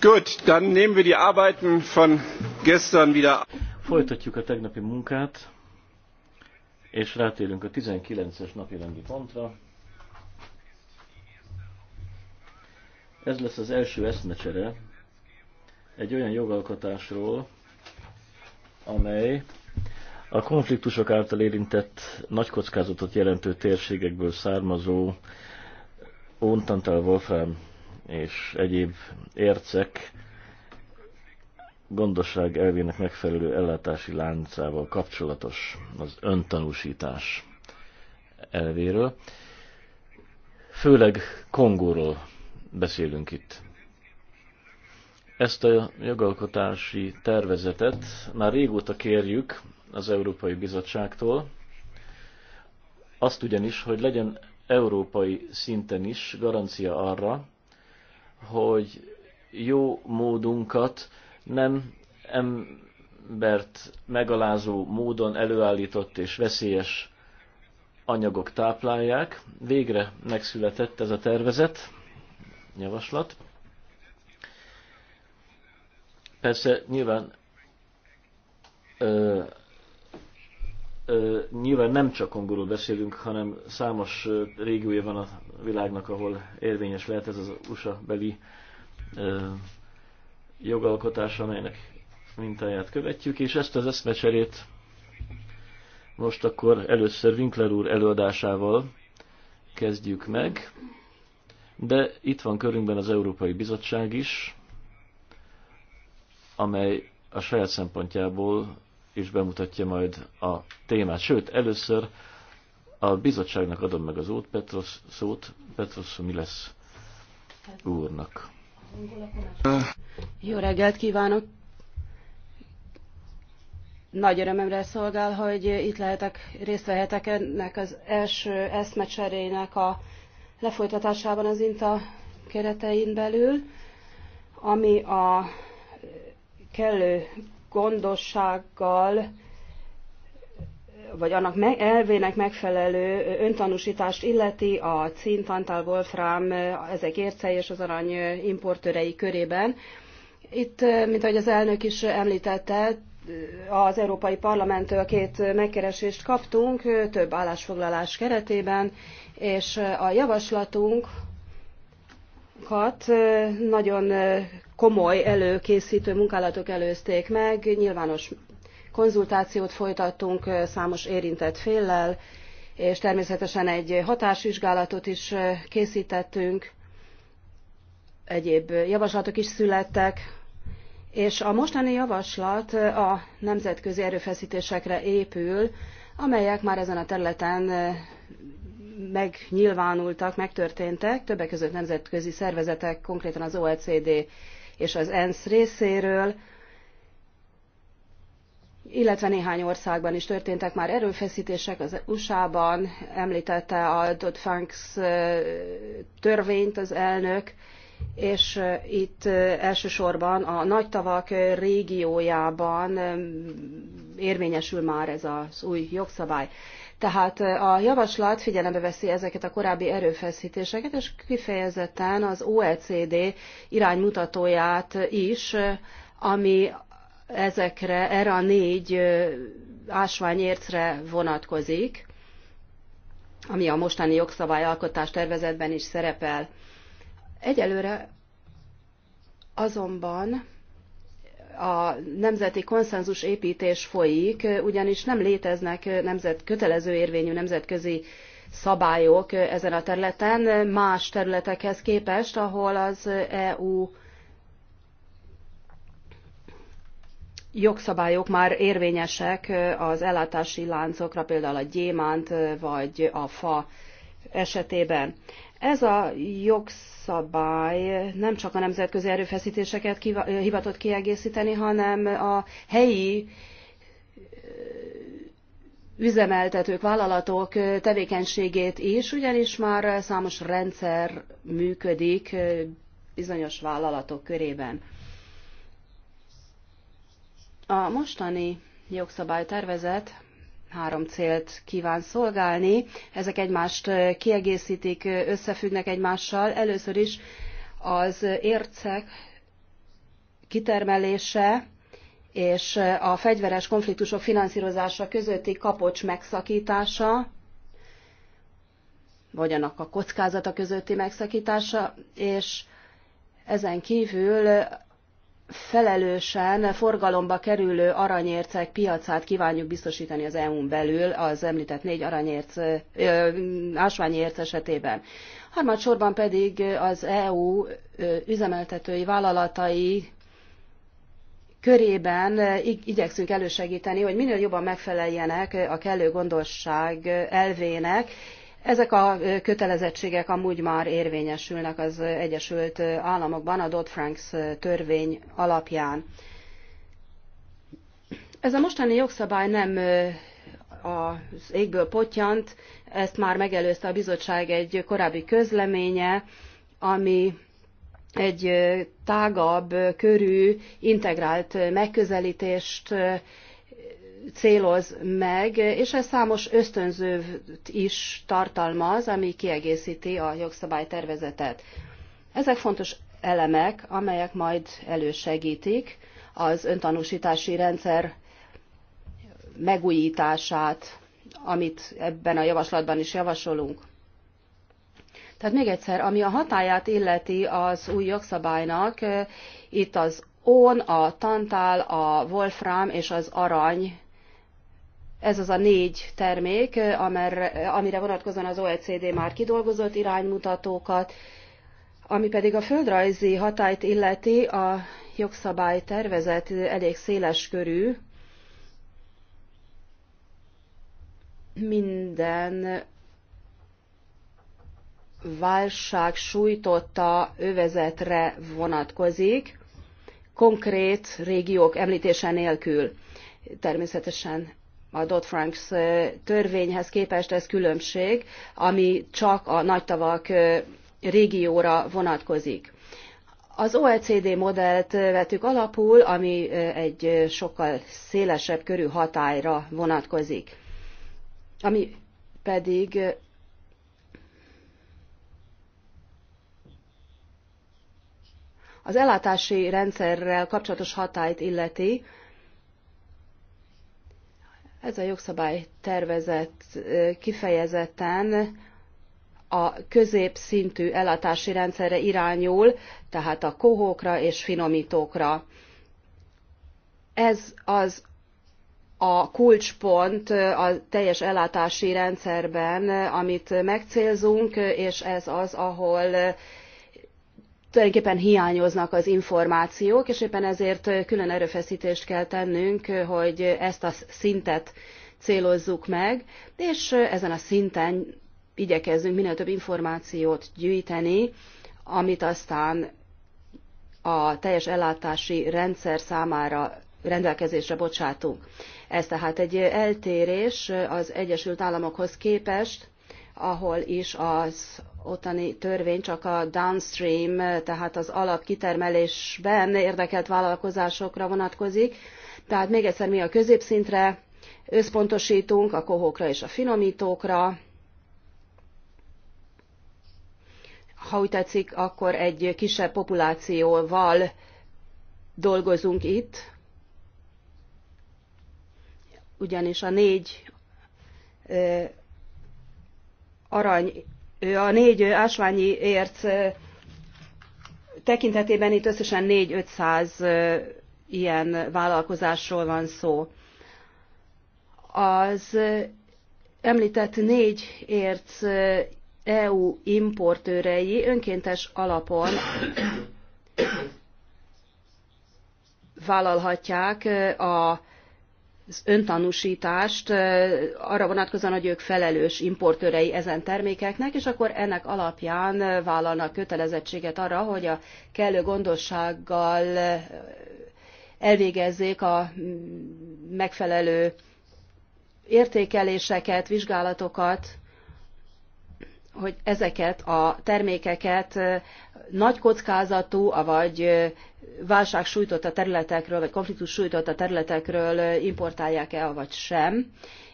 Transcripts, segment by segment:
Gut, dann nehmen wir die Arbeiten von gestern wieder. Folytatjuk a tegnapi munkát, és rátérünk a 19-es napi rendi pontra. Ez lesz az első eszmecsere egy olyan jogalkotásról, amely a konfliktusok által érintett nagy kockázatot jelentő térségekből származó Ontantal Wolfram és egyéb ércek gondosság elvének megfelelő ellátási láncával kapcsolatos az öntanúsítás elvéről. Főleg Kongóról beszélünk itt. Ezt a jogalkotási tervezetet már régóta kérjük az Európai Bizottságtól, azt ugyanis, hogy legyen európai szinten is garancia arra, hogy jó módunkat nem embert megalázó módon előállított és veszélyes anyagok táplálják. Végre megszületett ez a tervezet, javaslat. Persze nyilván ö, nyilván nem csak angolul beszélünk, hanem számos régiója van a világnak, ahol érvényes lehet ez az USA beli jogalkotás, amelynek mintáját követjük, és ezt az eszmecserét most akkor először Winkler úr előadásával kezdjük meg, de itt van körünkben az Európai Bizottság is, amely a saját szempontjából is bemutatja majd a témát. Sőt, először a bizottságnak adom meg az út, Petros szót, Petros mi lesz úrnak. Jó reggelt kívánok! Nagy örömömre szolgál, hogy itt lehetek, részt vehetek ennek az első eszmecserének a lefolytatásában az INTA keretein belül, ami a kellő gondossággal vagy annak elvének megfelelő öntanúsítást illeti a cint Antal wolfram, ezek ércei és az arany importőrei körében. Itt, mint ahogy az elnök is említette, az Európai Parlamenttől két megkeresést kaptunk, több állásfoglalás keretében, és a javaslatunk munkálatokat nagyon komoly előkészítő munkálatok előzték meg, nyilvános konzultációt folytattunk számos érintett féllel, és természetesen egy hatásvizsgálatot is készítettünk, egyéb javaslatok is születtek, és a mostani javaslat a nemzetközi erőfeszítésekre épül, amelyek már ezen a területen megnyilvánultak, megtörténtek, többek között nemzetközi szervezetek, konkrétan az OECD és az ENSZ részéről, illetve néhány országban is történtek már erőfeszítések, az USA-ban említette a dodd Funks törvényt az elnök, és itt elsősorban a nagy tavak régiójában érvényesül már ez az új jogszabály. Tehát a javaslat figyelembe veszi ezeket a korábbi erőfeszítéseket, és kifejezetten az OECD iránymutatóját is, ami ezekre, erre a négy ásványércre vonatkozik, ami a mostani jogszabályalkotás tervezetben is szerepel. Egyelőre azonban a nemzeti konszenzus építés folyik, ugyanis nem léteznek nemzet, kötelező érvényű nemzetközi szabályok ezen a területen más területekhez képest, ahol az EU jogszabályok már érvényesek az ellátási láncokra, például a gyémánt vagy a fa esetében. Ez a jogszabály nem csak a nemzetközi erőfeszítéseket hivatott kiegészíteni, hanem a helyi üzemeltetők, vállalatok tevékenységét is, ugyanis már számos rendszer működik bizonyos vállalatok körében. A mostani jogszabálytervezet három célt kíván szolgálni. Ezek egymást kiegészítik, összefüggnek egymással. Először is az ércek kitermelése és a fegyveres konfliktusok finanszírozása közötti kapocs megszakítása, vagy annak a kockázata közötti megszakítása, és ezen kívül felelősen forgalomba kerülő aranyércek piacát kívánjuk biztosítani az EU-n belül az említett négy aranyérc, ásványérc esetében. Harmadsorban pedig az EU üzemeltetői vállalatai körében igyekszünk elősegíteni, hogy minél jobban megfeleljenek a kellő gondosság elvének, ezek a kötelezettségek amúgy már érvényesülnek az Egyesült Államokban a Dodd-Franks törvény alapján. Ez a mostani jogszabály nem az égből potyant, ezt már megelőzte a bizottság egy korábbi közleménye, ami egy tágabb körű integrált megközelítést céloz meg, és ez számos ösztönzőt is tartalmaz, ami kiegészíti a jogszabálytervezetet. Ezek fontos elemek, amelyek majd elősegítik az öntanúsítási rendszer megújítását, amit ebben a javaslatban is javasolunk. Tehát még egyszer, ami a hatáját illeti az új jogszabálynak, itt az on, a tantál, a wolfram és az arany ez az a négy termék, amire vonatkozóan az OECD már kidolgozott iránymutatókat, ami pedig a földrajzi hatályt illeti, a jogszabály tervezet elég széles körű, minden válság sújtotta övezetre vonatkozik, konkrét régiók említése nélkül. Természetesen a Dodd-Franks törvényhez képest ez különbség, ami csak a nagytavak régióra vonatkozik. Az OECD modellt vettük alapul, ami egy sokkal szélesebb körű hatályra vonatkozik, ami pedig az ellátási rendszerrel kapcsolatos hatályt illeti, ez a jogszabály tervezet kifejezetten a középszintű ellátási rendszerre irányul, tehát a kohókra és finomítókra. Ez az a kulcspont a teljes ellátási rendszerben, amit megcélzunk, és ez az, ahol tulajdonképpen hiányoznak az információk, és éppen ezért külön erőfeszítést kell tennünk, hogy ezt a szintet célozzuk meg, és ezen a szinten igyekezzünk minél több információt gyűjteni, amit aztán a teljes ellátási rendszer számára rendelkezésre bocsátunk. Ez tehát egy eltérés az Egyesült Államokhoz képest, ahol is az ottani törvény csak a downstream, tehát az alapkitermelésben érdekelt vállalkozásokra vonatkozik. Tehát még egyszer mi a középszintre összpontosítunk, a kohókra és a finomítókra. Ha úgy tetszik, akkor egy kisebb populációval dolgozunk itt, ugyanis a négy arany, a négy ásványi érc tekintetében itt összesen 4-500 ilyen vállalkozásról van szó. Az említett négy érc EU importőrei önkéntes alapon vállalhatják a öntanúsítást arra vonatkozóan, hogy ők felelős importőrei ezen termékeknek, és akkor ennek alapján vállalnak kötelezettséget arra, hogy a kellő gondossággal elvégezzék a megfelelő értékeléseket, vizsgálatokat, hogy ezeket a termékeket nagy kockázatú, vagy válság sújtotta területekről, vagy konfliktus sújtotta területekről importálják-e, vagy sem,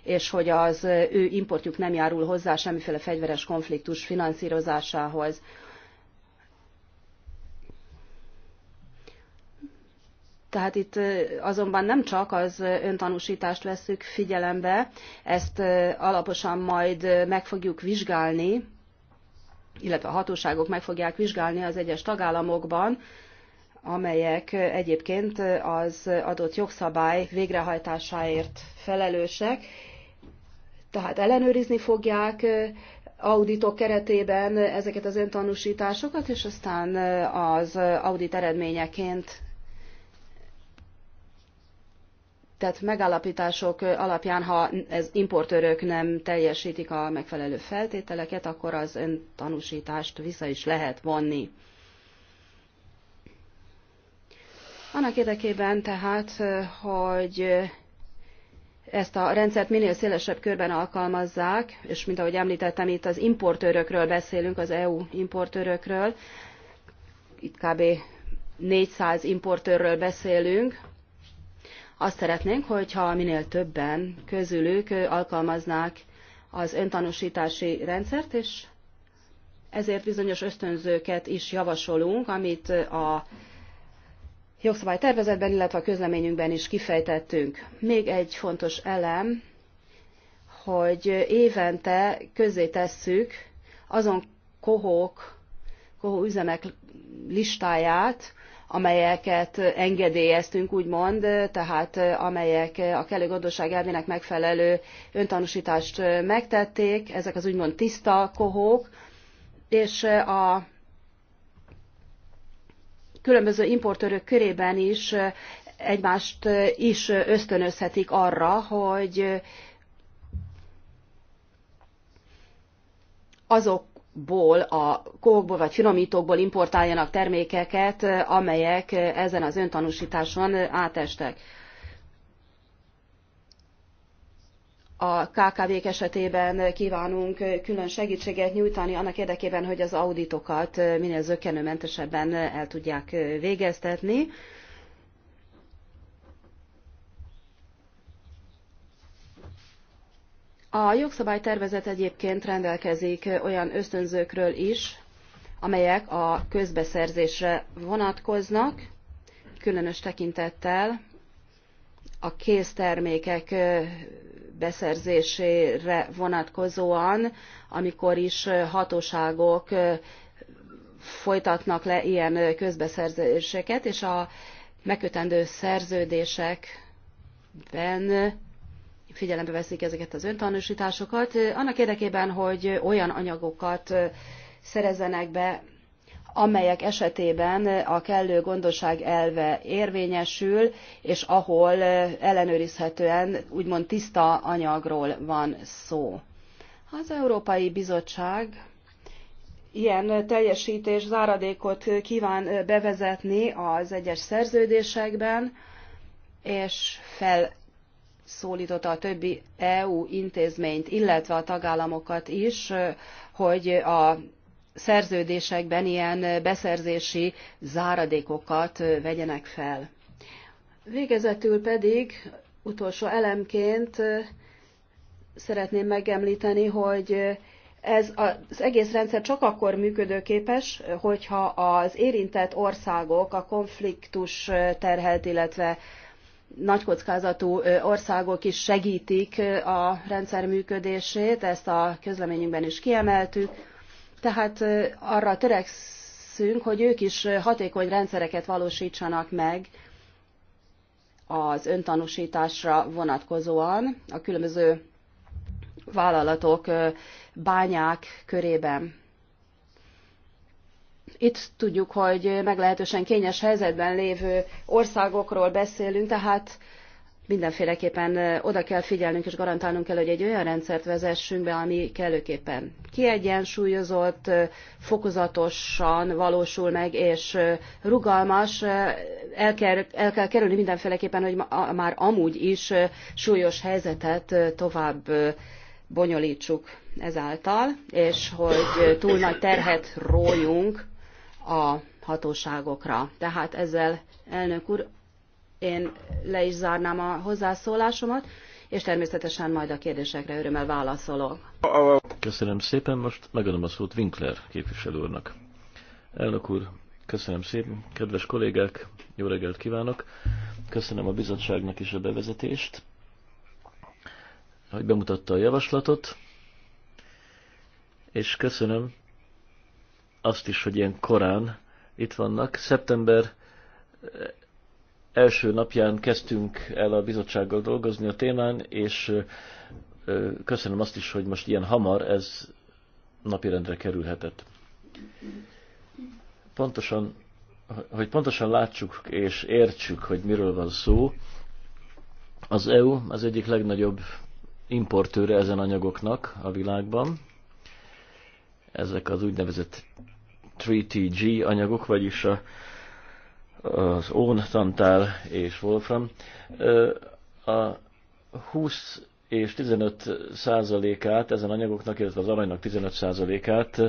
és hogy az ő importjuk nem járul hozzá semmiféle fegyveres konfliktus finanszírozásához. Tehát itt azonban nem csak az öntanúsítást veszük figyelembe, ezt alaposan majd meg fogjuk vizsgálni, illetve a hatóságok meg fogják vizsgálni az egyes tagállamokban, amelyek egyébként az adott jogszabály végrehajtásáért felelősek. Tehát ellenőrizni fogják auditok keretében ezeket az öntanúsításokat, és aztán az audit eredményeként tett megállapítások alapján, ha ez importőrök nem teljesítik a megfelelő feltételeket, akkor az öntanúsítást vissza is lehet vonni. Annak érdekében tehát, hogy ezt a rendszert minél szélesebb körben alkalmazzák, és mint ahogy említettem, itt az importőrökről beszélünk, az EU importőrökről, itt kb. 400 importőrről beszélünk, azt szeretnénk, hogyha minél többen közülük alkalmaznák az öntanúsítási rendszert, és ezért bizonyos ösztönzőket is javasolunk, amit a jogszabálytervezetben, illetve a közleményünkben is kifejtettünk. Még egy fontos elem, hogy évente közé tesszük azon kohók, kohó üzemek listáját, amelyeket engedélyeztünk, úgymond, tehát amelyek a kellő gondosság elvének megfelelő öntanúsítást megtették, ezek az úgymond tiszta kohók, és a különböző importőrök körében is egymást is ösztönözhetik arra, hogy azok ból, a kókból vagy finomítókból importáljanak termékeket, amelyek ezen az öntanúsításon átestek. A KKV-k esetében kívánunk külön segítséget nyújtani annak érdekében, hogy az auditokat minél zökkenőmentesebben el tudják végeztetni A jogszabálytervezet egyébként rendelkezik olyan ösztönzőkről is, amelyek a közbeszerzésre vonatkoznak, különös tekintettel a késztermékek beszerzésére vonatkozóan, amikor is hatóságok folytatnak le ilyen közbeszerzéseket, és a megkötendő szerződésekben figyelembe veszik ezeket az öntanúsításokat, annak érdekében, hogy olyan anyagokat szerezzenek be, amelyek esetében a kellő gondosság elve érvényesül, és ahol ellenőrizhetően úgymond tiszta anyagról van szó. Az Európai Bizottság ilyen teljesítés záradékot kíván bevezetni az egyes szerződésekben, és fel szólította a többi EU intézményt, illetve a tagállamokat is, hogy a szerződésekben ilyen beszerzési záradékokat vegyenek fel. Végezetül pedig utolsó elemként szeretném megemlíteni, hogy ez az egész rendszer csak akkor működőképes, hogyha az érintett országok a konfliktus terhelt, illetve nagy kockázatú országok is segítik a rendszer működését, ezt a közleményünkben is kiemeltük. Tehát arra törekszünk, hogy ők is hatékony rendszereket valósítsanak meg az öntanúsításra vonatkozóan a különböző vállalatok, bányák körében. Itt tudjuk, hogy meglehetősen kényes helyzetben lévő országokról beszélünk, tehát mindenféleképpen oda kell figyelnünk és garantálnunk kell, hogy egy olyan rendszert vezessünk be, ami kellőképpen kiegyensúlyozott, fokozatosan valósul meg, és rugalmas. El kell, el kell kerülni mindenféleképpen, hogy már amúgy is súlyos helyzetet tovább bonyolítsuk ezáltal, és hogy túl nagy terhet rójunk a hatóságokra. Tehát ezzel, elnök úr, én le is zárnám a hozzászólásomat, és természetesen majd a kérdésekre örömmel válaszolok. Köszönöm szépen, most megadom a szót Winkler képviselő úrnak. Elnök úr, köszönöm szépen, kedves kollégák, jó reggelt kívánok, köszönöm a bizottságnak is a bevezetést, hogy bemutatta a javaslatot, és köszönöm azt is, hogy ilyen korán itt vannak. Szeptember eh, első napján kezdtünk el a bizottsággal dolgozni a témán, és eh, köszönöm azt is, hogy most ilyen hamar ez napirendre kerülhetett. Pontosan, hogy pontosan látsuk és értsük, hogy miről van szó, az EU az egyik legnagyobb importőre ezen anyagoknak a világban. Ezek az úgynevezett 3TG anyagok, vagyis a, az ón, tantál és wolfram. A 20 és 15 százalékát ezen anyagoknak, illetve az aranynak 15 százalékát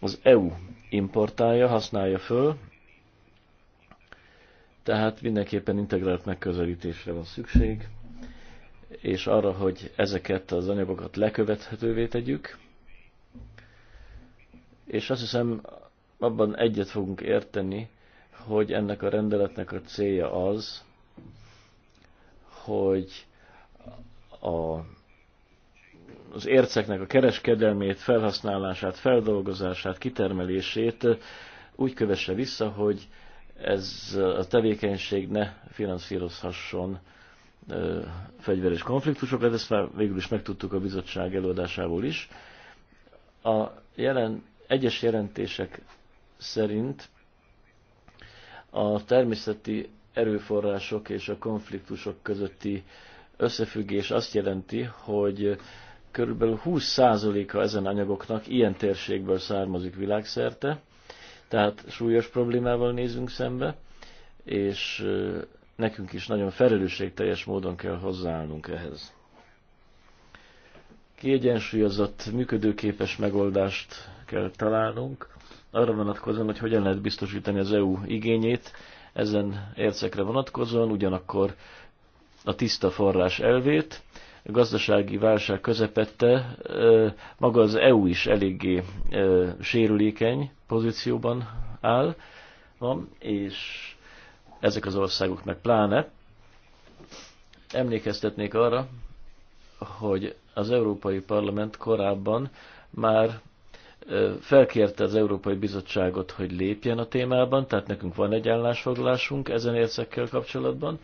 az EU importálja, használja föl, tehát mindenképpen integrált megközelítésre van szükség, és arra, hogy ezeket az anyagokat lekövethetővé tegyük és azt hiszem abban egyet fogunk érteni, hogy ennek a rendeletnek a célja az, hogy a, az érceknek a kereskedelmét, felhasználását, feldolgozását, kitermelését úgy kövesse vissza, hogy ez a tevékenység ne finanszírozhasson ö, fegyveres konfliktusokat, ezt már végül is megtudtuk a bizottság előadásából is. A jelen egyes jelentések szerint a természeti erőforrások és a konfliktusok közötti összefüggés azt jelenti, hogy körülbelül 20%-a ezen anyagoknak ilyen térségből származik világszerte, tehát súlyos problémával nézünk szembe, és nekünk is nagyon felelősségteljes módon kell hozzáállnunk ehhez. Kiegyensúlyozott, működőképes megoldást kell találnunk, arra vonatkozóan, hogy hogyan lehet biztosítani az EU igényét ezen ércekre vonatkozóan, ugyanakkor a tiszta forrás elvét. A gazdasági válság közepette maga az EU is eléggé sérülékeny pozícióban áll, van, és ezek az országok meg pláne. Emlékeztetnék arra, hogy az Európai Parlament korábban már felkérte az Európai Bizottságot, hogy lépjen a témában, tehát nekünk van egy állásfoglalásunk ezen érzekkel kapcsolatban.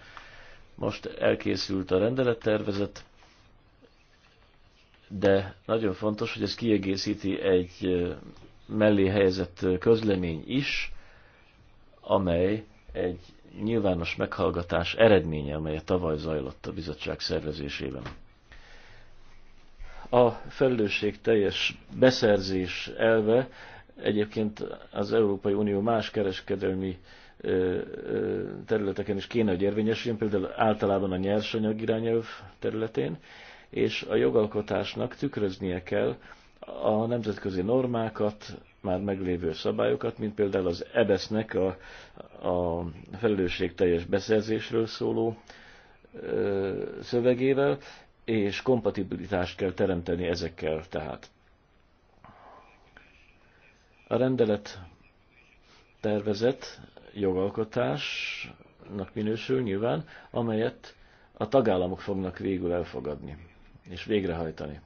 Most elkészült a rendelettervezet, de nagyon fontos, hogy ez kiegészíti egy mellé helyezett közlemény is, amely egy nyilvános meghallgatás eredménye, amely tavaly zajlott a bizottság szervezésében. A felelősség teljes beszerzés elve egyébként az Európai Unió más kereskedelmi területeken is kéne, hogy érvényesüljön, például általában a nyersanyag irányelv területén, és a jogalkotásnak tükröznie kell a nemzetközi normákat, már meglévő szabályokat, mint például az EBESZ-nek a, a felelősségteljes beszerzésről szóló ö, szövegével, és kompatibilitást kell teremteni ezekkel tehát. A rendelet tervezett jogalkotásnak minősül nyilván, amelyet a tagállamok fognak végül elfogadni és végrehajtani.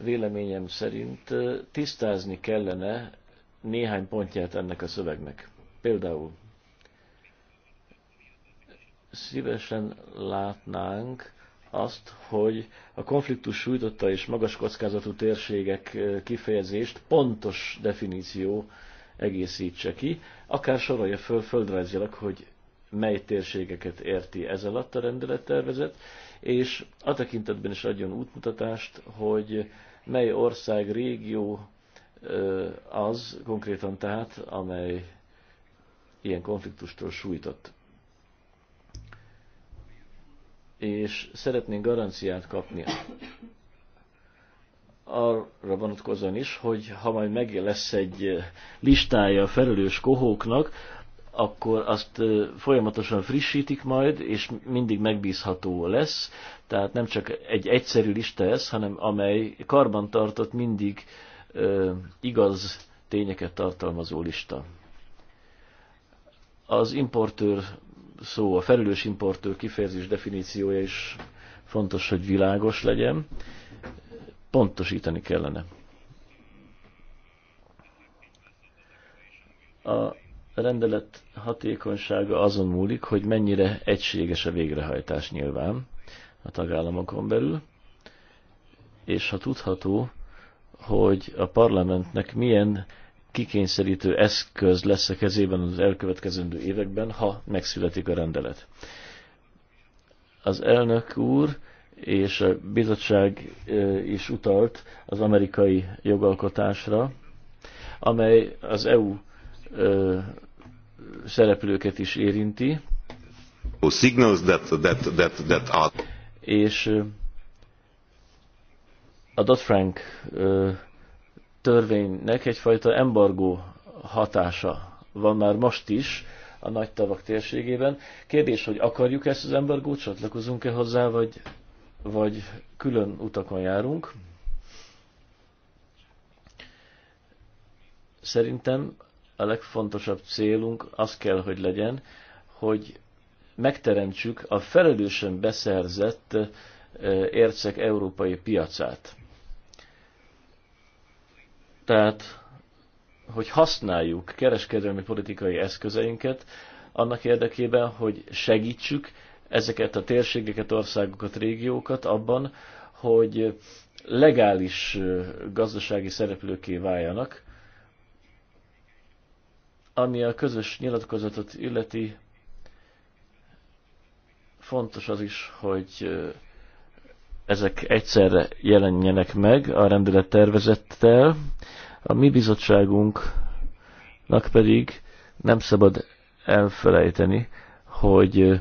Véleményem szerint tisztázni kellene néhány pontját ennek a szövegnek. Például szívesen látnánk, azt, hogy a konfliktus sújtotta és magas kockázatú térségek kifejezést pontos definíció egészítse ki, akár sorolja föl földrajzilag, hogy mely térségeket érti ez alatt a rendelettervezet, és a tekintetben is adjon útmutatást, hogy mely ország, régió az konkrétan tehát, amely ilyen konfliktustól sújtott és szeretnénk garanciát kapni arra vonatkozóan is, hogy ha majd meg lesz egy listája a felelős kohóknak, akkor azt folyamatosan frissítik majd, és mindig megbízható lesz. Tehát nem csak egy egyszerű lista ez, hanem amely karbantartott mindig ö, igaz tényeket tartalmazó lista. Az importőr szó, a felelős importőr kifejezés definíciója is fontos, hogy világos legyen. Pontosítani kellene. A rendelet hatékonysága azon múlik, hogy mennyire egységes a végrehajtás nyilván a tagállamokon belül, és ha tudható, hogy a parlamentnek milyen kikényszerítő eszköz lesz a kezében az elkövetkezendő években, ha megszületik a rendelet. Az elnök úr és a bizottság is utalt az amerikai jogalkotásra, amely az EU szereplőket is érinti. Signals that, that, that, that are... És a Dodd-Frank törvénynek egyfajta embargó hatása van már most is a nagy tavak térségében. Kérdés, hogy akarjuk ezt az embargót, csatlakozunk-e hozzá, vagy, vagy külön utakon járunk. Szerintem a legfontosabb célunk az kell, hogy legyen, hogy megteremtsük a felelősen beszerzett eh, ércek európai piacát. Tehát, hogy használjuk kereskedelmi politikai eszközeinket annak érdekében, hogy segítsük ezeket a térségeket, országokat, régiókat abban, hogy legális gazdasági szereplőké váljanak, ami a közös nyilatkozatot illeti, fontos az is, hogy ezek egyszerre jelenjenek meg a rendelet tervezettel. A mi bizottságunknak pedig nem szabad elfelejteni, hogy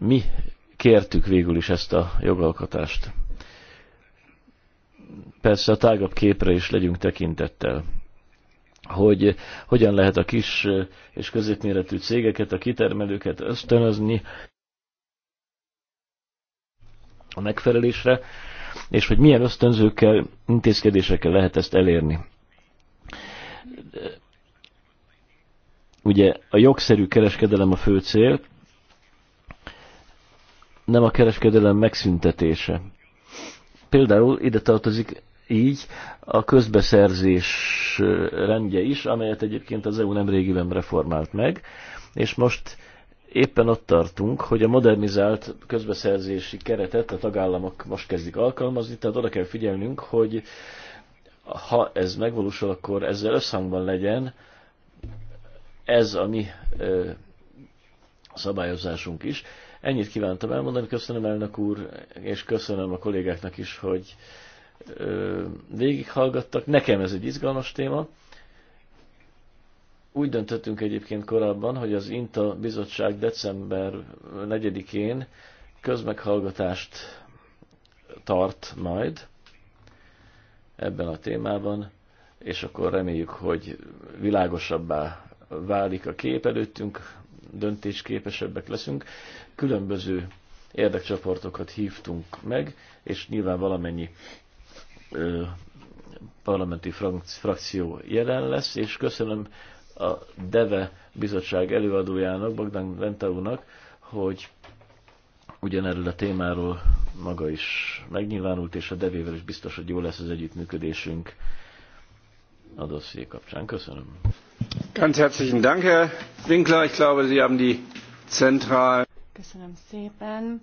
mi kértük végül is ezt a jogalkotást. Persze a tágabb képre is legyünk tekintettel hogy hogyan lehet a kis és középméretű cégeket, a kitermelőket ösztönözni a megfelelésre, és hogy milyen ösztönzőkkel, intézkedésekkel lehet ezt elérni. Ugye a jogszerű kereskedelem a fő cél, nem a kereskedelem megszüntetése. Például ide tartozik így a közbeszerzés rendje is, amelyet egyébként az EU nemrégiben reformált meg, és most éppen ott tartunk, hogy a modernizált közbeszerzési keretet a tagállamok most kezdik alkalmazni, tehát oda kell figyelnünk, hogy ha ez megvalósul, akkor ezzel összhangban legyen ez a mi ö, szabályozásunk is. Ennyit kívántam elmondani, köszönöm elnök úr, és köszönöm a kollégáknak is, hogy ö, végighallgattak. Nekem ez egy izgalmas téma. Úgy döntöttünk egyébként korábban, hogy az INTA bizottság december 4-én közmeghallgatást tart majd ebben a témában, és akkor reméljük, hogy világosabbá válik a kép előttünk, döntésképesebbek leszünk. Különböző érdekcsoportokat hívtunk meg, és nyilván valamennyi ö, parlamenti frakció jelen lesz, és köszönöm a DEVE bizottság előadójának, Bogdan Ventaúnak, hogy ugyanerről a témáról maga is megnyilvánult, és a devével is biztos, hogy jó lesz az együttműködésünk a dosszié kapcsán. Köszönöm. Ganz herzlichen Dank, Herr Winkler. Ich glaube, Sie haben die zentral... Köszönöm szépen.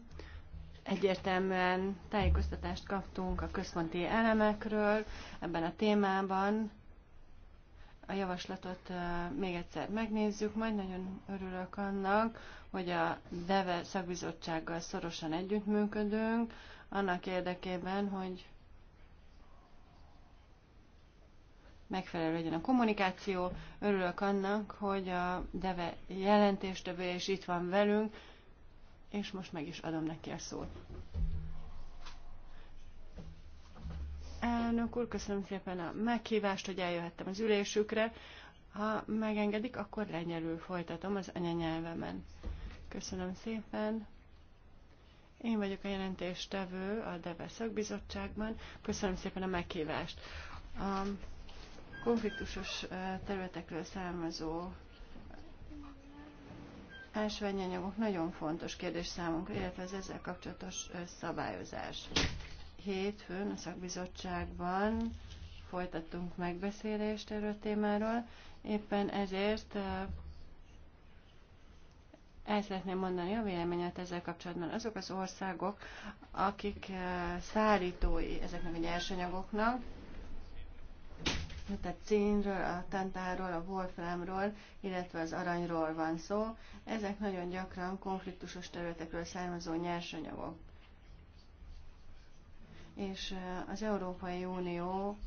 Egyértelműen tájékoztatást kaptunk a központi elemekről ebben a témában a javaslatot még egyszer megnézzük, majd nagyon örülök annak, hogy a DEVE szakbizottsággal szorosan együttműködünk, annak érdekében, hogy megfelelő legyen a kommunikáció. Örülök annak, hogy a DEVE jelentéstevője is itt van velünk, és most meg is adom neki a szót. elnök úr, köszönöm szépen a meghívást, hogy eljöhettem az ülésükre. Ha megengedik, akkor lenyelül folytatom az anyanyelvemen. Köszönöm szépen. Én vagyok a jelentéstevő a DEVE szakbizottságban. Köszönöm szépen a meghívást. A konfliktusos területekről származó ásványanyagok nagyon fontos kérdés számunkra, illetve az ezzel kapcsolatos szabályozás hétfőn a szakbizottságban folytattunk megbeszélést erről a témáról. Éppen ezért el szeretném mondani a véleményet ezzel kapcsolatban. Azok az országok, akik szállítói ezeknek a nyersanyagoknak, tehát cínről, a tantáról, a wolframról, illetve az aranyról van szó. Ezek nagyon gyakran konfliktusos területekről származó nyersanyagok és az Európai Unió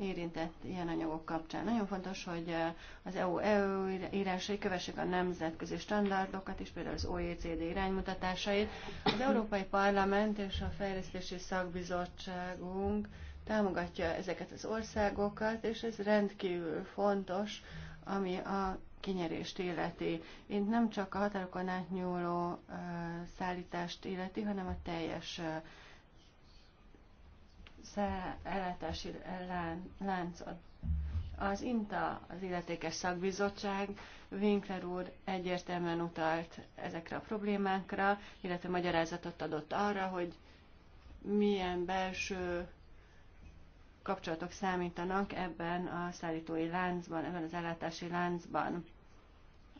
érintett ilyen anyagok kapcsán. Nagyon fontos, hogy az EU-EU e írásai kövessék a nemzetközi standardokat is, például az OECD iránymutatásait. Az Európai Parlament és a Fejlesztési Szakbizottságunk támogatja ezeket az országokat, és ez rendkívül fontos, ami a kinyerést illeti. Itt nem csak a határokon átnyúló szállítást illeti, hanem a teljes uh, ellátási láncot. Az INTA, az illetékes szakbizottság, Winkler úr egyértelműen utalt ezekre a problémákra, illetve magyarázatot adott arra, hogy milyen belső kapcsolatok számítanak ebben a szállítói láncban, ebben az ellátási láncban.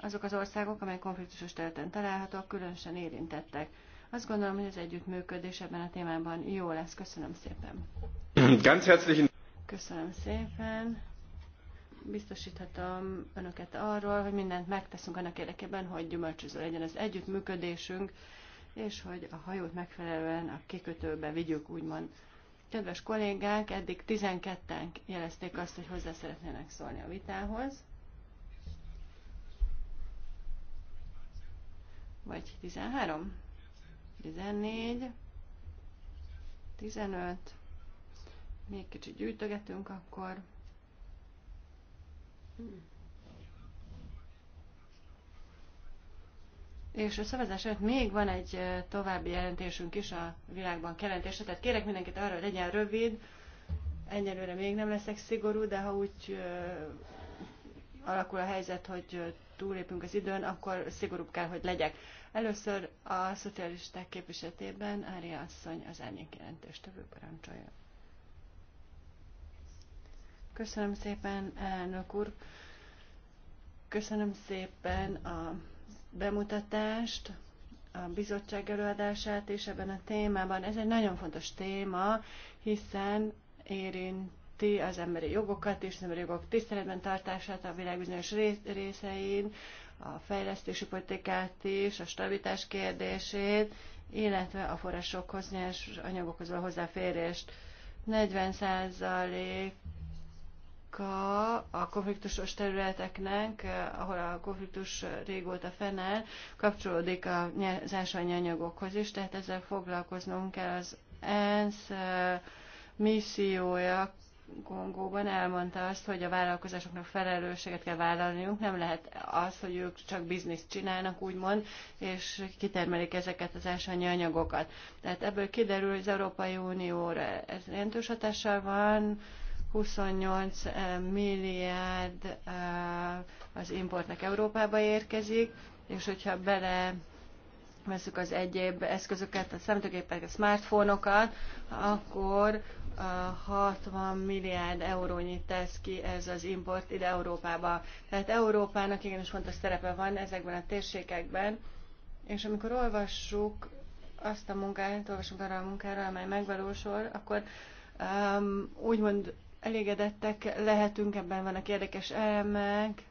Azok az országok, amely konfliktusos területen találhatók, különösen érintettek. Azt gondolom, hogy az együttműködés ebben a témában jó lesz. Köszönöm szépen. Ganz herzlichen Köszönöm szépen. Biztosíthatom önöket arról, hogy mindent megteszünk annak érdekében, hogy gyümölcsöző legyen az együttműködésünk, és hogy a hajót megfelelően a kikötőbe vigyük, úgymond. Kedves kollégák, eddig 12-en jelezték azt, hogy hozzá szeretnének szólni a vitához. Vagy 13? 14, 15, még kicsit gyűjtögetünk akkor. És a szavazás előtt még van egy további jelentésünk is a világban jelentése, tehát kérek mindenkit arra, hogy legyen rövid, ennyire még nem leszek szigorú, de ha úgy alakul a helyzet, hogy túlépünk az időn, akkor szigorúbb kell, hogy legyek. Először a szocialisták képviseletében Ária asszony az árnyék jelentéstevő parancsolja. Köszönöm szépen, elnök úr. Köszönöm szépen a bemutatást, a bizottság előadását is ebben a témában. Ez egy nagyon fontos téma, hiszen érint illeti az emberi jogokat és az emberi jogok tiszteletben tartását a világ bizonyos részein, a fejlesztési politikát is, a stabilitás kérdését, illetve a forrásokhoz, nyers anyagokhoz való hozzáférést. 40%-a a konfliktusos területeknek, ahol a konfliktus régóta fennáll, kapcsolódik az anyagokhoz is, tehát ezzel foglalkoznunk kell az ENSZ eh, missziója Kongóban elmondta azt, hogy a vállalkozásoknak felelősséget kell vállalniuk, nem lehet az, hogy ők csak bizniszt csinálnak, úgymond, és kitermelik ezeket az ásanyi anyagokat. Tehát ebből kiderül, hogy az Európai Unióra ez jelentős hatással van, 28 eh, milliárd eh, az importnak Európába érkezik, és hogyha bele veszük az egyéb eszközöket, a szemtőgépeket, a smartphone akkor 60 milliárd eurónyit tesz ki ez az import ide Európába. Tehát Európának igenis fontos szerepe van ezekben a térségekben, és amikor olvassuk azt a munkát, olvasunk arra a munkára, amely megvalósul, akkor um, úgymond elégedettek lehetünk, ebben vannak érdekes elemek,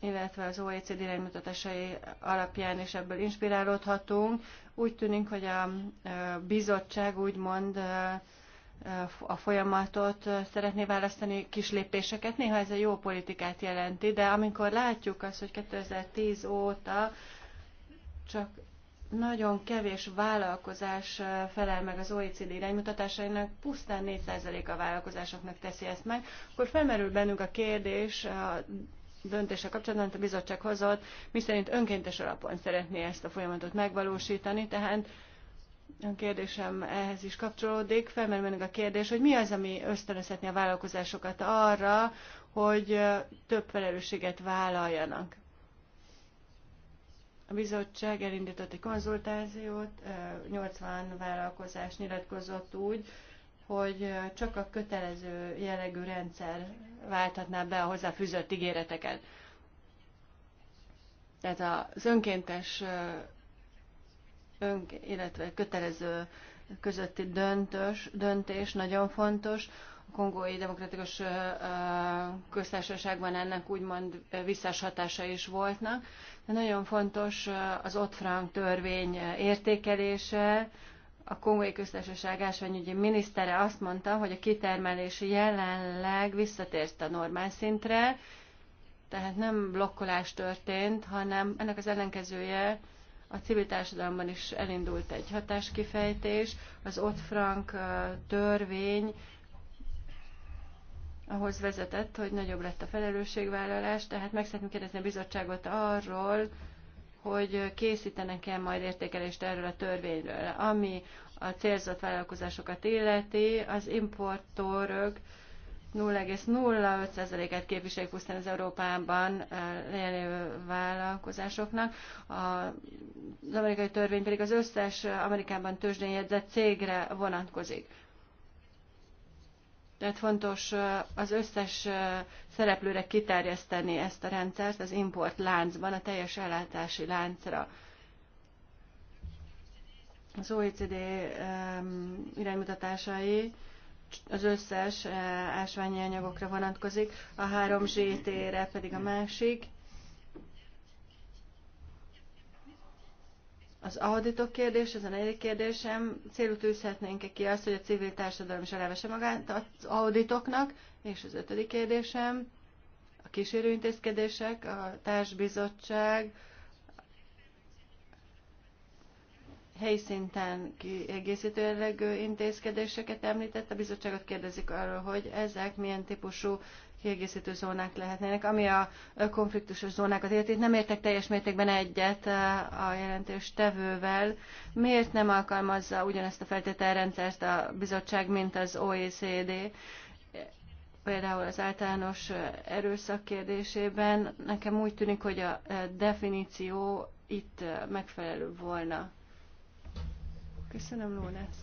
illetve az OECD iránymutatásai alapján is ebből inspirálódhatunk. Úgy tűnik, hogy a bizottság úgymond a folyamatot szeretné választani kis lépéseket. Néha ez a jó politikát jelenti, de amikor látjuk azt, hogy 2010 óta csak nagyon kevés vállalkozás felel meg az OECD iránymutatásainak, pusztán 4% a vállalkozásoknak teszi ezt meg, akkor felmerül bennünk a kérdés a döntése kapcsolatban, amit a bizottság hozott, miszerint önkéntes alapon szeretné ezt a folyamatot megvalósítani, tehát a kérdésem ehhez is kapcsolódik. Felmerül a kérdés, hogy mi az, ami ösztönözhetné a vállalkozásokat arra, hogy több felelősséget vállaljanak. A bizottság elindított egy konzultációt, 80 vállalkozás nyilatkozott úgy, hogy csak a kötelező jellegű rendszer válthatná be a hozzáfűzött ígéreteket. Tehát az önkéntes, önk, illetve kötelező közötti döntös, döntés nagyon fontos. A kongói demokratikus köztársaságban ennek úgymond visszás hatása is voltnak. De nagyon fontos az ott frank törvény értékelése, a Kongói Köztársaság ásványügyi minisztere azt mondta, hogy a kitermelés jelenleg visszatért a normál szintre, tehát nem blokkolás történt, hanem ennek az ellenkezője a civil társadalomban is elindult egy hatáskifejtés, az ott frank törvény ahhoz vezetett, hogy nagyobb lett a felelősségvállalás, tehát meg szeretném kérdezni a bizottságot arról, hogy készítenek el majd értékelést erről a törvényről. Ami a célzott vállalkozásokat illeti, az importőrök 0,05%-et képviselik pusztán az Európában eh, lévő vállalkozásoknak. Az amerikai törvény pedig az összes eh, Amerikában tőzsdén jegyzett cégre vonatkozik. Tehát fontos az összes szereplőre kiterjeszteni ezt a rendszert az import láncban, a teljes ellátási láncra. Az OECD iránymutatásai az összes ásványi anyagokra vonatkozik, a 3GT-re pedig a másik, Az auditok kérdés, ez a negyedik kérdésem, célú tűzhetnénk-e ki azt, hogy a civil társadalom is elevese magát az auditoknak, és az ötödik kérdésem, a kísérőintézkedések, a társbizottság, helyszinten kiegészítő jellegű intézkedéseket említett. A bizottságot kérdezik arról, hogy ezek milyen típusú kiegészítő zónák lehetnének. Ami a konfliktusos zónákat illeti, nem értek teljes mértékben egyet eh, a jelentős tevővel. Miért nem alkalmazza ugyanezt a feltételrendszert a bizottság, mint az OECD? Például az általános erőszak kérdésében nekem úgy tűnik, hogy a eh, definíció itt eh, megfelelő volna. Köszönöm, Lónász.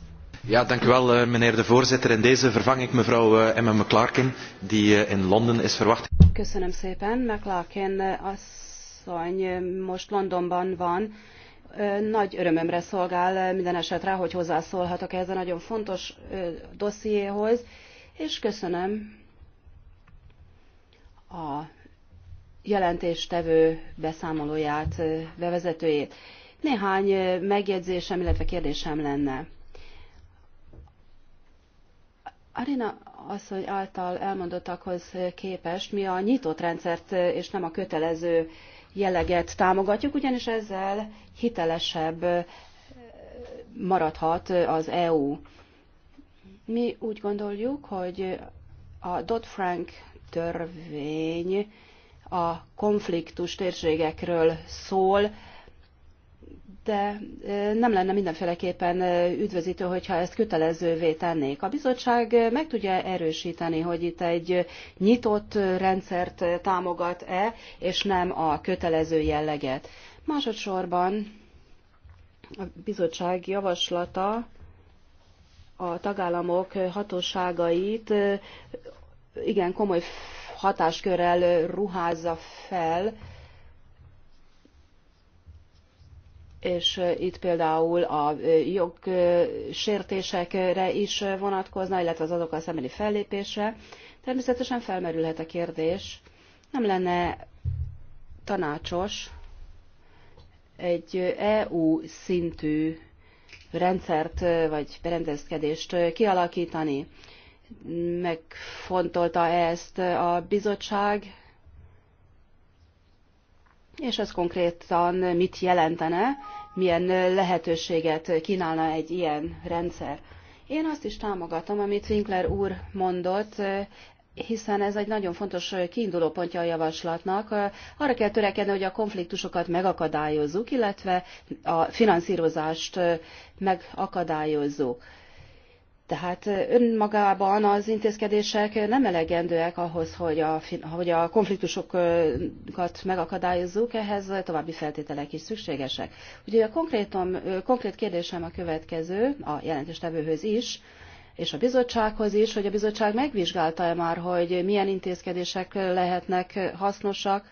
Ja, dank u wel, eh, meneer de voorzitter. In deze vervang ik mevrouw eh, Emma McClarkin, die eh, in Londen is verwacht. Köszönöm szépen. McClarkin asszony most Londonban van. Nagy örömömre szolgál minden esetre, hogy hozzászólhatok ehhez a nagyon fontos dossziéhoz, és köszönöm a jelentéstevő beszámolóját, bevezetőjét. Néhány megjegyzésem, illetve kérdésem lenne. Arina asszony által elmondottakhoz képest mi a nyitott rendszert és nem a kötelező jelleget támogatjuk, ugyanis ezzel hitelesebb maradhat az EU. Mi úgy gondoljuk, hogy a Dodd-Frank törvény a konfliktus térségekről szól, de nem lenne mindenféleképpen üdvözítő, hogyha ezt kötelezővé tennék. A bizottság meg tudja erősíteni, hogy itt egy nyitott rendszert támogat-e, és nem a kötelező jelleget. Másodszorban a bizottság javaslata a tagállamok hatóságait igen komoly hatáskörrel ruházza fel, és itt például a jogsértésekre is vonatkozna, illetve az azokkal szembeni fellépésre. Természetesen felmerülhet a kérdés, nem lenne tanácsos egy EU szintű rendszert vagy berendezkedést kialakítani. Megfontolta ezt a bizottság, és ez konkrétan mit jelentene, milyen lehetőséget kínálna egy ilyen rendszer. Én azt is támogatom, amit Winkler úr mondott, hiszen ez egy nagyon fontos kiinduló pontja a javaslatnak. Arra kell törekedni, hogy a konfliktusokat megakadályozzuk, illetve a finanszírozást megakadályozzuk. Tehát önmagában az intézkedések nem elegendőek ahhoz, hogy a, hogy a konfliktusokat megakadályozzuk, ehhez további feltételek is szükségesek. Ugye a konkrétom, konkrét kérdésem a következő, a jelentéstevőhöz is, és a bizottsághoz is, hogy a bizottság megvizsgálta-e már, hogy milyen intézkedések lehetnek hasznosak,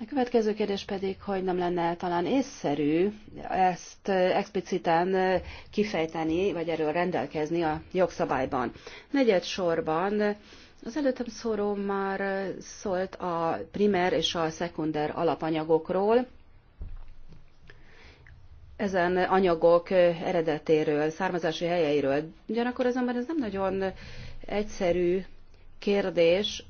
a következő kérdés pedig, hogy nem lenne talán észszerű ezt expliciten kifejteni, vagy erről rendelkezni a jogszabályban. Negyed sorban az előttem szóró már szólt a primer és a szekunder alapanyagokról, ezen anyagok eredetéről, származási helyeiről. Ugyanakkor azonban ez nem nagyon egyszerű kérdés,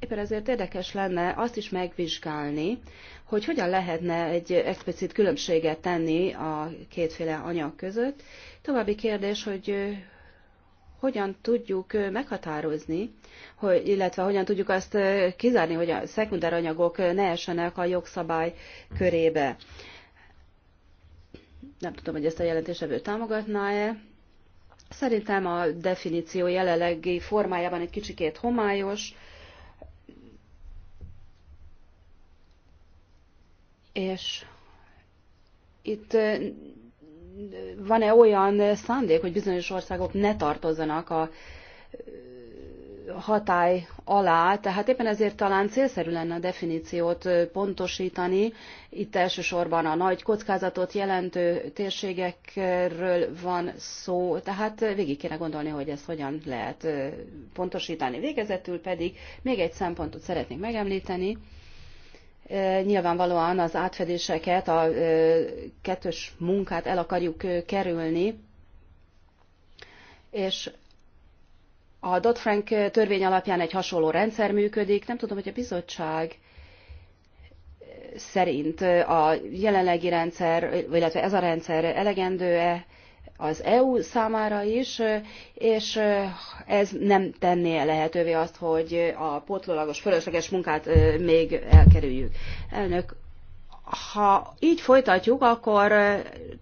Éppen ezért érdekes lenne azt is megvizsgálni, hogy hogyan lehetne egy explicit különbséget tenni a kétféle anyag között. További kérdés, hogy hogyan tudjuk meghatározni, hogy, illetve hogyan tudjuk azt kizárni, hogy a szekundár anyagok ne essenek a jogszabály körébe. Nem tudom, hogy ezt a jelentésevő támogatná-e. Szerintem a definíció jelenlegi formájában egy kicsikét homályos, És itt van-e olyan szándék, hogy bizonyos országok ne tartozzanak a hatály alá, tehát éppen ezért talán célszerű lenne a definíciót pontosítani. Itt elsősorban a nagy kockázatot jelentő térségekről van szó, tehát végig kéne gondolni, hogy ezt hogyan lehet pontosítani. Végezetül pedig még egy szempontot szeretnék megemlíteni, Nyilvánvalóan az átfedéseket, a kettős munkát el akarjuk kerülni, és a Dodd-Frank törvény alapján egy hasonló rendszer működik. Nem tudom, hogy a bizottság szerint a jelenlegi rendszer, illetve ez a rendszer elegendő-e, az EU számára is, és ez nem tenné lehetővé azt, hogy a potlólagos, fölösleges munkát még elkerüljük. Elnök, ha így folytatjuk, akkor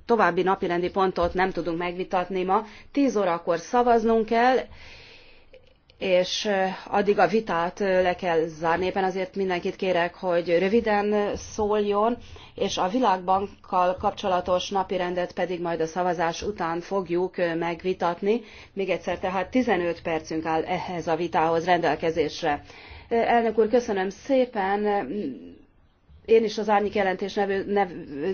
további napirendi pontot nem tudunk megvitatni ma. 10 órakor szavaznunk kell, és addig a vitát le kell zárni. Éppen azért mindenkit kérek, hogy röviden szóljon, és a világbankkal kapcsolatos napirendet pedig majd a szavazás után fogjuk megvitatni. Még egyszer, tehát 15 percünk áll ehhez a vitához rendelkezésre. Elnök úr, köszönöm szépen én is az árnyék jelentés nevű, nev,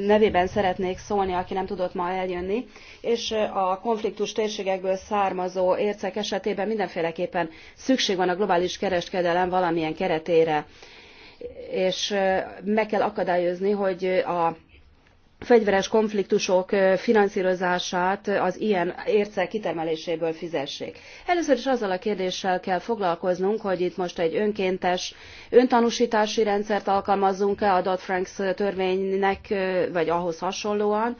nevében szeretnék szólni, aki nem tudott ma eljönni, és a konfliktus térségekből származó ércek esetében mindenféleképpen szükség van a globális kereskedelem valamilyen keretére, és meg kell akadályozni, hogy a fegyveres konfliktusok finanszírozását az ilyen érce kitermeléséből fizessék. Először is azzal a kérdéssel kell foglalkoznunk, hogy itt most egy önkéntes öntanúsítási rendszert alkalmazzunk-e a Dodd-Franks törvénynek, vagy ahhoz hasonlóan,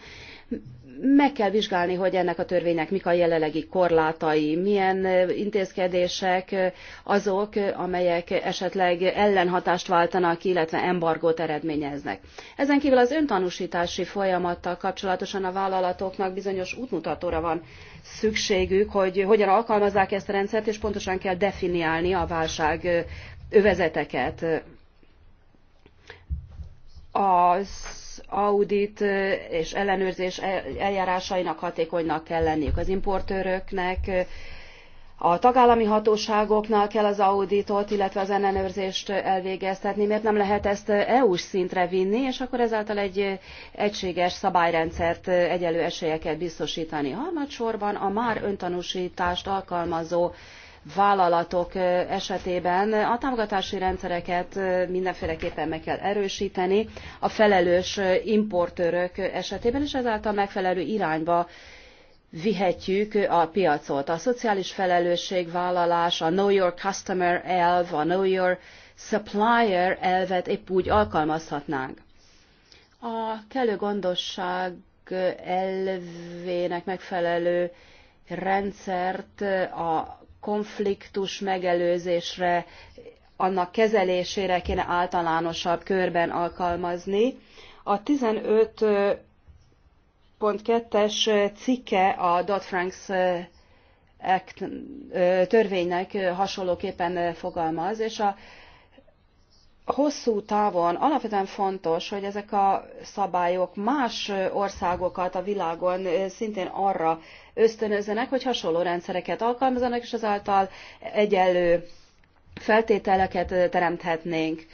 meg kell vizsgálni, hogy ennek a törvénynek mik a jelenlegi korlátai, milyen intézkedések azok, amelyek esetleg ellenhatást váltanak ki, illetve embargót eredményeznek. Ezen kívül az öntanúsítási folyamattal kapcsolatosan a vállalatoknak bizonyos útmutatóra van szükségük, hogy hogyan alkalmazzák ezt a rendszert, és pontosan kell definiálni a válság övezeteket. Az audit és ellenőrzés eljárásainak hatékonynak kell lenniük. Az importőröknek, a tagállami hatóságoknak kell az auditot, illetve az ellenőrzést elvégeztetni. Miért nem lehet ezt EU-s szintre vinni, és akkor ezáltal egy egységes szabályrendszert, egyenlő esélyeket biztosítani. Harmadsorban a már öntanúsítást alkalmazó vállalatok esetében a támogatási rendszereket mindenféleképpen meg kell erősíteni a felelős importőrök esetében, és ezáltal megfelelő irányba vihetjük a piacot. A szociális felelősségvállalás, a Know Your Customer elv, a Know Your Supplier elvet épp úgy alkalmazhatnánk. A kellő gondosság elvének megfelelő rendszert a konfliktus megelőzésre, annak kezelésére kéne általánosabb körben alkalmazni. A 15.2-es cikke a Dodd-Franks Act törvénynek hasonlóképpen fogalmaz, és a hosszú távon alapvetően fontos, hogy ezek a szabályok más országokat a világon eh, szintén arra ösztönözzenek, hogy hasonló rendszereket alkalmazanak, és azáltal egyenlő feltételeket eh, teremthetnénk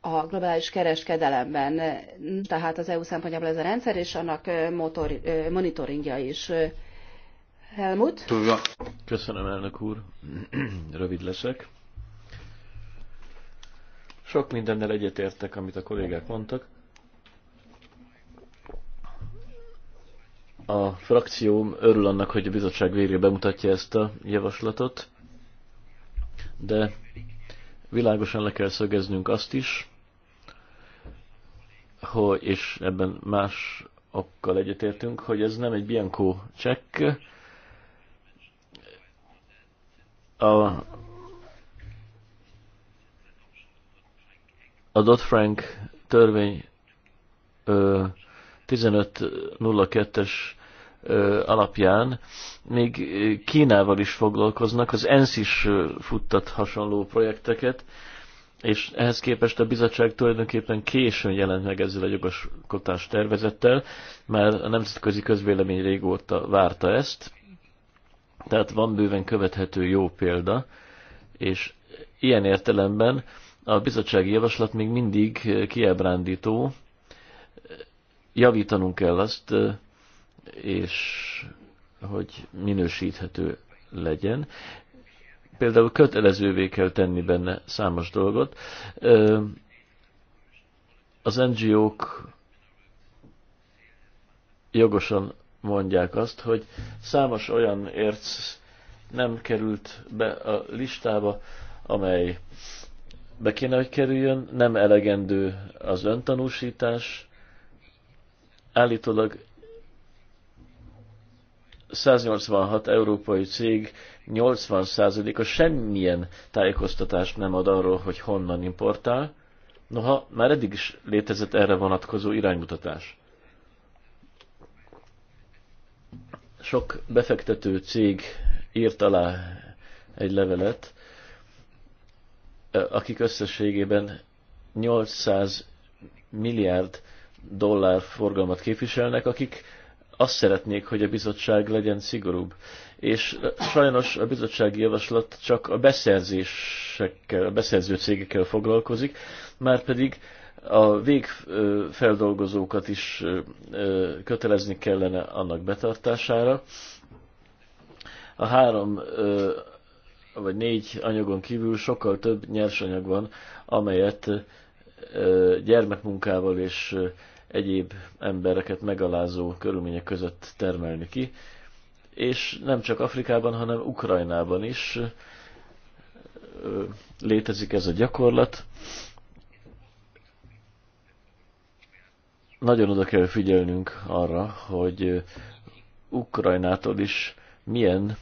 a globális kereskedelemben. Tehát az EU szempontjából ez a rendszer, és annak eh, motor, monitoringja is. Helmut? Köszönöm, elnök úr. Rövid leszek sok mindennel egyetértek, amit a kollégák mondtak. A frakcióm örül annak, hogy a bizottság végre bemutatja ezt a javaslatot, de világosan le kell szögeznünk azt is, hogy, és ebben más okkal egyetértünk, hogy ez nem egy Bianco csekk. A A Dodd-Frank törvény 15.02-es alapján még Kínával is foglalkoznak, az ENSZ is futtat hasonló projekteket, és ehhez képest a bizottság tulajdonképpen későn jelent meg ezzel a jogoskotás tervezettel, mert a nemzetközi közvélemény régóta várta ezt, tehát van bőven követhető jó példa, és ilyen értelemben a bizottsági javaslat még mindig kiábrándító, javítanunk kell azt, és hogy minősíthető legyen. Például kötelezővé kell tenni benne számos dolgot. Az NGO-k jogosan mondják azt, hogy számos olyan érc nem került be a listába, amely be kéne, hogy kerüljön, nem elegendő az öntanúsítás. Állítólag 186 európai cég 80%-a semmilyen tájékoztatást nem ad arról, hogy honnan importál, noha már eddig is létezett erre vonatkozó iránymutatás. Sok befektető cég írt alá egy levelet, akik összességében 800 milliárd dollár forgalmat képviselnek, akik azt szeretnék, hogy a bizottság legyen szigorúbb. És sajnos a bizottsági javaslat csak a beszerzésekkel, a beszerző cégekkel foglalkozik, már pedig a végfeldolgozókat is kötelezni kellene annak betartására. A három vagy négy anyagon kívül sokkal több nyersanyag van, amelyet gyermekmunkával és egyéb embereket megalázó körülmények között termelni ki. És nem csak Afrikában, hanem Ukrajnában is létezik ez a gyakorlat. Nagyon oda kell figyelnünk arra, hogy Ukrajnától is milyen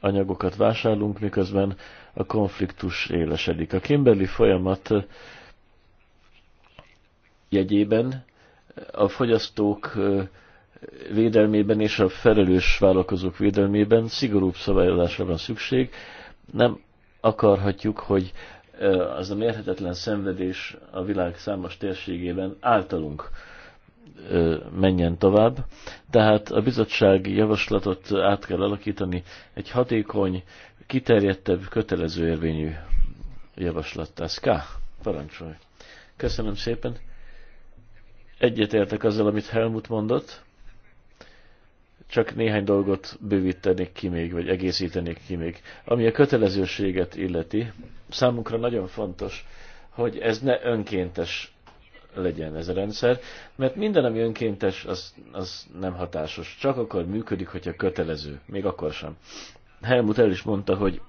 anyagokat vásárlunk, miközben a konfliktus élesedik. A Kimberley folyamat jegyében a fogyasztók védelmében és a felelős vállalkozók védelmében szigorúbb szabályozásra van szükség. Nem akarhatjuk, hogy az a mérhetetlen szenvedés a világ számos térségében általunk menjen tovább. Tehát a bizottsági javaslatot át kell alakítani egy hatékony, kiterjedtebb, kötelező érvényű javaslattá. Ká, parancsolj! Köszönöm szépen! Egyetértek azzal, amit Helmut mondott, csak néhány dolgot bővítenék ki még, vagy egészítenék ki még. Ami a kötelezőséget illeti, számunkra nagyon fontos, hogy ez ne önkéntes legyen ez a rendszer, mert minden, ami önkéntes, az, az nem hatásos. Csak akkor működik, hogyha kötelező. Még akkor sem. Helmut el is mondta, hogy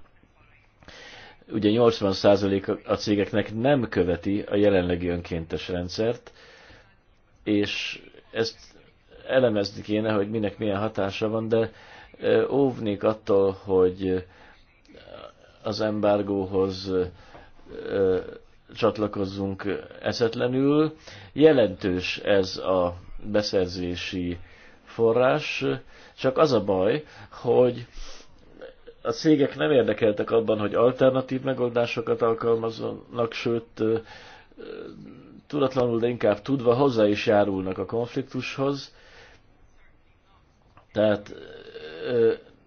ugye 80% a cégeknek nem követi a jelenlegi önkéntes rendszert, és ezt elemezni kéne, hogy minek milyen hatása van, de óvnék attól, hogy az embargóhoz csatlakozzunk eszetlenül. Jelentős ez a beszerzési forrás, csak az a baj, hogy a cégek nem érdekeltek abban, hogy alternatív megoldásokat alkalmaznak, sőt, tudatlanul, de inkább tudva hozzá is járulnak a konfliktushoz. Tehát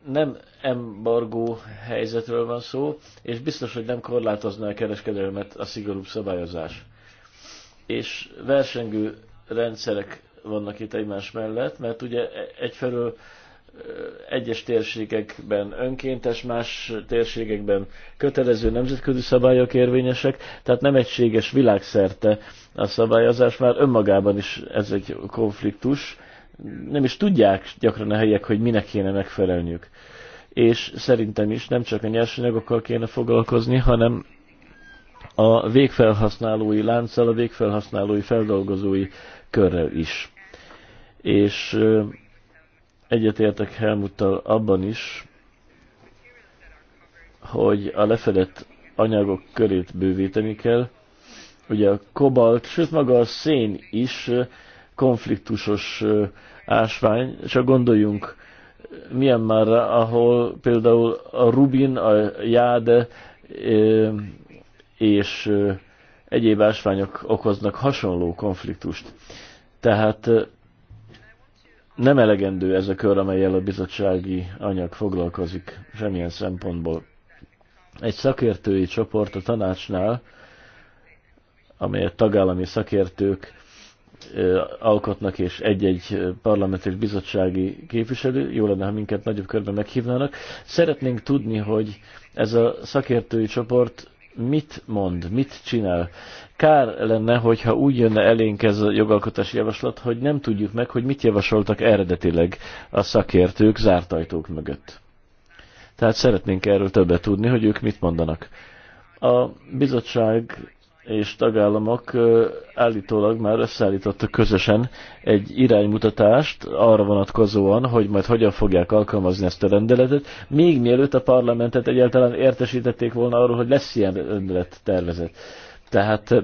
nem embargó helyzetről van szó, és biztos, hogy nem korlátozná a kereskedelmet a szigorúbb szabályozás. És versengő rendszerek vannak itt egymás mellett, mert ugye egyfelől egyes térségekben önkéntes, más térségekben kötelező nemzetközi szabályok érvényesek, tehát nem egységes világszerte a szabályozás, már önmagában is ez egy konfliktus. Nem is tudják gyakran a helyek, hogy minek kéne megfelelniük és szerintem is nem csak a nyersanyagokkal kéne foglalkozni, hanem a végfelhasználói lánccal, a végfelhasználói feldolgozói körrel is. És egyetértek Helmuttal abban is, hogy a lefedett anyagok körét bővíteni kell. Ugye a kobalt, sőt maga a szén is konfliktusos ásvány, csak gondoljunk Myanmarra, ahol például a rubin, a jáde és egyéb ásványok okoznak hasonló konfliktust. Tehát nem elegendő ez a kör, amelyel a bizottsági anyag foglalkozik semmilyen szempontból. Egy szakértői csoport a tanácsnál, amelyet tagállami szakértők alkotnak, és egy-egy parlament és bizottsági képviselő, jó lenne, ha minket nagyobb körben meghívnának. Szeretnénk tudni, hogy ez a szakértői csoport mit mond, mit csinál. Kár lenne, hogyha úgy jönne elénk ez a jogalkotási javaslat, hogy nem tudjuk meg, hogy mit javasoltak eredetileg a szakértők zárt ajtók mögött. Tehát szeretnénk erről többet tudni, hogy ők mit mondanak. A bizottság és tagállamok állítólag már összeállítottak közösen egy iránymutatást arra vonatkozóan, hogy majd hogyan fogják alkalmazni ezt a rendeletet, még mielőtt a parlamentet egyáltalán értesítették volna arról, hogy lesz ilyen rendelet tervezet. Tehát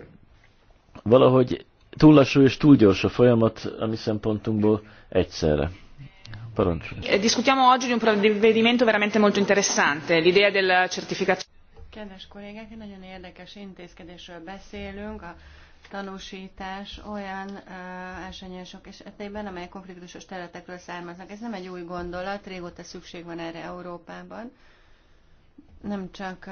valahogy túl lassú és túl gyors a folyamat a mi szempontunkból egyszerre. Parancsolj. Discutiamo oggi di un provvedimento veramente molto interessante, l'idea della certificazione. Kedves kollégák, egy nagyon érdekes intézkedésről beszélünk, a tanúsítás olyan uh, ásanyosok esetében, amely konfliktusos területekről származnak. Ez nem egy új gondolat, régóta szükség van erre Európában. Nem csak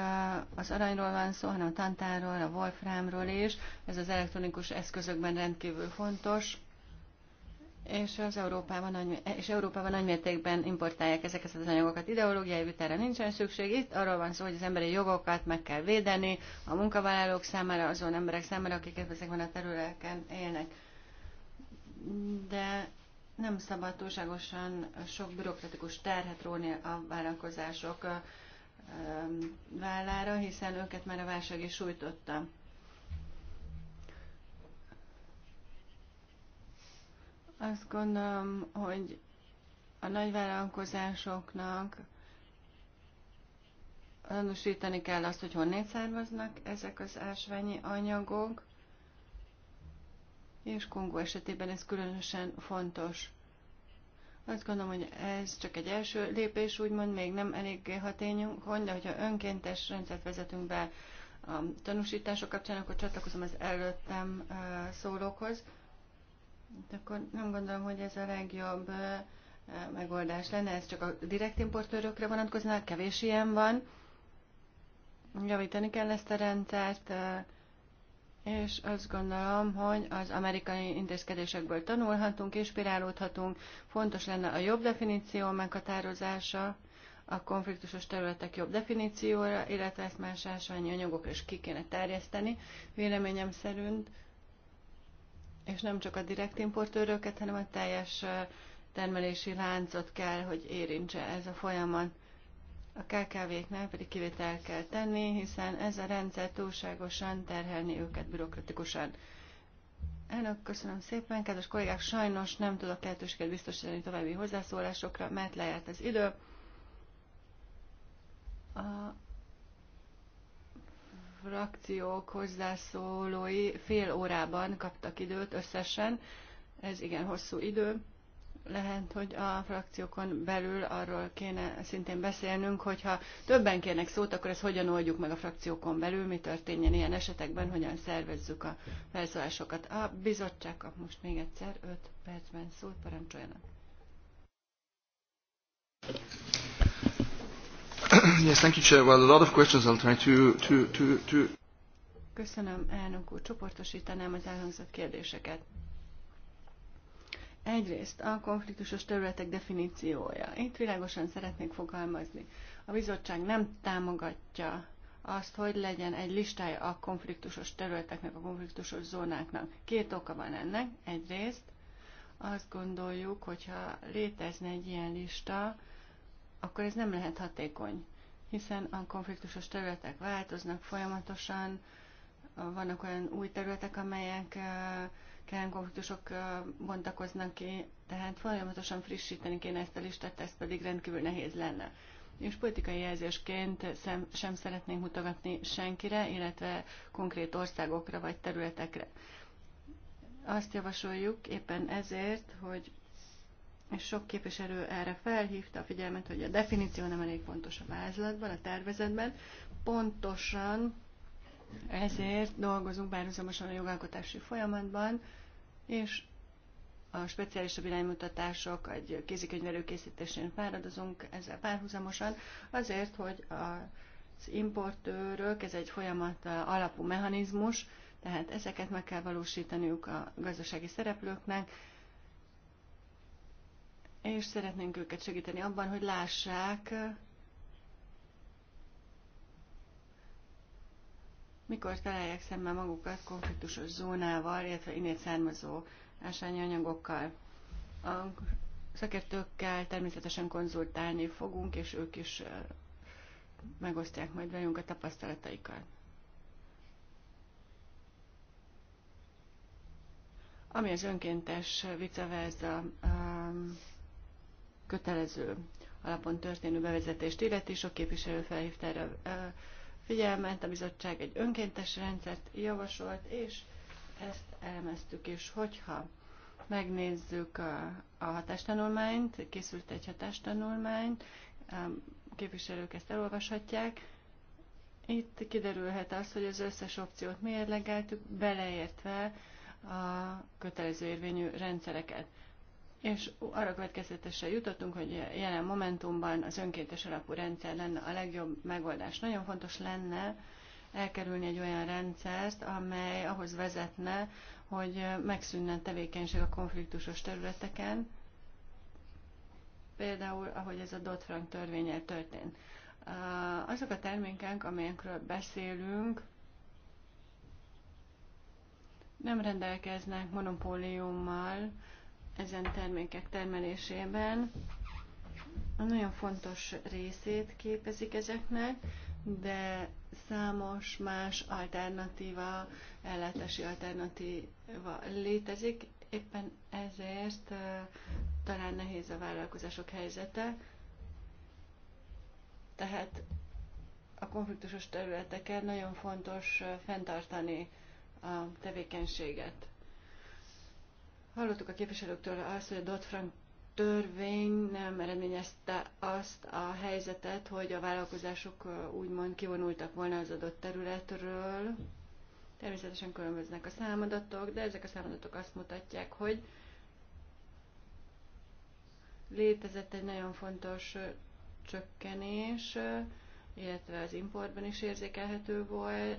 az aranyról van szó, hanem a tantáról, a wolframról is. Ez az elektronikus eszközökben rendkívül fontos és az Európában, nagy, és Európában nagymértékben importálják ezeket az anyagokat. Ideológiai vitára nincsen szükség. Itt arról van szó, hogy az emberi jogokat meg kell védeni a munkavállalók számára, azon emberek számára, akik ezekben a területeken élnek. De nem szabad túlságosan sok bürokratikus terhet róni a vállalkozások vállára, hiszen őket már a válság is sújtotta. Azt gondolom, hogy a nagyvállalkozásoknak azonosítani kell azt, hogy honnét származnak ezek az ásványi anyagok, és Kongó esetében ez különösen fontos. Azt gondolom, hogy ez csak egy első lépés, úgymond még nem elég hatényunk, de hogyha önkéntes rendszert vezetünk be a tanúsítások kapcsán, akkor csatlakozom az előttem szólókhoz akkor nem gondolom, hogy ez a legjobb megoldás lenne, ez csak a direkt importőrökre vonatkozna, kevés ilyen van. Javítani kell ezt a rendszert, és azt gondolom, hogy az amerikai intézkedésekből tanulhatunk, inspirálódhatunk. Fontos lenne a jobb definíció meghatározása, a konfliktusos területek jobb definícióra, illetve ezt más ásványi anyagokra is ki kéne terjeszteni, véleményem szerint és nem csak a direkt importőröket, hanem a teljes termelési láncot kell, hogy érintse ez a folyamat. A KKV-knál pedig kivétel kell tenni, hiszen ez a rendszer túlságosan terhelni őket bürokratikusan. Elnök, köszönöm szépen. Kedves kollégák, sajnos nem tudok lehetőséget biztosítani további hozzászólásokra, mert lejárt az idő. A frakciók hozzászólói fél órában kaptak időt összesen. Ez igen hosszú idő. Lehet, hogy a frakciókon belül arról kéne szintén beszélnünk, hogyha többen kérnek szót, akkor ezt hogyan oldjuk meg a frakciókon belül, mi történjen ilyen esetekben, hogyan szervezzük a felszólásokat. A bizottság kap most még egyszer 5 percben szót, parancsoljanak. yes, thank you, Chair. Well, a lot of questions. I'll try to, to, to, to... Köszönöm, elnök úr. Csoportosítanám az elhangzott kérdéseket. Egyrészt a konfliktusos területek definíciója. Itt világosan szeretnék fogalmazni. A bizottság nem támogatja azt, hogy legyen egy listája a konfliktusos területeknek, a konfliktusos zónáknak. Két oka van ennek. Egyrészt azt gondoljuk, hogyha létezne egy ilyen lista, akkor ez nem lehet hatékony hiszen a konfliktusos területek változnak folyamatosan, vannak olyan új területek, amelyek kellen konfliktusok bontakoznak ki, tehát folyamatosan frissíteni kéne ezt a listát, ez pedig rendkívül nehéz lenne. És politikai jelzésként sem, sem szeretnénk mutogatni senkire, illetve konkrét országokra vagy területekre. Azt javasoljuk éppen ezért, hogy és sok képviselő erre felhívta a figyelmet, hogy a definíció nem elég pontos a vázlatban, a tervezetben. Pontosan ezért dolgozunk párhuzamosan a jogalkotási folyamatban, és a speciálisabb iránymutatások, egy kézikönyvelő készítésén fáradozunk ezzel párhuzamosan, azért, hogy az importőrök, ez egy folyamat alapú mechanizmus, tehát ezeket meg kell valósítaniuk a gazdasági szereplőknek, és szeretnénk őket segíteni abban, hogy lássák, mikor találják szemben magukat konfliktusos zónával, illetve innét származó ásányi anyagokkal. A szakértőkkel természetesen konzultálni fogunk, és ők is megosztják majd velünk a tapasztalataikat. Ami az önkéntes vice versa kötelező alapon történő bevezetést illeti. Sok képviselő felhívta erre figyelmet, a bizottság egy önkéntes rendszert javasolt, és ezt elemeztük is, hogyha megnézzük a, a hatástanulmányt, készült egy hatástanulmány, képviselők ezt elolvashatják. Itt kiderülhet az, hogy az összes opciót mérlegeltük, beleértve a kötelező érvényű rendszereket és arra következetesen jutottunk, hogy jelen momentumban az önkéntes alapú rendszer lenne a legjobb megoldás. Nagyon fontos lenne elkerülni egy olyan rendszert, amely ahhoz vezetne, hogy megszűnne tevékenység a konfliktusos területeken, például ahogy ez a Dodd-Frank törvényel történt. Azok a termékek, amelyekről beszélünk, nem rendelkeznek monopóliummal, ezen termékek termelésében a nagyon fontos részét képezik ezeknek, de számos más alternatíva, ellátási alternatíva létezik, éppen ezért talán nehéz a vállalkozások helyzete. Tehát a konfliktusos területeken nagyon fontos fenntartani a tevékenységet. Hallottuk a képviselőktől azt, hogy a Dodd-Frank törvény nem eredményezte azt a helyzetet, hogy a vállalkozások úgymond kivonultak volna az adott területről. Természetesen különböznek a számadatok, de ezek a számadatok azt mutatják, hogy létezett egy nagyon fontos csökkenés, illetve az importban is érzékelhető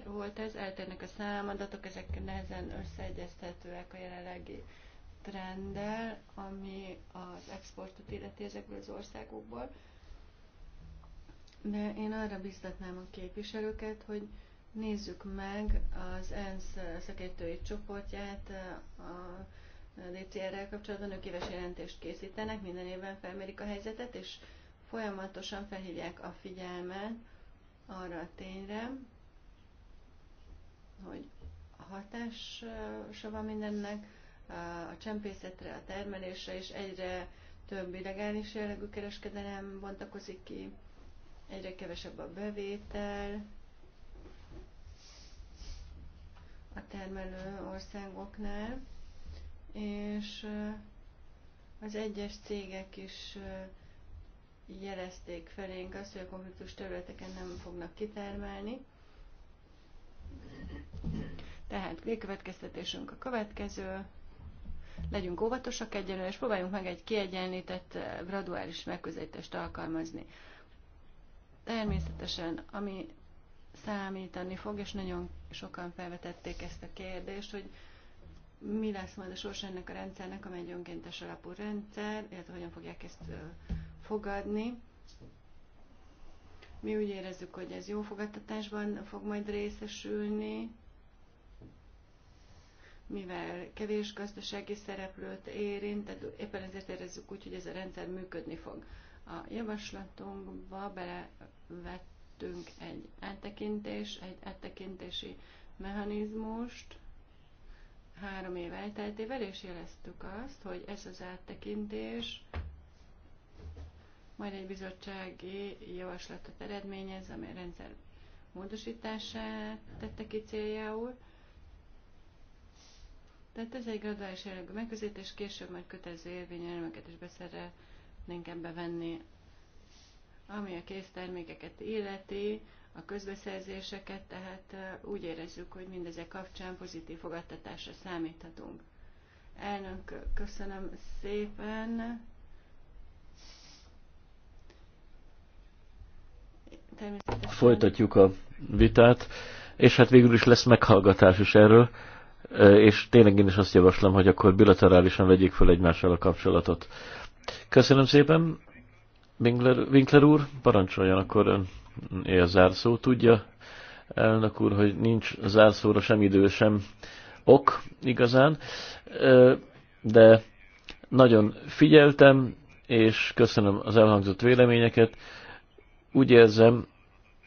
volt ez. Eltérnek a számadatok, ezek nehezen összeegyeztetőek a jelenlegi trendel, ami az exportot illeti ezekből az országokból. De én arra biztatnám a képviselőket, hogy nézzük meg az ENSZ szakértői csoportját, a DCR-rel kapcsolatban ők éves jelentést készítenek, minden évben felmérik a helyzetet, és folyamatosan felhívják a figyelmet arra a tényre, hogy hatása van mindennek, a csempészetre, a termelésre, és egyre több illegális jellegű kereskedelem bontakozik ki, egyre kevesebb a bevétel, a termelő országoknál, és az egyes cégek is jelezték felénk azt, hogy a konfliktus területeken nem fognak kitermelni. Tehát végkövetkeztetésünk a következő legyünk óvatosak egyelőre, és próbáljunk meg egy kiegyenlített, eh, graduális megközelítést alkalmazni. Természetesen, ami számítani fog, és nagyon sokan felvetették ezt a kérdést, hogy mi lesz majd a sors ennek a rendszernek, amely egy önkéntes alapú rendszer, illetve hogyan fogják ezt eh, fogadni. Mi úgy érezzük, hogy ez jó fogadtatásban fog majd részesülni, mivel kevés gazdasági szereplőt érint, tehát éppen ezért érezzük úgy, hogy ez a rendszer működni fog. A javaslatunkba belevettünk egy áttekintés, egy áttekintési mechanizmust három év elteltével, és jeleztük azt, hogy ez az áttekintés majd egy bizottsági javaslatot eredményez, amely rendszer módosítását tette ki céljául, tehát ez egy graduális jellegű megközelítés, később majd kötelező érvényű elemeket is beszeretnénk ebbe venni. Ami a késztermékeket illeti, a közbeszerzéseket, tehát uh, úgy érezzük, hogy mindezek kapcsán pozitív fogadtatásra számíthatunk. Elnök, köszönöm szépen! Természetesen... Folytatjuk a vitát, és hát végül is lesz meghallgatás is erről és tényleg én is azt javaslom, hogy akkor bilaterálisan vegyék fel egymással a kapcsolatot. Köszönöm szépen, Winkler, Winkler úr, parancsoljon akkor ön a zárszó, tudja, elnök úr, hogy nincs zárszóra sem idő, sem ok igazán, de nagyon figyeltem, és köszönöm az elhangzott véleményeket. Úgy érzem,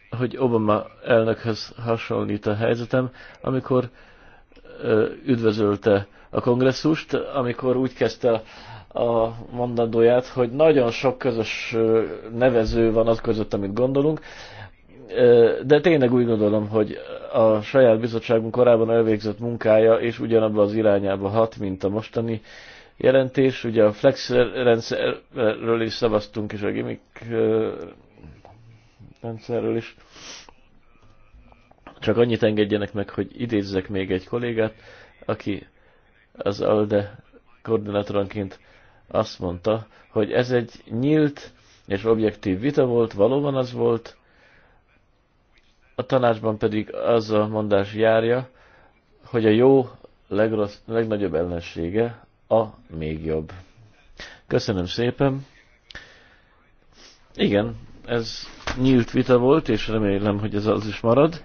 hogy Obama elnökhez hasonlít a helyzetem, amikor üdvözölte a kongresszust, amikor úgy kezdte a mondandóját, hogy nagyon sok közös nevező van az között, amit gondolunk, de tényleg úgy gondolom, hogy a saját bizottságunk korábban elvégzett munkája, és ugyanabba az irányába hat, mint a mostani jelentés. Ugye a flex rendszerről is szavaztunk, és a gimmick rendszerről is. Csak annyit engedjenek meg, hogy idézzek még egy kollégát, aki az ALDE koordinátoranként azt mondta, hogy ez egy nyílt és objektív vita volt, valóban az volt, a tanácsban pedig az a mondás járja, hogy a jó legrossz, legnagyobb ellensége a még jobb. Köszönöm szépen. Igen, ez nyílt vita volt, és remélem, hogy ez az is marad.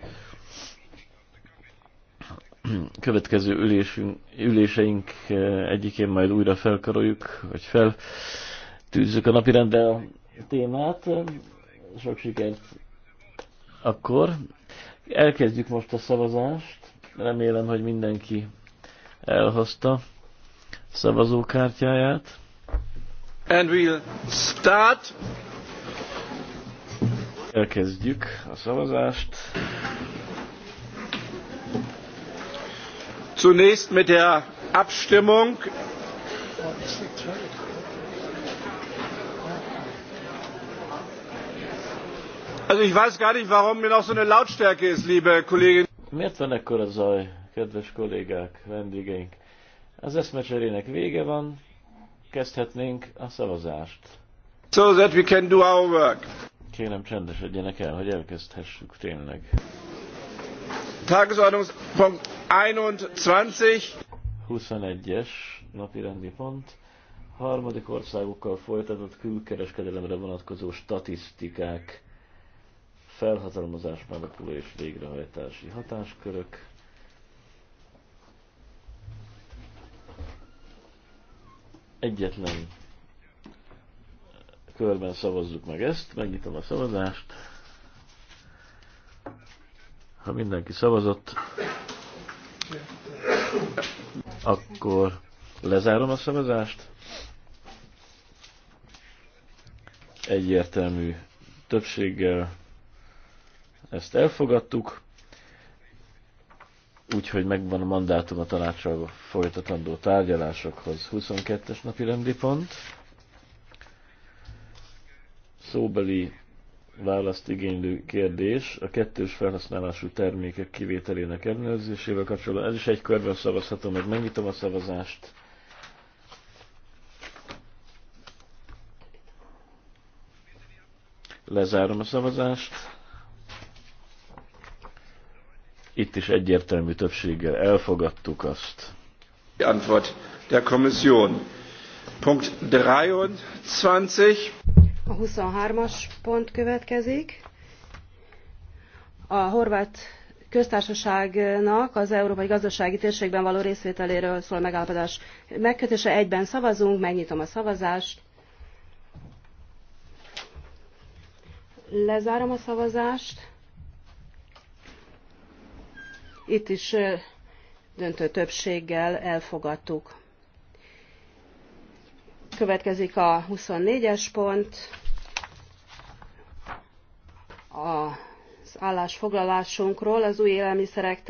következő ülésünk, üléseink eh, egyikén majd újra felkaroljuk, vagy feltűzzük a napirendre a témát. Sok sikert akkor. Elkezdjük most a szavazást. Remélem, hogy mindenki elhozta szavazókártyáját. And we'll start. Elkezdjük a szavazást. zunächst mit der abstimmung also ich weiß gar nicht warum mir noch so eine lautstärke ist liebe Kollegin. Miért van ekkora zaj, kedves kollégák, vendégeink? Az eszmecserének vége van, kezdhetnénk a szavazást. So that we can do our work. Kérem csendesedjenek el, hogy elkezdhessük tényleg. Tagesordnungspunkt 21. 21-es napirendi pont. Harmadik országokkal folytatott külkereskedelemre vonatkozó statisztikák felhatalmazás, manipuló és végrehajtási hatáskörök. Egyetlen körben szavazzuk meg ezt, megnyitom a szavazást. Ha mindenki szavazott, akkor lezárom a szavazást. Egyértelmű többséggel ezt elfogadtuk, úgyhogy megvan a mandátum a tanácssal folytatandó tárgyalásokhoz. 22-es napi rendi pont. Szóbeli választ igénylő kérdés a kettős felhasználású termékek kivételének ellenőrzésével kapcsolatban. Ez is egy körben szavazható, meg megnyitom a szavazást. Lezárom a szavazást. Itt is egyértelmű többséggel elfogadtuk azt. Antwort der Kommission. Punkt 23. A 23-as pont következik. A horvát köztársaságnak az európai gazdasági térségben való részvételéről szól megállapodás megkötése. Egyben szavazunk, megnyitom a szavazást. Lezárom a szavazást. Itt is döntő többséggel elfogadtuk. Következik a 24-es pont, az állásfoglalásunkról az új élelmiszerek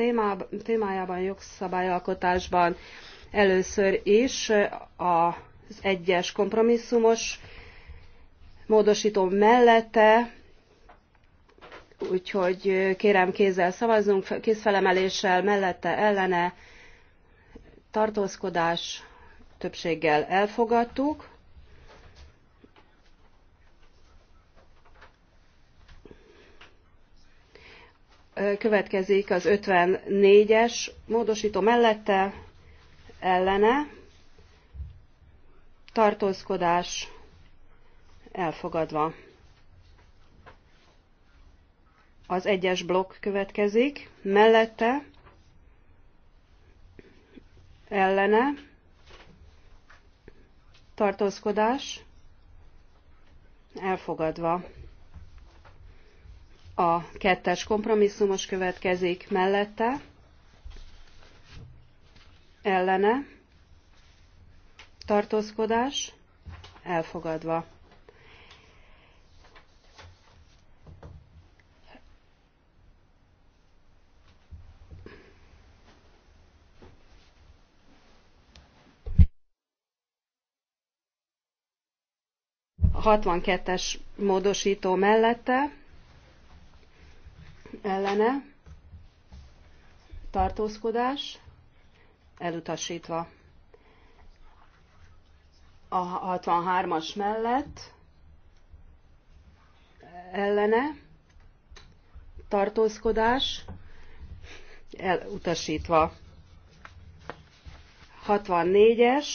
témájában, jogszabályalkotásban először is az egyes kompromisszumos módosító mellette, úgyhogy kérem kézzel szavazzunk, kézfelemeléssel mellette ellene tartózkodás többséggel elfogadtuk. Következik az 54-es módosító mellette ellene tartózkodás elfogadva. Az egyes blokk következik, mellette, ellene, tartózkodás elfogadva. A kettes kompromisszumos következik mellette, ellene, tartózkodás elfogadva. 62-es módosító mellette, ellene, tartózkodás, elutasítva. A 63-as mellett, ellene, tartózkodás, elutasítva. 64-es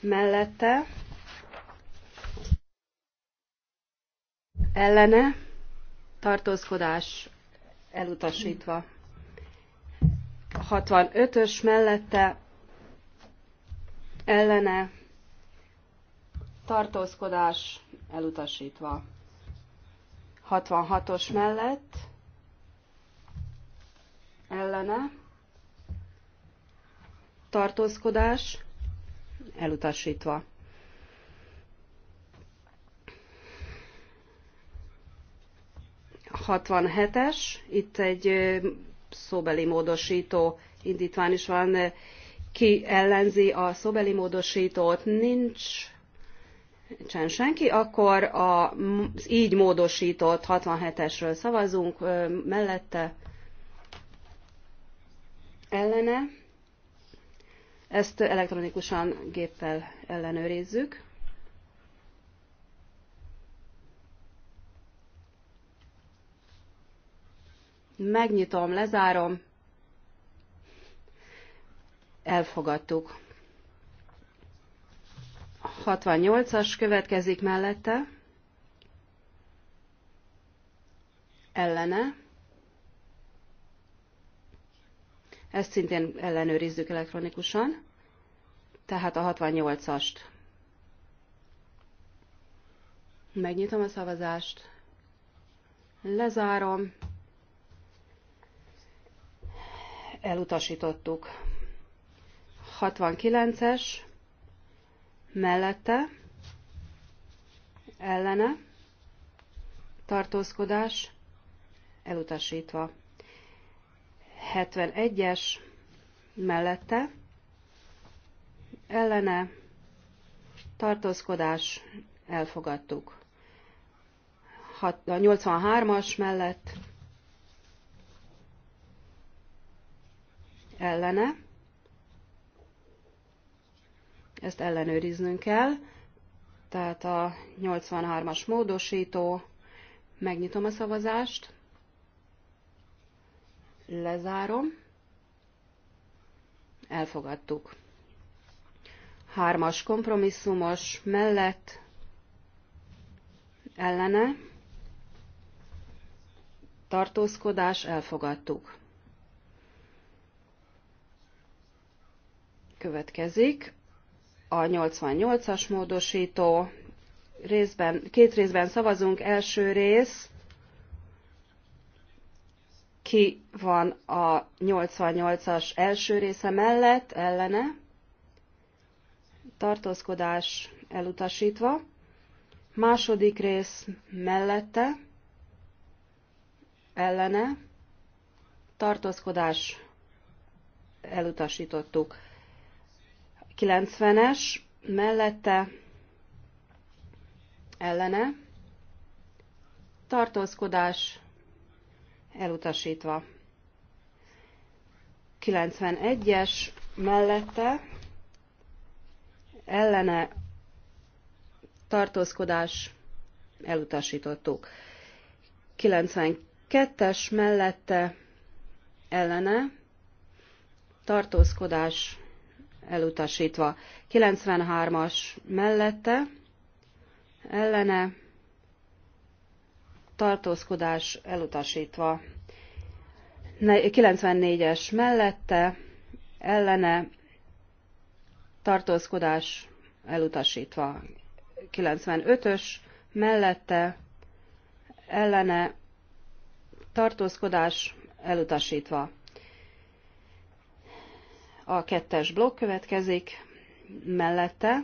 mellette, ellene, tartózkodás elutasítva. 65-ös mellette ellene, tartózkodás elutasítva. 66-os mellett ellene, tartózkodás elutasítva. 67-es, itt egy szóbeli módosító indítvány is van, ki ellenzi a szóbeli módosítót, nincs Csen senki, akkor az így módosított 67-esről szavazunk, mellette ellene. Ezt elektronikusan géppel ellenőrizzük. Megnyitom, lezárom. Elfogadtuk. 68-as következik mellette. Ellene. Ezt szintén ellenőrizzük elektronikusan. Tehát a 68-ast. Megnyitom a szavazást. Lezárom. elutasítottuk. 69-es mellette ellene tartózkodás elutasítva. 71-es mellette ellene tartózkodás elfogadtuk. 83-as mellett ellene. Ezt ellenőriznünk kell. Tehát a 83-as módosító. Megnyitom a szavazást. Lezárom. Elfogadtuk. Hármas kompromisszumos mellett ellene tartózkodás elfogadtuk. Következik a 88-as módosító. Részben, két részben szavazunk. Első rész. Ki van a 88-as első része mellett, ellene? Tartózkodás elutasítva. Második rész mellette, ellene, tartózkodás elutasítottuk. 90-es mellette ellene tartózkodás elutasítva. 91-es mellette ellene tartózkodás elutasítottuk. 92-es mellette ellene tartózkodás elutasítva. 93-as mellette, ellene, tartózkodás elutasítva. 94-es mellette, ellene, tartózkodás elutasítva. 95-ös mellette, ellene, tartózkodás elutasítva. A kettes blokk következik mellette,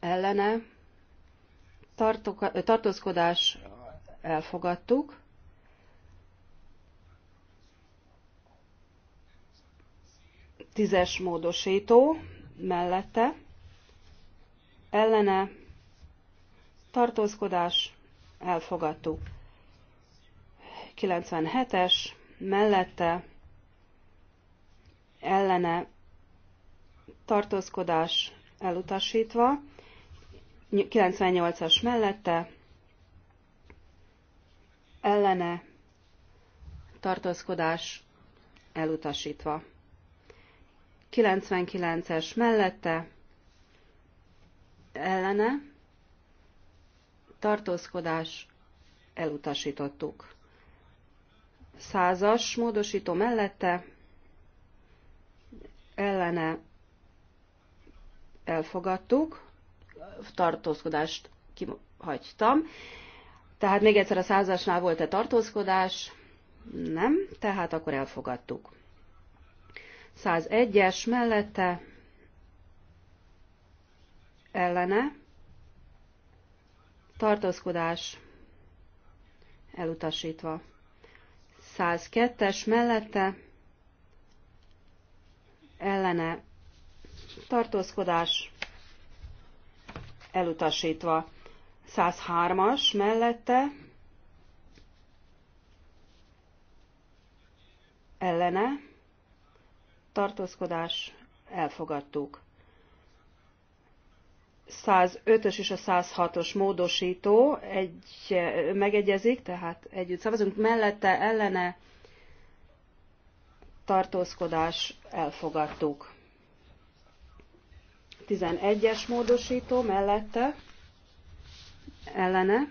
ellene, tartózkodás elfogadtuk, tízes módosító mellette, ellene, tartózkodás elfogadtuk. 97-es mellette ellene tartózkodás elutasítva, 98-as mellette ellene tartózkodás elutasítva. 99-es mellette ellene tartózkodás elutasítottuk. Százas módosító mellette ellene elfogadtuk, tartózkodást kihagytam. Tehát még egyszer a százasnál volt-e tartózkodás? Nem, tehát akkor elfogadtuk. 101-es mellette ellene tartózkodás elutasítva. 102-es mellette ellene tartózkodás elutasítva. 103-as mellette ellene tartózkodás elfogadtuk. 105-ös és a 106-os módosító egy, megegyezik, tehát együtt szavazunk mellette, ellene tartózkodás elfogadtuk. 11-es módosító mellette ellene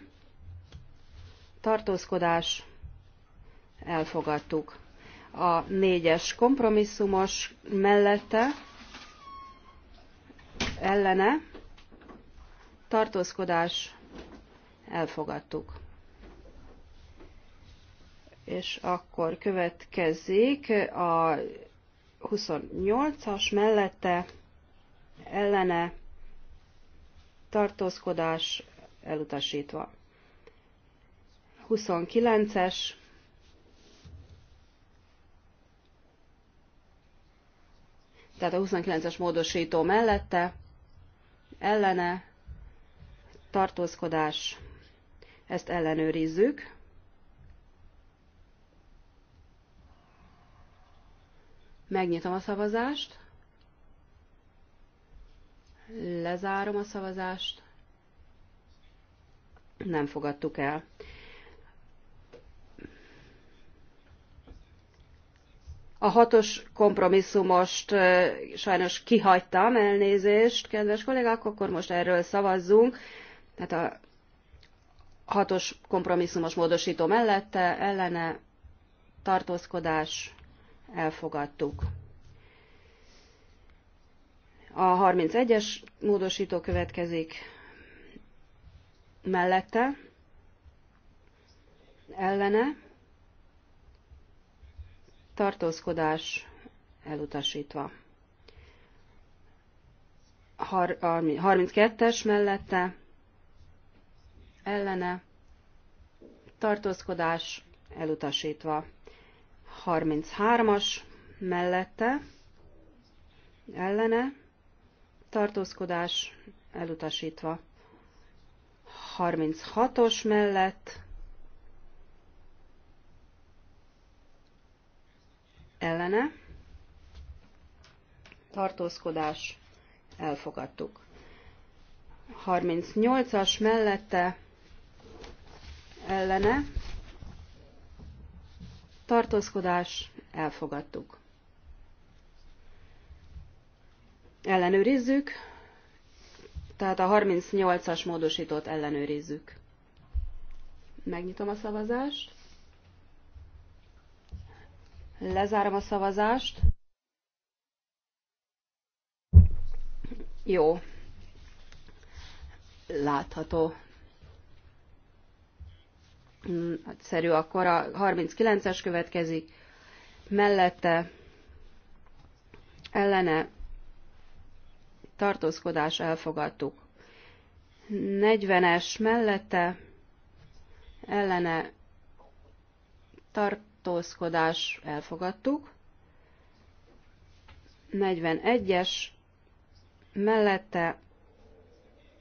tartózkodás elfogadtuk. A 4-es kompromisszumos mellette ellene tartózkodás elfogadtuk és akkor következik a 28-as mellette ellene tartózkodás elutasítva. 29-es tehát a 29-es módosító mellette ellene tartózkodás ezt ellenőrizzük. Megnyitom a szavazást. Lezárom a szavazást. Nem fogadtuk el. A hatos kompromisszumost sajnos kihagytam, elnézést, kedves kollégák, akkor most erről szavazzunk. Tehát a hatos kompromisszumos módosító mellette, ellene, tartózkodás, elfogadtuk. A 31-es módosító következik mellette, ellene, tartózkodás elutasítva. 32-es mellette, ellene, tartózkodás elutasítva. 33-as mellette ellene tartózkodás elutasítva. 36-os mellett ellene tartózkodás elfogadtuk. 38-as mellette ellene tartózkodás, elfogadtuk. Ellenőrizzük, tehát a 38-as módosítót ellenőrizzük. Megnyitom a szavazást. Lezárom a szavazást. Jó. Látható szerű, akkor a 39-es következik, mellette ellene tartózkodás elfogadtuk. 40-es mellette ellene tartózkodás elfogadtuk. 41-es mellette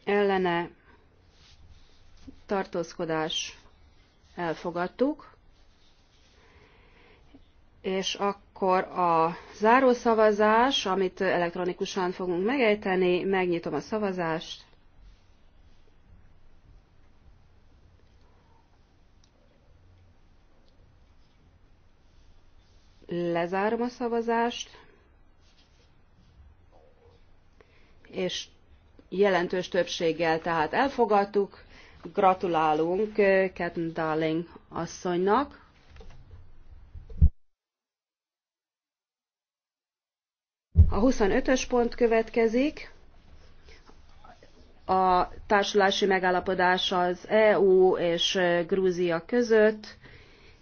ellene tartózkodás elfogadtuk. És akkor a zárószavazás, amit elektronikusan fogunk megejteni, megnyitom a szavazást. Lezárom a szavazást, és jelentős többséggel tehát elfogadtuk, Gratulálunk Ketten eh, Darling asszonynak. A 25-ös pont következik. A társulási megállapodás az EU és eh, Grúzia között.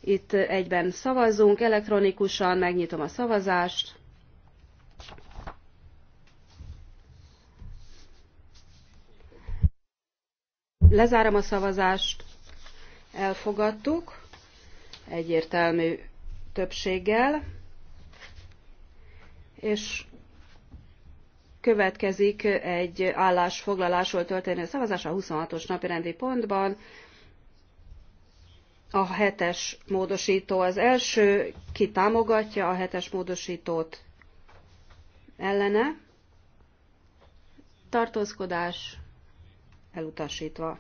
Itt egyben szavazunk elektronikusan, megnyitom a szavazást. Lezárom a szavazást. Elfogadtuk. Egyértelmű többséggel. És következik egy állásfoglalásról történő szavazás a 26-os napirendi pontban. A hetes módosító az első, ki támogatja a hetes módosítót ellene. Tartózkodás elutasítva.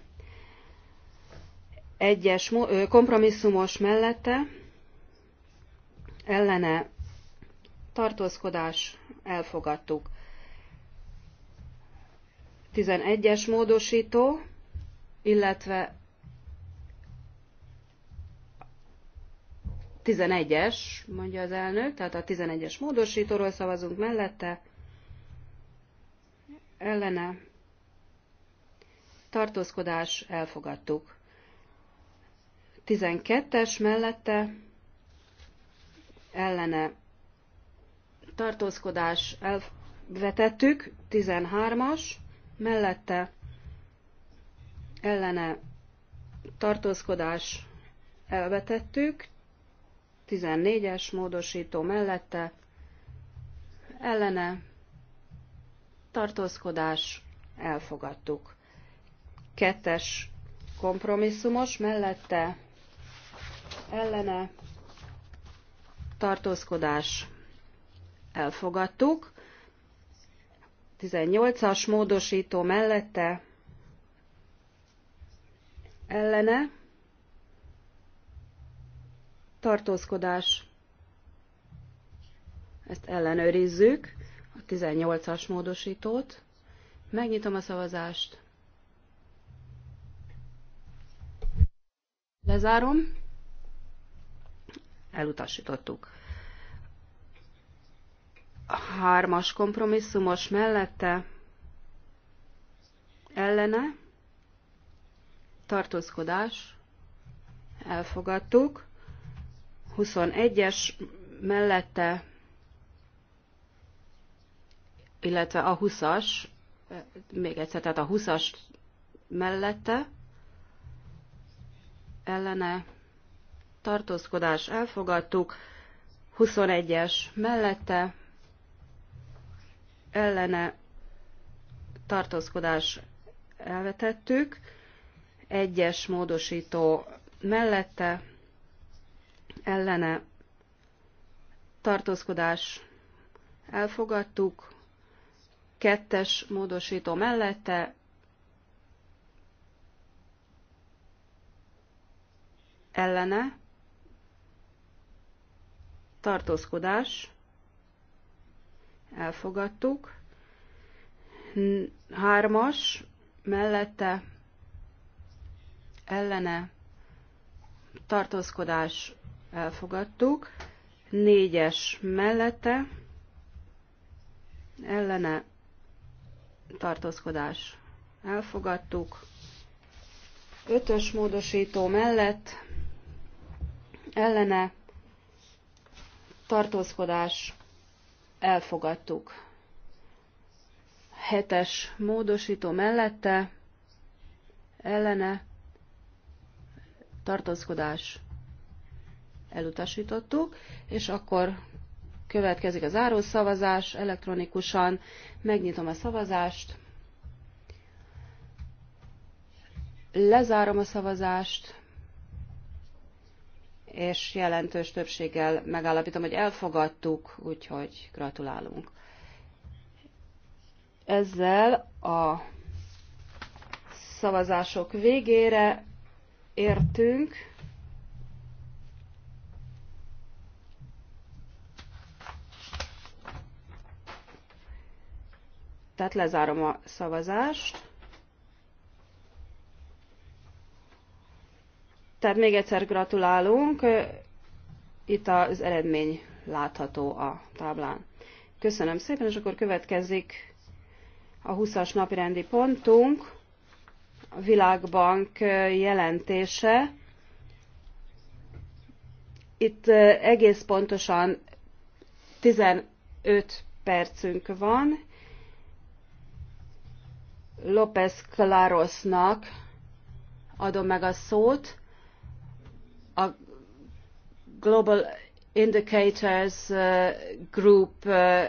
Egyes kompromisszumos mellette ellene tartózkodás elfogadtuk. 11-es módosító, illetve 11-es, mondja az elnök, tehát a 11-es módosítóról szavazunk mellette, ellene tartózkodás elfogadtuk. 12-es mellette ellene tartózkodás elvetettük, 13-as mellette ellene tartózkodás elvetettük, 14-es módosító mellette ellene tartózkodás elfogadtuk kettes kompromisszumos, mellette ellene tartózkodás elfogadtuk, 18-as módosító mellette ellene tartózkodás ezt ellenőrizzük, a 18-as módosítót. Megnyitom a szavazást. Lezárom. Elutasítottuk. Hármas kompromisszumos mellette ellene tartózkodás elfogadtuk. 21-es mellette, illetve a 20-as, még egyszer, tehát a 20-as mellette ellene tartózkodás elfogadtuk, 21-es mellette ellene tartózkodás elvetettük, egyes módosító mellette ellene tartózkodás elfogadtuk, 2-es módosító mellette ellene, tartózkodás, elfogadtuk, hármas, mellette, ellene, tartózkodás, elfogadtuk, négyes mellette, ellene, tartózkodás, elfogadtuk, ötös módosító mellett, ellene tartózkodás elfogadtuk. Hetes módosító mellette ellene tartózkodás elutasítottuk, és akkor következik a záró szavazás elektronikusan. Megnyitom a szavazást. Lezárom a szavazást és jelentős többséggel megállapítom, hogy elfogadtuk, úgyhogy gratulálunk. Ezzel a szavazások végére értünk. Tehát lezárom a szavazást. Tehát még egyszer gratulálunk, itt az eredmény látható a táblán. Köszönöm szépen, és akkor következik a 20-as napirendi pontunk, a Világbank jelentése. Itt egész pontosan 15 percünk van. López Clarosnak adom meg a szót a Global Indicators uh, Group uh,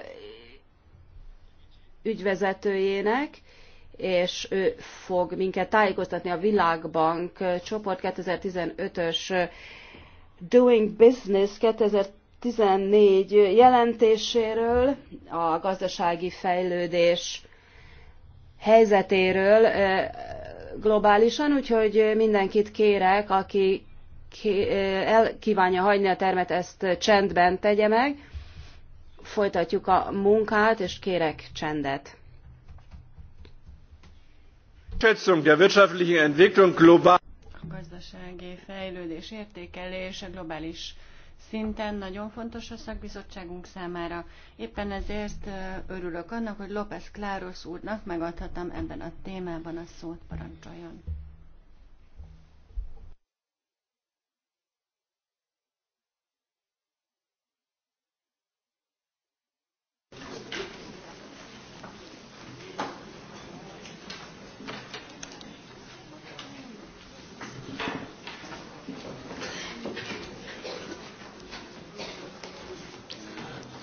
ügyvezetőjének, és ő fog minket tájékoztatni a Világbank uh, csoport 2015-ös Doing Business 2014 jelentéséről, a gazdasági fejlődés helyzetéről globálisan, úgyhogy mindenkit kérek, aki Eh, el kívánja hagyni a termet, ezt csendben tegye meg. Folytatjuk a munkát, és kérek csendet. A gazdasági fejlődés értékelése globális szinten nagyon fontos a szakbizottságunk számára. Éppen ezért eh, örülök annak, hogy López Kláros úrnak megadhatom ebben a témában a szót parancsoljon.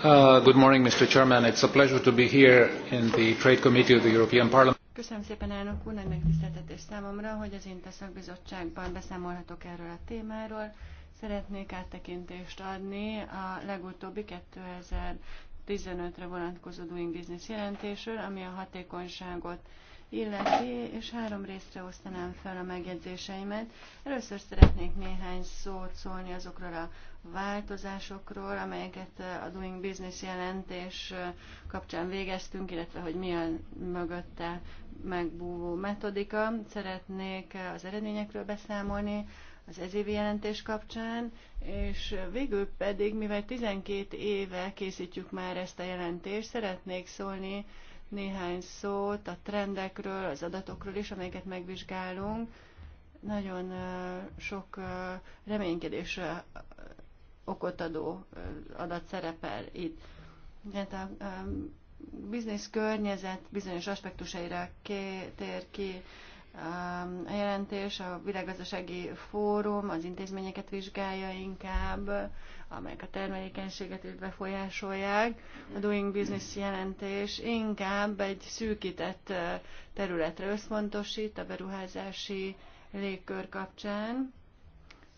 Uh, good morning, Mr. Chairman. It's a pleasure to be here in the Trade Committee of the European Parliament. Köszönöm szépen, elnök úr, nagy megtiszteltetés számomra, hogy az INTA szakbizottságban beszámolhatok erről a témáról. Szeretnék áttekintést adni a legutóbbi 2015-re vonatkozó Doing Business jelentésről, ami a hatékonyságot illeti, és három részre osztanám fel a megjegyzéseimet. Először szeretnék néhány szót szólni azokról a változásokról, amelyeket a Doing Business jelentés kapcsán végeztünk, illetve hogy milyen mögötte megbúvó metodika. Szeretnék az eredményekről beszámolni, az ezévi jelentés kapcsán, és végül pedig, mivel 12 éve készítjük már ezt a jelentést, szeretnék szólni néhány szót a trendekről, az adatokról is, amelyeket megvizsgálunk. Nagyon sok reménykedés okot adó adat szerepel itt. Hát a biznisz környezet bizonyos aspektusaira tér ki a jelentés, a világgazdasági fórum az intézményeket vizsgálja inkább, amelyek a termelékenységet befolyásolják. A Doing Business jelentés inkább egy szűkített területre összpontosít a beruházási légkör kapcsán.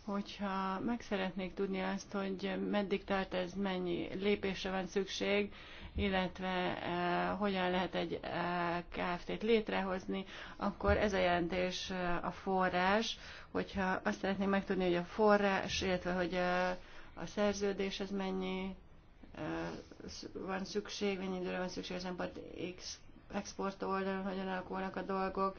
Hogyha meg szeretnék tudni azt, hogy meddig tart ez, mennyi lépésre van szükség, illetve eh, hogyan lehet egy eh, KFT-t létrehozni, akkor ez a jelentés eh, a forrás, hogyha azt szeretném megtudni, hogy a forrás, illetve hogy eh, a szerződéshez mennyi van szükség, mennyi időre van szükség az export oldalon, hogyan alakulnak a dolgok,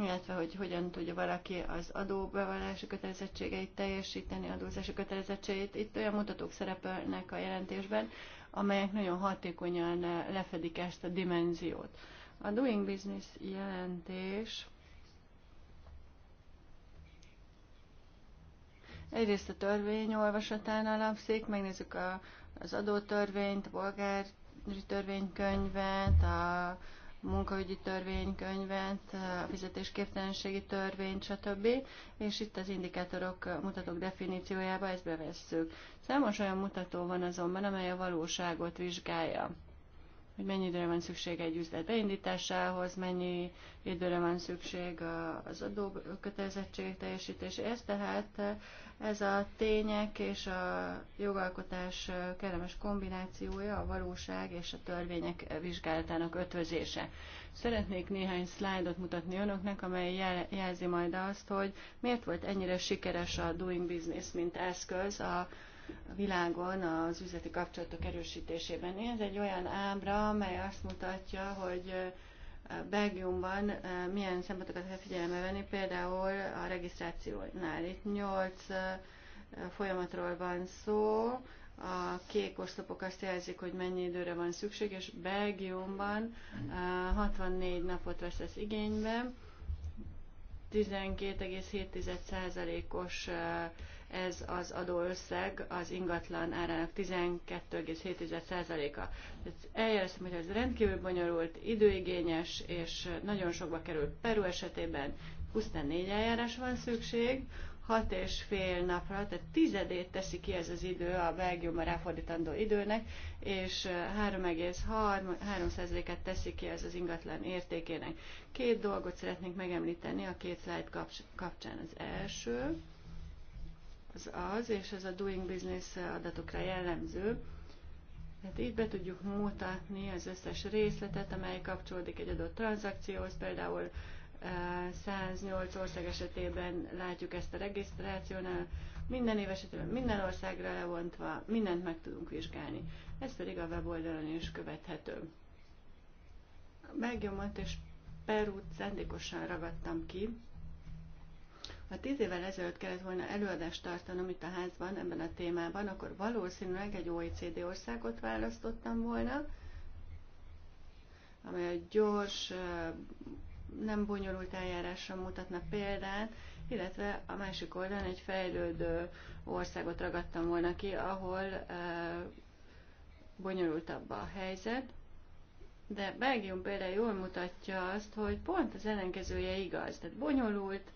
illetve hogy hogyan tudja valaki az adóbevallási kötelezettségeit teljesíteni, adózási kötelezettségeit. Itt olyan mutatók szerepelnek a jelentésben, amelyek nagyon hatékonyan lefedik ezt a dimenziót. A Doing Business jelentés Egyrészt a törvény olvasatán alapszik, megnézzük a, az adótörvényt, a polgári törvénykönyvet, a munkaügyi törvénykönyvet, a fizetésképtelenségi törvényt, stb. És itt az indikátorok, mutatók definíciójába ezt bevesszük. Számos olyan mutató van azonban, amely a valóságot vizsgálja hogy mennyi időre van szükség egy üzlet beindításához, mennyi időre van szükség az adókötelezettség teljesítése. teljesítéséhez, tehát ez a tények és a jogalkotás kellemes kombinációja, a valóság és a törvények vizsgálatának ötvözése. Szeretnék néhány szlájdot mutatni önöknek, amely jelzi majd azt, hogy miért volt ennyire sikeres a Doing Business, mint eszköz a a világon az üzleti kapcsolatok erősítésében. Ez egy olyan ábra, amely azt mutatja, hogy Belgiumban milyen szempontokat kell figyelembe venni, például a regisztrációnál. Itt 8 folyamatról van szó, a kék oszlopok azt jelzik, hogy mennyi időre van szükség, és Belgiumban 64 napot vesz ez igénybe, 12,7%-os ez az adóösszeg az ingatlan árának 12,7%-a. Eljeleztem, hogy ez rendkívül bonyolult, időigényes, és nagyon sokba kerül Peru esetében. Pusztán négy eljárás van szükség, hat és fél napra, tehát tizedét teszi ki ez az idő a Belgiumban ráfordítandó időnek, és 3,3%-et teszi ki ez az ingatlan értékének. Két dolgot szeretnék megemlíteni a két slide kapcsán. Az első, az az, és ez a doing business adatokra jellemző. Tehát így be tudjuk mutatni az összes részletet, amely kapcsolódik egy adott tranzakcióhoz, például 108 eh, ország esetében látjuk ezt a regisztrációnál, minden év esetében minden országra levontva mindent meg tudunk vizsgálni. Ez pedig a weboldalon is követhető. Megjomott és Perút szándékosan ragadtam ki, ha tíz évvel ezelőtt kellett volna előadást tartanom itt a házban ebben a témában, akkor valószínűleg egy OECD országot választottam volna, amely a gyors, nem bonyolult eljárásra mutatna példát, illetve a másik oldalon egy fejlődő országot ragadtam volna ki, ahol bonyolultabb a helyzet. De Belgium például jól mutatja azt, hogy pont az ellenkezője igaz. Tehát bonyolult,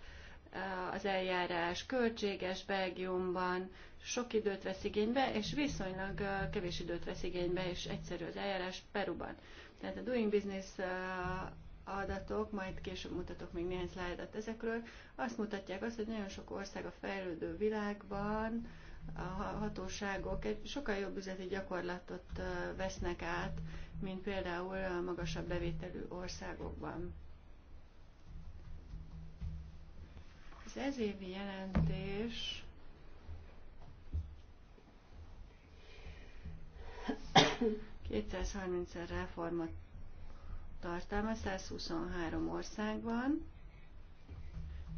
az eljárás költséges Belgiumban, sok időt vesz igénybe, és viszonylag kevés időt vesz igénybe, és egyszerű az eljárás Peruban. Tehát a Doing Business adatok, majd később mutatok még néhány szlájdat ezekről, azt mutatják azt, hogy nagyon sok ország a fejlődő világban a hatóságok egy sokkal jobb üzleti gyakorlatot vesznek át, mint például a magasabb bevételű országokban. Az ezévi jelentés ...230 reformot tartalmaz 123 országban,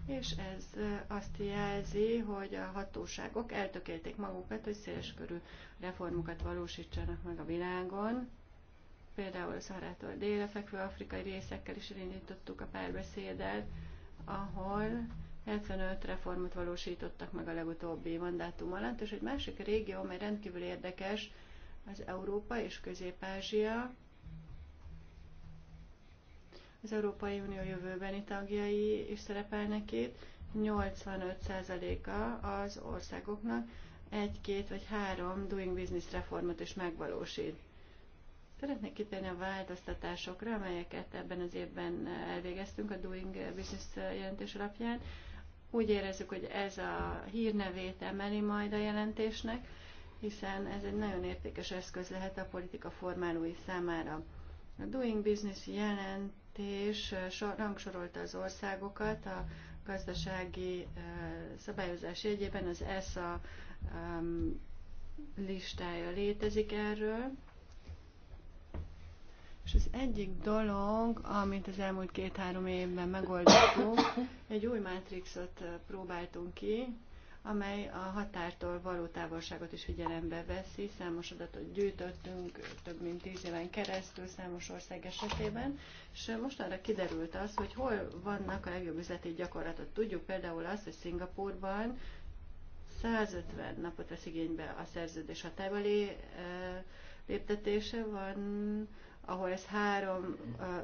és ez azt jelzi, hogy a hatóságok eltökélték magukat, hogy széleskörű reformokat valósítsanak meg a világon. Például a Szarától délre fekvő afrikai részekkel is elindítottuk a párbeszédet, ahol 75 reformot valósítottak meg a legutóbbi mandátum alatt, és egy másik régió, amely rendkívül érdekes, az Európa és Közép-Ázsia, az Európai Unió jövőbeni tagjai is szerepelnek itt, 85%-a az országoknak egy, két vagy három doing business reformot is megvalósít. Szeretnék kitérni a változtatásokra, amelyeket ebben az évben elvégeztünk a Doing Business jelentés alapján. Úgy érezzük, hogy ez a hírnevét emeli majd a jelentésnek, hiszen ez egy nagyon értékes eszköz lehet a politika formálói számára. A Doing Business jelentés eh, rangsorolta az országokat a gazdasági eh, szabályozás jegyében, az ESA ehm, listája létezik erről. És az egyik dolog, amit az elmúlt két-három évben megoldottunk, egy új mátrixot eh, próbáltunk ki, amely a határtól való távolságot is figyelembe veszi. Számos adatot gyűjtöttünk több mint tíz éven keresztül számos ország esetében, és mostanra kiderült az, hogy hol vannak a legjobb üzleti gyakorlatot. Tudjuk például azt, hogy Szingapurban 150 napot vesz igénybe a szerződés hatávali eh, léptetése van, ahol ez 3,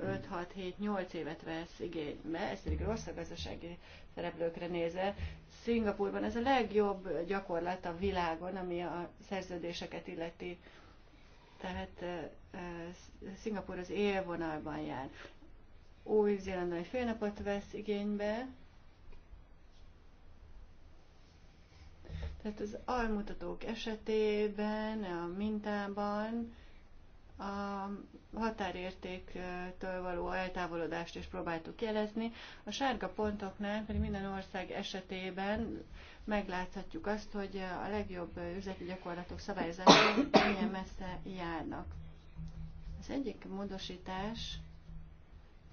5, 6, 7, 8 évet vesz igénybe, ez pedig rossz a gazdasági szereplőkre nézve. Szingapurban ez a legjobb gyakorlat a világon, ami a szerződéseket illeti. Tehát Szingapur az élvonalban jár. Új-Zélandon egy fél napot vesz igénybe, Tehát az almutatók esetében, a mintában a határértéktől való eltávolodást is próbáltuk jelezni. A sárga pontoknál pedig minden ország esetében megláthatjuk azt, hogy a legjobb üzleti gyakorlatok szabályozásai milyen messze járnak. Az egyik módosítás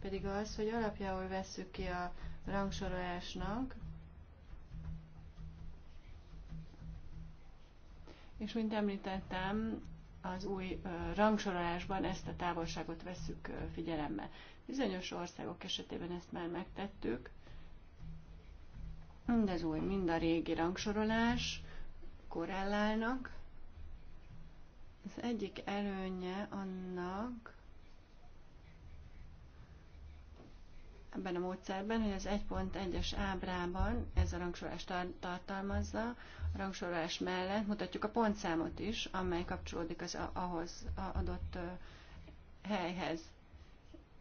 pedig az, hogy alapjául vesszük ki a rangsorolásnak, és mint említettem, az új rangsorolásban ezt a távolságot vesszük figyelembe. Bizonyos országok esetében ezt már megtettük, mind az új, mind a régi rangsorolás korellálnak. Az egyik előnye annak, ebben a módszerben, hogy az 1.1-es ábrában ez a rangsorolás tartalmazza, rangsorolás mellett mutatjuk a pontszámot is, amely kapcsolódik az ahhoz adott helyhez.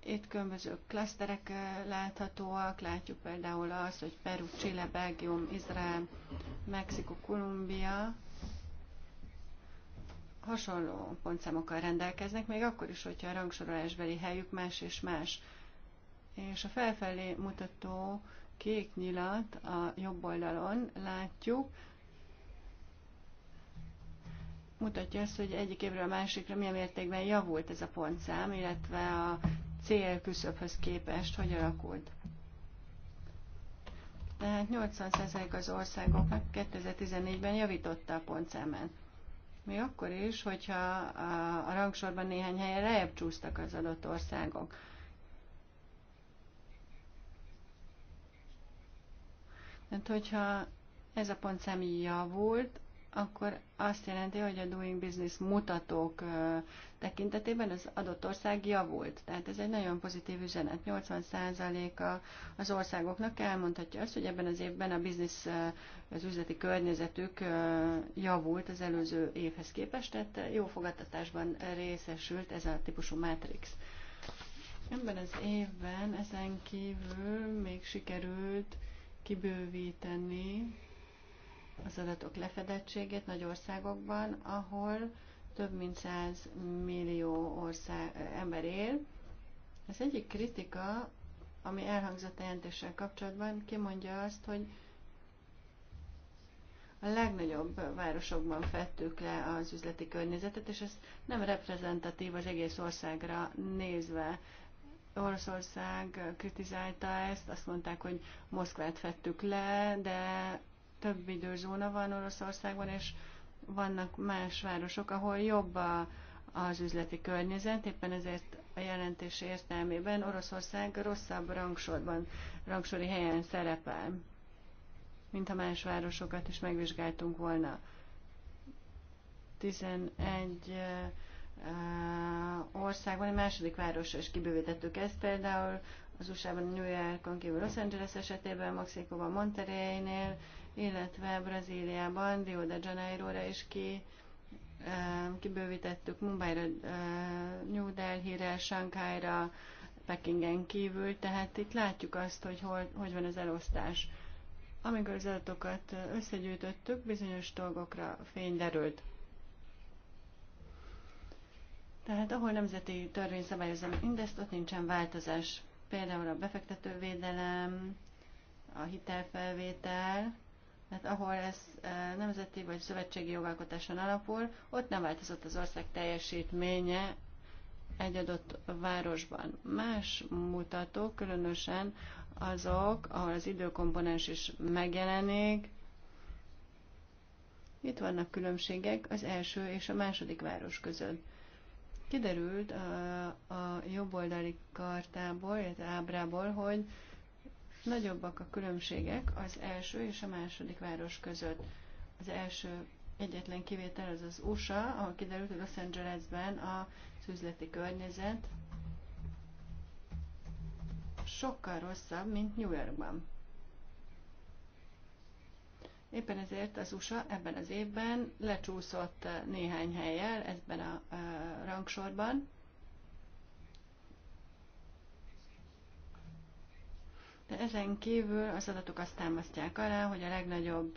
Itt különböző klaszterek láthatóak, látjuk például azt, hogy Peru, Chile, Belgium, Izrael, Mexiko, Kolumbia hasonló pontszámokkal rendelkeznek, még akkor is, hogyha a rangsorolásbeli helyük más és más. És a felfelé mutató kék nyilat a jobb oldalon látjuk, mutatja azt, hogy egyik évről a másikra milyen mértékben javult ez a pontszám, illetve a cél küszöbhöz képest hogy alakult. Tehát 80% az országoknak 2014-ben javította a pontszámát. Még akkor is, hogyha a, rangsorban néhány helyen lejjebb csúsztak az adott országok. Tehát, hogyha ez a pontszám javult, akkor azt jelenti, hogy a doing business mutatók tekintetében az adott ország javult. Tehát ez egy nagyon pozitív üzenet. 80%-a az országoknak elmondhatja azt, hogy ebben az évben a biznisz, az üzleti környezetük javult az előző évhez képest, tehát jó fogadtatásban részesült ez a típusú matrix. Ebben az évben ezen kívül még sikerült kibővíteni az adatok lefedettségét nagy országokban, ahol több mint 100 millió ország, ember él. Az egyik kritika, ami elhangzott a jelentéssel kapcsolatban, kimondja azt, hogy a legnagyobb városokban fettük le az üzleti környezetet, és ez nem reprezentatív az egész országra nézve. Oroszország kritizálta ezt, azt mondták, hogy Moszkvát fettük le, de több időzóna van Oroszországban, és vannak más városok, ahol jobb a, az üzleti környezet, éppen ezért a jelentés értelmében Oroszország rosszabb rangsorban, rangsori helyen szerepel, mint a más városokat is megvizsgáltunk volna. 11 országban, a második város, is kibővítettük ezt, például az USA-ban, New Yorkon kívül Los Angeles esetében, Mexikóban, Monterrey-nél, illetve Brazíliában, Rio de Janeiro-ra is ki, kibővítettük Mumbai-ra, New Delhi-re, Shanghai-ra, Pekingen kívül, tehát itt látjuk azt, hogy hol, hogy van az elosztás. Amikor az adatokat összegyűjtöttük, bizonyos dolgokra fény derült. Tehát ahol nemzeti törvény szabályozza mindezt, ott nincsen változás. Például a befektetővédelem, a hitelfelvétel, mert ahol ez e, nemzeti vagy szövetségi jogalkotáson alapul, ott nem változott az ország teljesítménye egy adott városban. Más mutatók, különösen azok, ahol az időkomponens is megjelenik, itt vannak különbségek az első és a második város között. Kiderült a, e, a jobboldali kartából, illetve ábrából, hogy Nagyobbak a különbségek az első és a második város között. Az első egyetlen kivétel az az USA, ahol kiderült, hogy Los Angelesben a üzleti környezet sokkal rosszabb, mint New Yorkban. Éppen ezért az USA ebben az évben lecsúszott eh, néhány helyel ebben a eh, rangsorban, De ezen kívül az adatok azt támasztják alá, hogy a legnagyobb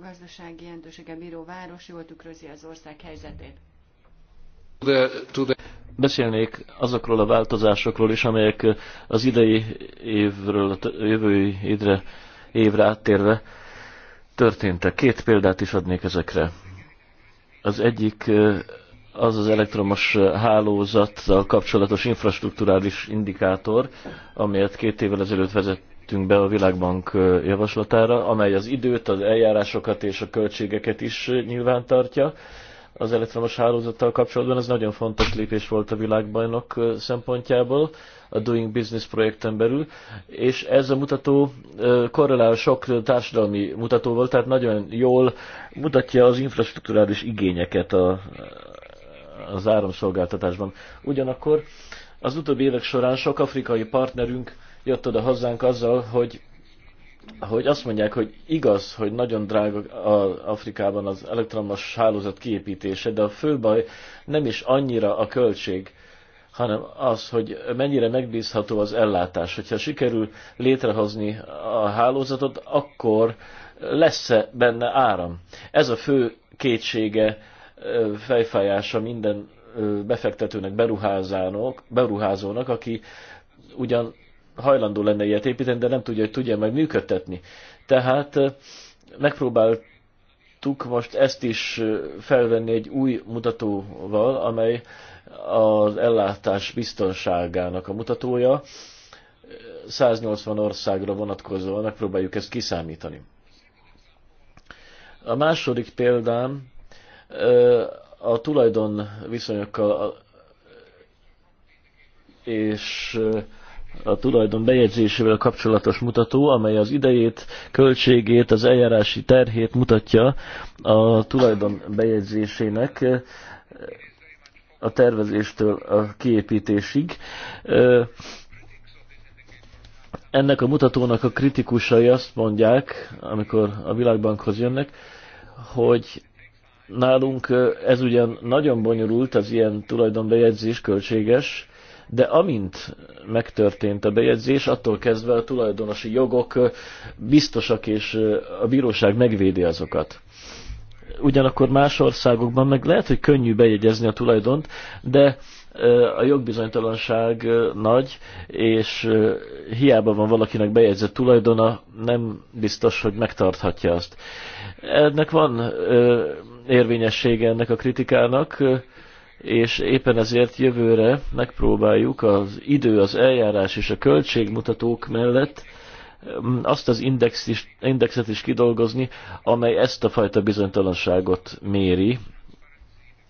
gazdasági jelentősége bíró város jól tükrözi az ország helyzetét. Beszélnék azokról a változásokról is, amelyek az idei évről, jövő évre, évre áttérve történtek. Két példát is adnék ezekre. Az egyik az az elektromos hálózattal kapcsolatos infrastruktúrális indikátor, amelyet két évvel ezelőtt vezettünk be a Világbank javaslatára, amely az időt, az eljárásokat és a költségeket is nyilván tartja. Az elektromos hálózattal kapcsolatban ez nagyon fontos lépés volt a világbajnok szempontjából, a Doing Business projekten belül, és ez a mutató korrelál sok társadalmi mutatóval, tehát nagyon jól mutatja az infrastruktúrális igényeket a, az áramszolgáltatásban. Ugyanakkor az utóbbi évek során sok afrikai partnerünk jött oda hozzánk azzal, hogy hogy azt mondják, hogy igaz, hogy nagyon drága az Afrikában az elektromos hálózat kiépítése, de a fő baj nem is annyira a költség, hanem az, hogy mennyire megbízható az ellátás. Hogyha sikerül létrehozni a hálózatot, akkor lesz-e benne áram? Ez a fő kétsége fejfájása minden befektetőnek, beruházónak, beruházónak, aki ugyan hajlandó lenne ilyet építeni, de nem tudja, hogy tudja meg működtetni. Tehát megpróbáltuk most ezt is felvenni egy új mutatóval, amely az ellátás biztonságának a mutatója. 180 országra vonatkozóan megpróbáljuk ezt kiszámítani. A második példám a tulajdon viszonyokkal és a tulajdon bejegyzésével kapcsolatos mutató, amely az idejét, költségét, az eljárási terhét mutatja a tulajdon bejegyzésének a tervezéstől a kiépítésig. Ennek a mutatónak a kritikusai azt mondják, amikor a világbankhoz jönnek, hogy Nálunk ez ugyan nagyon bonyolult, az ilyen tulajdonbejegyzés költséges, de amint megtörtént a bejegyzés, attól kezdve a tulajdonosi jogok biztosak, és a bíróság megvédi azokat. Ugyanakkor más országokban meg lehet, hogy könnyű bejegyezni a tulajdont, de a jogbizonytalanság nagy, és hiába van valakinek bejegyzett tulajdona, nem biztos, hogy megtarthatja azt. Ennek van érvényessége ennek a kritikának, és éppen ezért jövőre megpróbáljuk az idő, az eljárás és a költségmutatók mellett azt az index is, indexet is kidolgozni, amely ezt a fajta bizonytalanságot méri.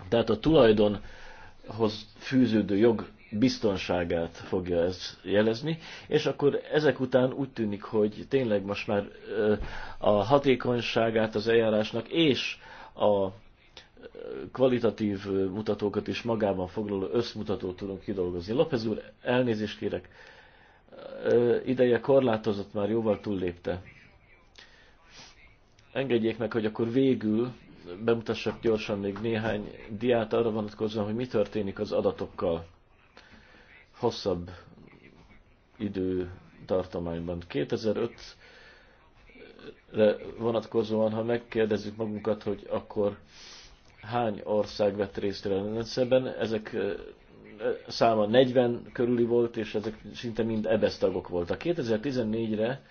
Tehát a tulajdonhoz fűződő jog biztonságát fogja ez jelezni, és akkor ezek után úgy tűnik, hogy tényleg most már a hatékonyságát az eljárásnak és a kvalitatív mutatókat is magában foglaló összmutatót tudunk kidolgozni. López úr, elnézést kérek, ideje korlátozott már, jóval túllépte. Engedjék meg, hogy akkor végül bemutassak gyorsan még néhány diát arra vonatkozóan, hogy mi történik az adatokkal hosszabb időtartományban. 2005 vonatkozóan, ha megkérdezzük magunkat, hogy akkor hány ország vett részt a rendszerben, ezek száma 40 körüli volt, és ezek szinte mind EBSZ e tagok voltak. 2014-re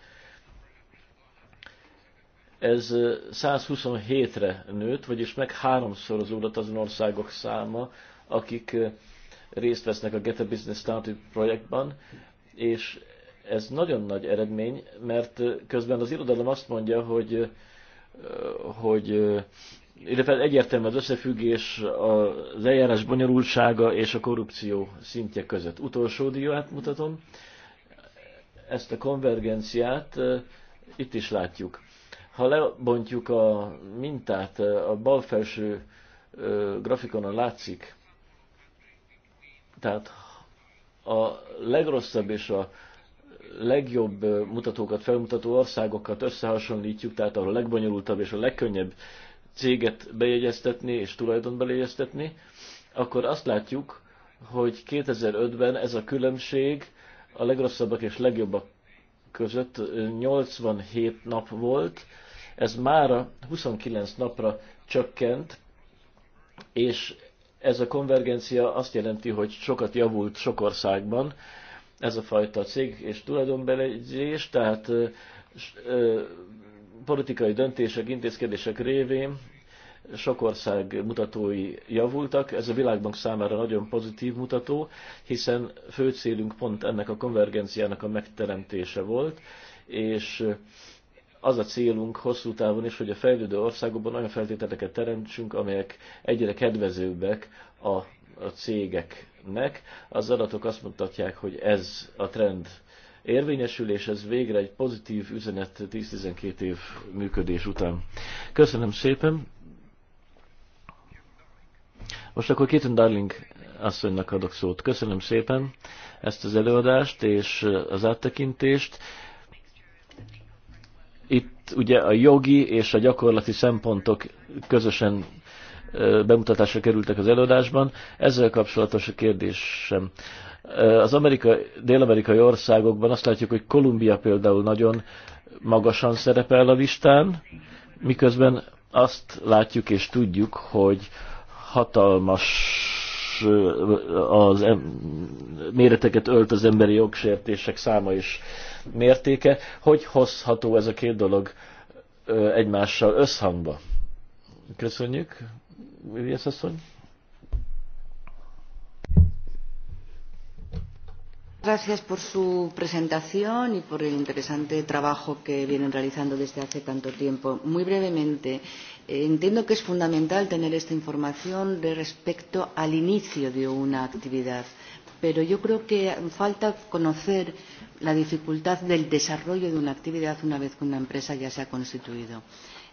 ez 127-re nőtt, vagyis meg háromszorozódott azon országok száma, akik részt vesznek a Get a Business Started projektban, és ez nagyon nagy eredmény, mert közben az irodalom azt mondja, hogy, hogy illetve egyértelmű az összefüggés az eljárás bonyolultsága és a korrupció szintje között. Utolsó diát mutatom, ezt a konvergenciát itt is látjuk. Ha lebontjuk a mintát, a bal felső grafikonon látszik, tehát a legrosszabb és a legjobb mutatókat felmutató országokat összehasonlítjuk, tehát ahol a legbonyolultabb és a legkönnyebb céget bejegyeztetni és tulajdon bejegyeztetni, akkor azt látjuk, hogy 2005-ben ez a különbség a legrosszabbak és legjobbak között 87 nap volt, ez mára 29 napra csökkent, és ez a konvergencia azt jelenti, hogy sokat javult sok országban, ez a fajta cég és tulajdonbelegyzés, tehát politikai döntések, intézkedések révén sok ország mutatói javultak. Ez a Világbank számára nagyon pozitív mutató, hiszen fő célunk pont ennek a konvergenciának a megteremtése volt, és az a célunk hosszú távon is, hogy a fejlődő országokban olyan feltételeket teremtsünk, amelyek egyre kedvezőbbek a, a cégek nek. Az adatok azt mutatják, hogy ez a trend érvényesül, és ez végre egy pozitív üzenet 10-12 év működés után. Köszönöm szépen! Most akkor Kitten Darling asszonynak adok szót. Köszönöm szépen ezt az előadást és az áttekintést. Itt ugye a jogi és a gyakorlati szempontok közösen bemutatásra kerültek az előadásban. Ezzel kapcsolatos a kérdésem. Az Amerika, dél-amerikai országokban azt látjuk, hogy Kolumbia például nagyon magasan szerepel a listán, miközben azt látjuk és tudjuk, hogy hatalmas az em, méreteket ölt az emberi jogsértések száma és mértéke. Hogy hozható ez a két dolog egymással összhangba? Köszönjük. Művész asszony. Gracias por su presentación y por el interesante trabajo que vienen realizando desde hace tanto tiempo. Muy brevemente, eh, entiendo que es fundamental tener esta información de respecto al inicio de una actividad, pero yo creo que falta conocer la dificultad del desarrollo de una actividad una vez que una empresa ya se ha constituido.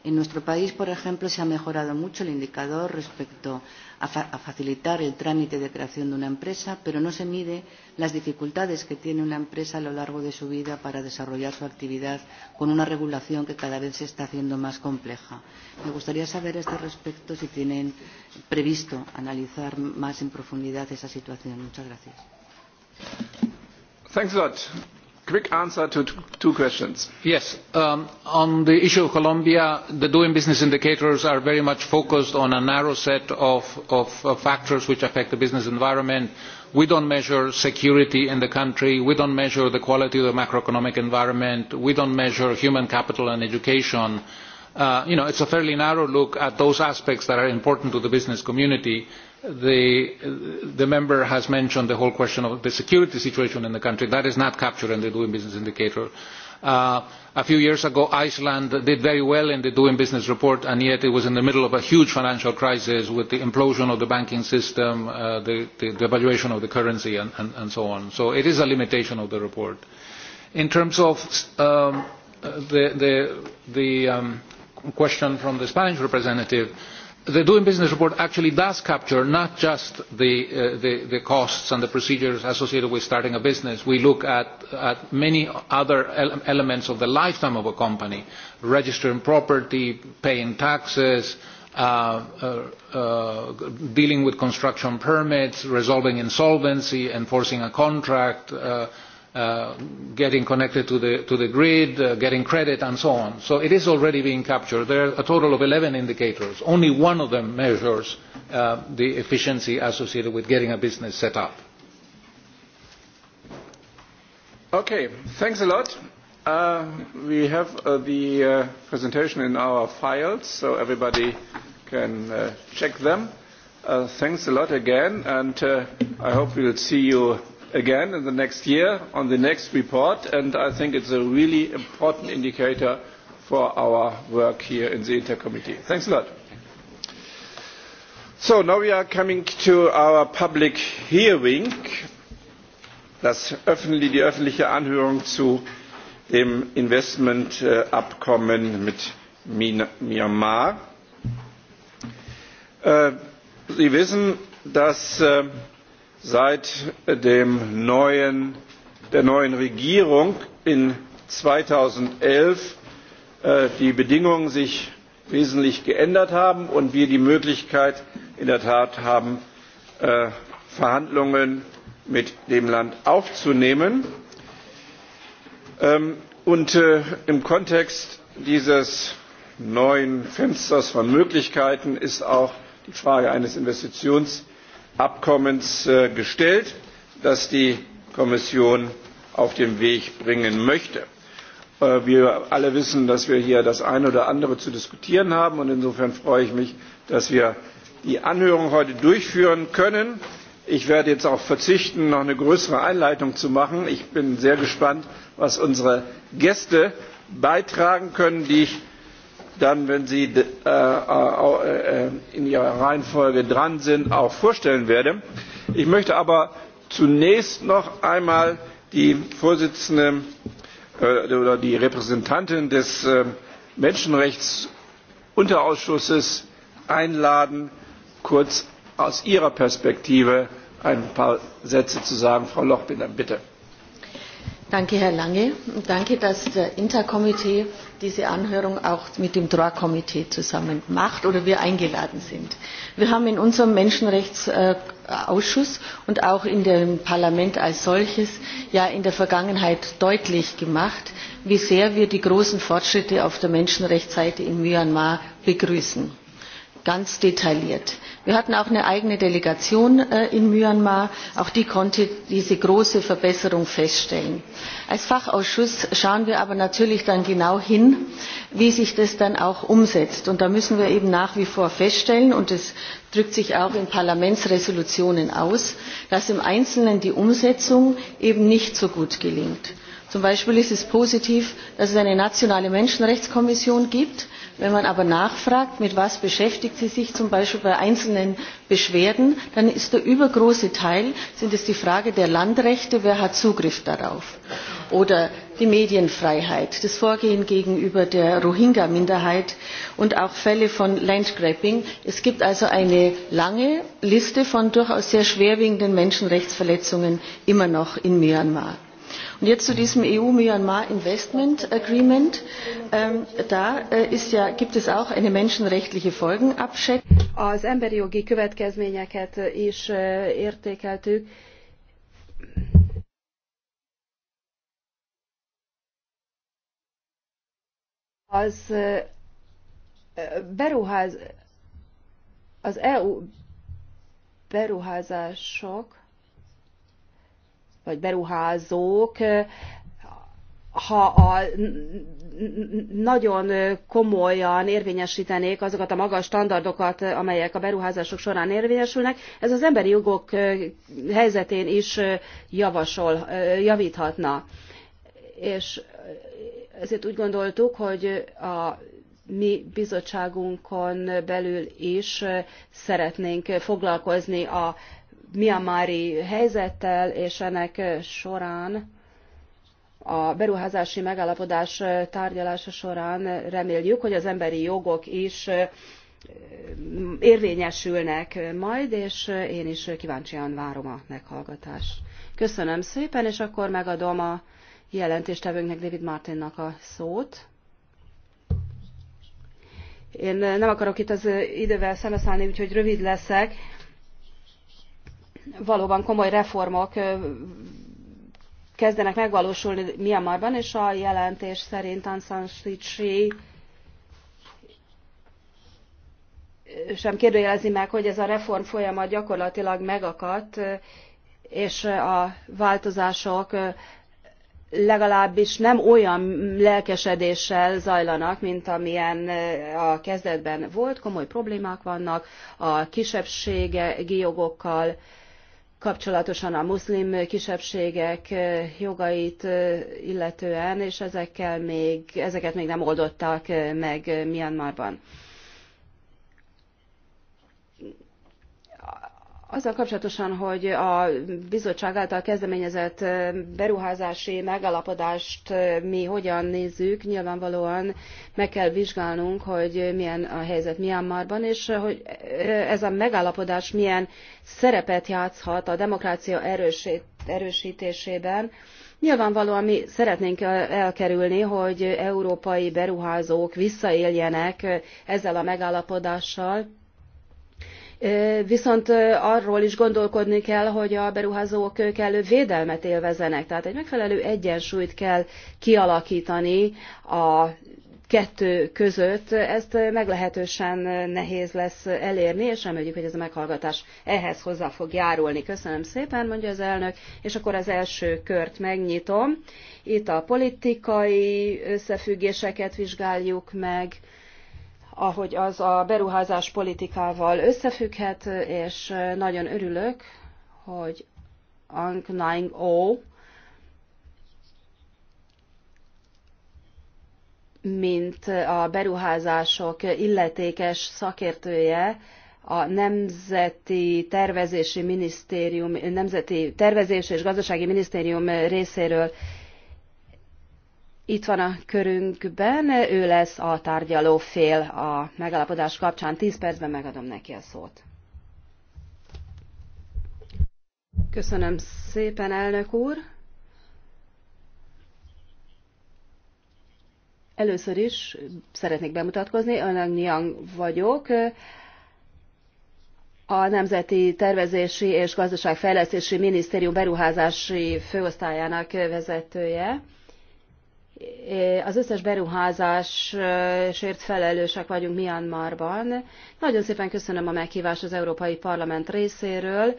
En nuestro país, por ejemplo, se ha mejorado mucho el indicador respecto a, fa a facilitar el trámite de creación de una empresa, pero no se mide las dificultades que tiene una empresa a lo largo de su vida para desarrollar su actividad con una regulación que cada vez se está haciendo más compleja. Me gustaría saber a este respecto si tienen previsto analizar más en profundidad esa situación. Muchas gracias. Thanks a lot quick answer to two questions. Yes. Um, on the issue of Colombia, the doing business indicators are very much focused on a narrow set of, of factors which affect the business environment. We don't measure security in the country. We don't measure the quality of the macroeconomic environment. We don't measure human capital and education. Uh, you know, it's a fairly narrow look at those aspects that are important to the business community the, the member has mentioned the whole question of the security situation in the country. That is not captured in the doing business indicator. Uh, a few years ago, Iceland did very well in the doing business report, and yet it was in the middle of a huge financial crisis with the implosion of the banking system, uh, the, the devaluation of the currency, and, and, and so on. So it is a limitation of the report. In terms of um, the, the, the um, question from the Spanish representative, uh, the doing business report actually does capture not just uh, the, costs and the procedures associated with starting a business. We look at, many other elements of the lifetime of a company, registering property, paying taxes, uh, uh, dealing with construction permits, resolving insolvency, enforcing a contract, uh, Uh, getting connected to the, to the grid, uh, getting credit, and so on. So it is already being captured. There are a total of 11 indicators. Only one of them measures uh, the efficiency associated with getting a business set up. Okay, thanks a lot. Uh, we have uh, the uh, presentation in our files, so everybody can uh, check them. Uh, thanks a lot again, and uh, I hope we will see you again in the next year on the next report, and I think it is a really important indicator for our work here in the inta Committee. Thanks a lot. So now we are coming to our public hearing, das öffentlich, die öffentliche Anhörung zu dem Investmentabkommen mit Myanmar. Äh, Sie wissen, dass äh, seit der neuen regierung im jahr zweitausendelf äh, die bedingungen sich wesentlich geändert haben und wir die möglichkeit in der tat haben äh, verhandlungen mit dem land aufzunehmen. Ähm, äh, im kontext dieses neuen fensters von möglichkeiten ist auch die frage eines investitions abkommens äh, gestellt das die kommission auf den weg bringen möchte. Äh, wir alle wissen dass wir hier das eine oder andere zu diskutieren haben und insofern freue ich mich dass wir die anhörung heute durchführen können. ich werde jetzt auch verzichten noch eine größere einleitung zu machen. ich bin sehr gespannt was unsere gäste beitragen können die dann, wenn Sie äh, äh, äh, in Ihrer Reihenfolge dran sind, auch vorstellen werde. Ich möchte aber zunächst noch einmal die Vorsitzende oder die Repräsentantin des Menschenrechtsunterausschusses einladen, kurz aus ihrer Perspektive ein paar Sätze zu sagen. Frau Lochbinder, bitte. Danke, Herr Lange. Danke, dass der Interkomitee diese Anhörung auch mit dem droit komitee zusammen macht oder wir eingeladen sind. Wir haben in unserem Menschenrechtsausschuss und auch in dem Parlament als solches ja in der Vergangenheit deutlich gemacht, wie sehr wir die großen Fortschritte auf der Menschenrechtsseite in Myanmar begrüßen. Ganz detailliert wir hatten auch eine eigene delegation äh, in myanmar auch die konnte diese große verbesserung feststellen. als fachausschuss schauen wir aber natürlich dann genau hin wie sich das dann auch umsetzt und da müssen wir eben nach wie vor feststellen und das drückt sich auch in parlamentsresolutionen aus dass im einzelnen die umsetzung eben nicht so gut gelingt. zum beispiel ist es positiv dass es eine nationale menschenrechtskommission gibt Wenn man aber nachfragt, mit was beschäftigt sie sich zum Beispiel bei einzelnen Beschwerden, dann ist der übergroße Teil, sind es die Frage der Landrechte, wer hat Zugriff darauf? Oder die Medienfreiheit, das Vorgehen gegenüber der Rohingya-Minderheit und auch Fälle von Landgrabbing. Es gibt also eine lange Liste von durchaus sehr schwerwiegenden Menschenrechtsverletzungen immer noch in Myanmar Und jetzt zu diesem EU-Myanmar Investment Agreement. Ähm, da äh, ist ja, gibt es auch eine menschenrechtliche Folgenabschätzung. Az emberi jogi következményeket äh, is äh, értékeltük. Az äh, beruház, az EU beruházások vagy beruházók, ha a, nagyon komolyan érvényesítenék azokat a magas standardokat, amelyek a beruházások során érvényesülnek, ez az emberi jogok helyzetén is javasol, javíthatna. És ezért úgy gondoltuk, hogy a mi bizottságunkon belül is szeretnénk foglalkozni a Miamári helyzettel, és ennek során a beruházási megállapodás tárgyalása során reméljük, hogy az emberi jogok is érvényesülnek majd, és én is kíváncsian várom a meghallgatást. Köszönöm szépen, és akkor megadom a jelentéstevőnknek, David Martinnak a szót. Én nem akarok itt az idővel szemeszállni, úgyhogy rövid leszek valóban komoly reformok kezdenek megvalósulni Myanmarban, és a jelentés szerint Ansan San sem kérdőjelezi meg, hogy ez a reform folyamat gyakorlatilag megakadt, és a változások legalábbis nem olyan lelkesedéssel zajlanak, mint amilyen a kezdetben volt. Komoly problémák vannak a kisebbségi jogokkal, kapcsolatosan a muszlim kisebbségek jogait illetően, és ezeket még nem oldották meg Myanmarban. Azzal kapcsolatosan, hogy a bizottság által kezdeményezett beruházási megállapodást mi hogyan nézzük, nyilvánvalóan meg kell vizsgálnunk, hogy milyen a helyzet Myanmarban, és hogy ez a megállapodás milyen szerepet játszhat a demokrácia erősítésében. Nyilvánvalóan mi szeretnénk elkerülni, hogy európai beruházók visszaéljenek ezzel a megállapodással, viszont arról is gondolkodni kell, hogy a beruházók kellő védelmet élvezenek. Tehát egy megfelelő egyensúlyt kell kialakítani a kettő között. Ezt meglehetősen nehéz lesz elérni, és reméljük, hogy ez a meghallgatás ehhez hozzá fog járulni. Köszönöm szépen, mondja az elnök, és akkor az első kört megnyitom. Itt a politikai összefüggéseket vizsgáljuk meg, ahogy az a beruházás politikával összefügghet, és nagyon örülök, hogy Ang nying O mint a beruházások illetékes szakértője, a Nemzeti Tervezési Minisztérium, Nemzeti tervezési és Gazdasági Minisztérium részéről itt van a körünkben, ő lesz a tárgyaló fél a megalapodás kapcsán. 10 percben megadom neki a szót. Köszönöm szépen, elnök úr. Először is szeretnék bemutatkozni, Önök Nyang vagyok. A Nemzeti Tervezési és Gazdaságfejlesztési Minisztérium beruházási főosztályának vezetője az összes beruházásért felelősek vagyunk Myanmarban. Nagyon szépen köszönöm a meghívást az Európai Parlament részéről.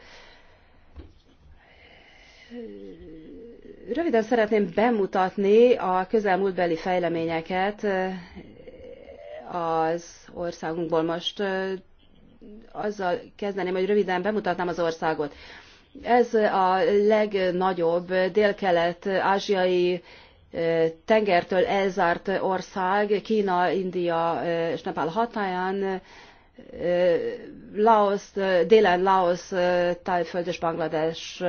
Röviden szeretném bemutatni a közelmúltbeli fejleményeket az országunkból. Most azzal kezdeném, hogy röviden bemutatnám az országot. Ez a legnagyobb délkelet-ázsiai tengertől elzárt ország, Kína, India és Nepál hatáján, Laos, délen Laos, Tájföld és Banglades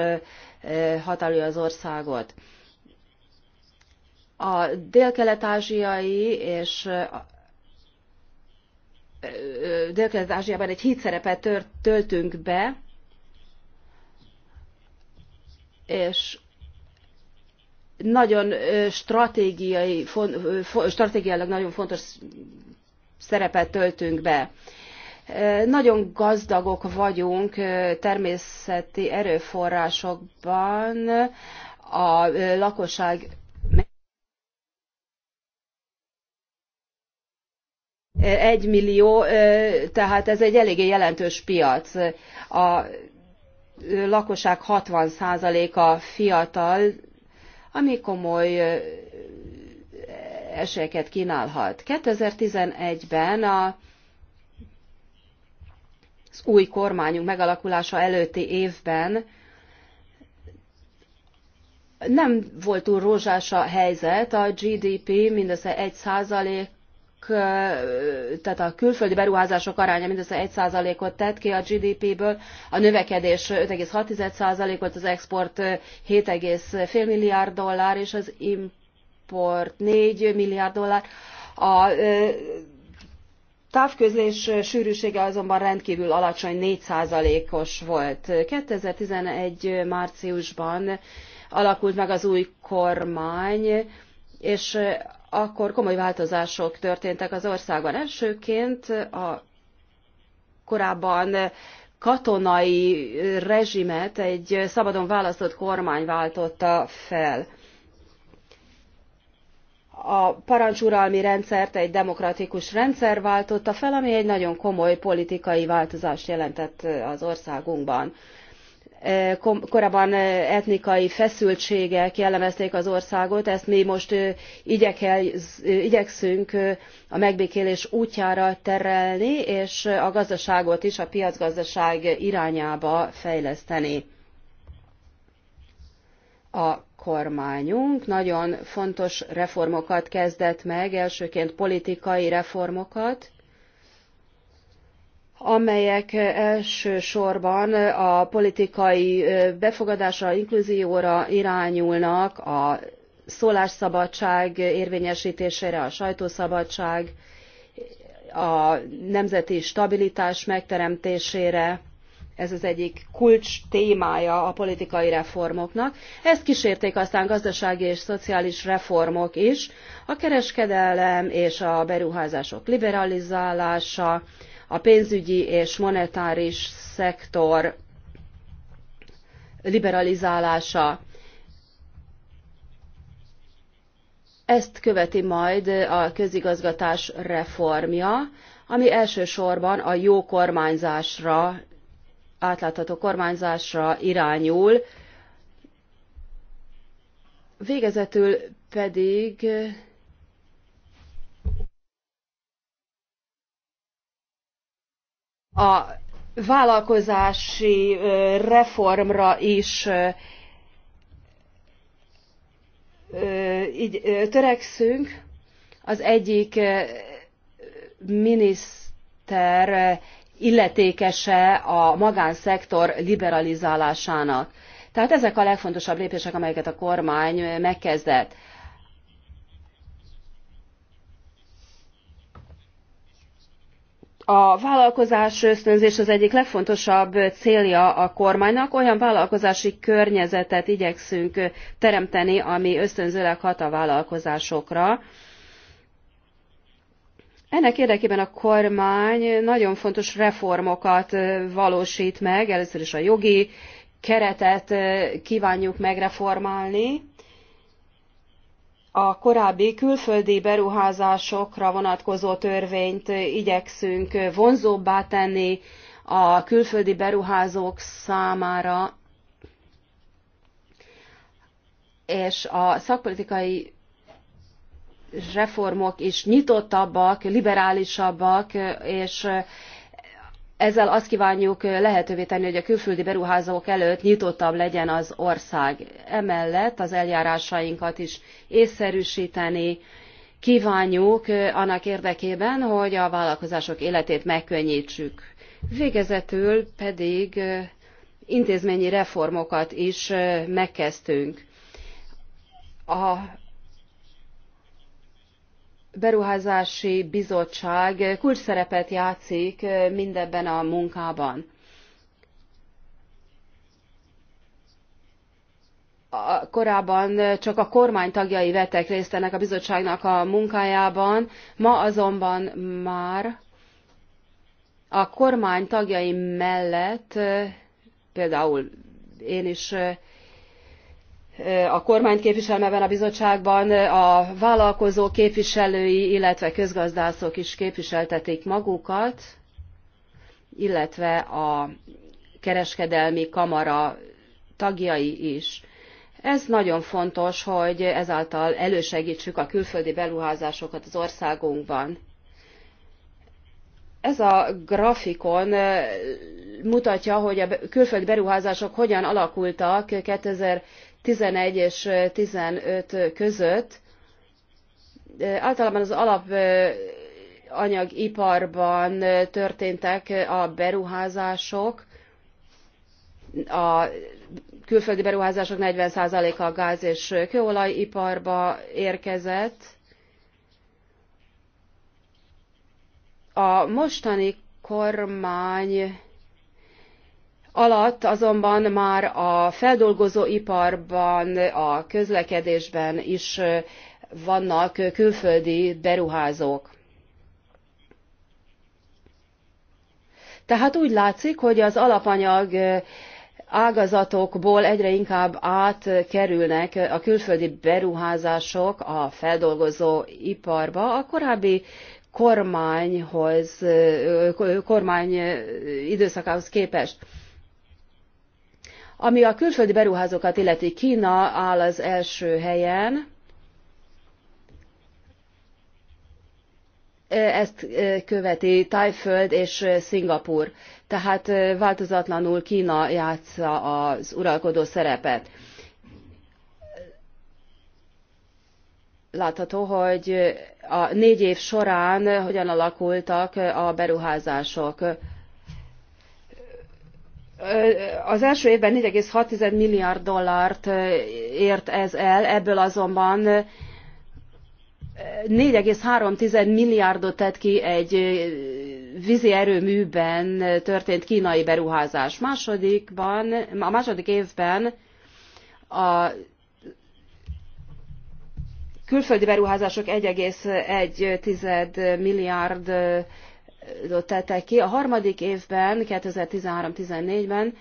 határolja az országot. A dél-kelet-ázsiai és Dél-Kelet-Ázsiában egy hídszerepet töltünk be, és nagyon stratégiai, stratégiailag nagyon fontos szerepet töltünk be. Nagyon gazdagok vagyunk természeti erőforrásokban, a lakosság egy millió, tehát ez egy eléggé jelentős piac. A lakosság 60%-a fiatal, ami komoly esélyeket kínálhat. 2011-ben a az új kormányunk megalakulása előtti évben nem volt túl rózsás a helyzet, a GDP mindössze 1 tehát a külföldi beruházások aránya mindössze 1%-ot tett ki a GDP-ből, a növekedés 5,6%-ot, az export 7,5 milliárd dollár, és az import 4 milliárd dollár. A távközlés sűrűsége azonban rendkívül alacsony, 4%-os volt. 2011 márciusban alakult meg az új kormány, és akkor komoly változások történtek az országban. Elsőként a korábban katonai rezsimet egy szabadon választott kormány váltotta fel. A parancsuralmi rendszert egy demokratikus rendszer váltotta fel, ami egy nagyon komoly politikai változást jelentett az országunkban korábban etnikai feszültségek jellemezték az országot ezt mi most igyekszünk a megbékélés útjára terelni és a gazdaságot is a piacgazdaság irányába fejleszteni. a kormányunk nagyon fontos reformokat kezdett meg elsőként politikai reformokat amelyek elsősorban a politikai befogadásra, inkluzióra irányulnak, a szólásszabadság érvényesítésére, a sajtószabadság, a nemzeti stabilitás megteremtésére. Ez az egyik kulcs a politikai reformoknak. Ezt kísérték aztán gazdasági és szociális reformok is, a kereskedelem és a beruházások liberalizálása, a pénzügyi és monetáris szektor liberalizálása. Ezt követi majd a közigazgatás reformja, ami elsősorban a jó kormányzásra, átlátható kormányzásra irányul. Végezetül pedig a vállalkozási reformra is így törekszünk. Az egyik miniszter illetékese a magánszektor liberalizálásának. Tehát ezek a legfontosabb lépések, amelyeket a kormány megkezdett. A vállalkozás ösztönzés az egyik legfontosabb célja a kormánynak. Olyan vállalkozási környezetet igyekszünk teremteni, ami ösztönzőleg hat a vállalkozásokra. Ennek érdekében a kormány nagyon fontos reformokat valósít meg. Először is a jogi keretet kívánjuk megreformálni a korábbi külföldi beruházásokra vonatkozó törvényt igyekszünk vonzóbbá tenni a külföldi beruházók számára, és a szakpolitikai reformok is nyitottabbak, liberálisabbak, és ezzel azt kívánjuk lehetővé tenni, hogy a külföldi beruházók előtt nyitottabb legyen az ország. Emellett az eljárásainkat is észszerűsíteni kívánjuk annak érdekében, hogy a vállalkozások életét megkönnyítsük. Végezetül pedig intézményi reformokat is megkezdtünk. A beruházási bizottság kulcsszerepet játszik mindebben a munkában. A korábban csak a kormány tagjai vettek részt ennek a bizottságnak a munkájában, ma azonban már a kormány tagjai mellett például én is a kormányt képviselem ebben a bizottságban a vállalkozók képviselői illetve közgazdászok is képviseltetik magukat illetve a kereskedelmi kamara tagjai is. Ez nagyon fontos, hogy ezáltal elősegítsük a külföldi beruházásokat az országunkban. Ez a grafikon eh, mutatja, hogy a külföldi beruházások hogyan alakultak 2000 11 és 15 között. Eh, általában az alap eh, anyagiparban eh, történtek a beruházások, a külföldi beruházások 40%-a a gáz és kőolajiparba érkezett. A mostani kormány alatt azonban már a feldolgozóiparban, a közlekedésben is vannak külföldi beruházók. Tehát úgy látszik, hogy az alapanyag ágazatokból egyre inkább átkerülnek a külföldi beruházások a feldolgozó iparba. A korábbi kormányhoz, kormány időszakához képest. Ami a külföldi beruházókat illeti, Kína áll az első helyen. Ezt követi Tájföld és Szingapur. Tehát változatlanul Kína játsza az uralkodó szerepet. látható, hogy a négy év során hogyan alakultak a beruházások. Az első évben 4,6 milliárd dollárt ért ez el, ebből azonban 4,3 milliárdot tett ki egy vízi erőműben történt kínai beruházás. Másodikban, a második évben a külföldi beruházások 1,1 milliárd tettek ki, a harmadik évben, 2013-14-ben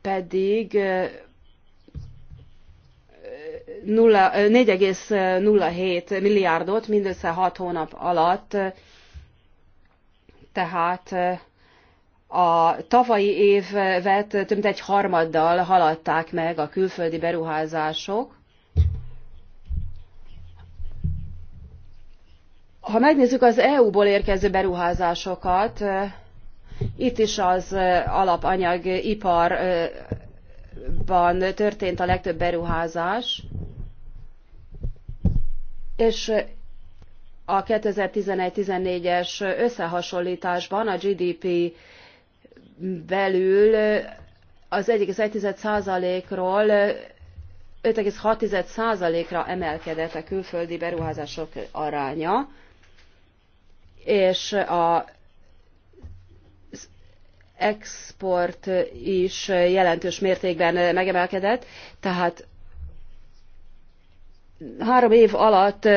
pedig 4,07 milliárdot mindössze 6 hónap alatt, tehát a tavalyi évet több mint egy harmaddal haladták meg a külföldi beruházások, Ha megnézzük az EU-ból érkező beruházásokat, itt is az alapanyag iparban történt a legtöbb beruházás, és a 2011-14-es összehasonlításban a GDP belül az 1,1%-ról 5,6%-ra emelkedett a külföldi beruházások aránya és a export is jelentős mértékben megemelkedett, tehát három év alatt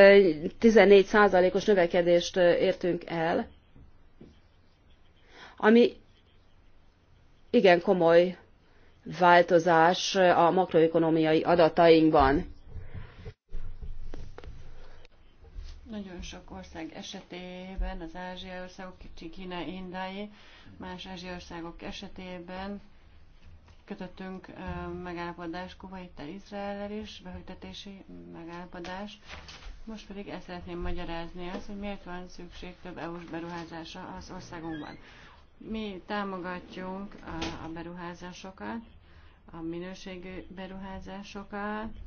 14 os növekedést értünk el, ami igen komoly változás a makroökonómiai adatainkban. Nagyon sok ország esetében, az ázsiai országok, kicsi Kína, Indai, más ázsiai országok esetében kötöttünk megállapodást Kuwaittel, Izraellel is, behültetési megállapodás. Most pedig ezt szeretném magyarázni azt, hogy miért van szükség több EU-s beruházása az országunkban. Mi támogatjunk a, a beruházásokat, a minőségű beruházásokat,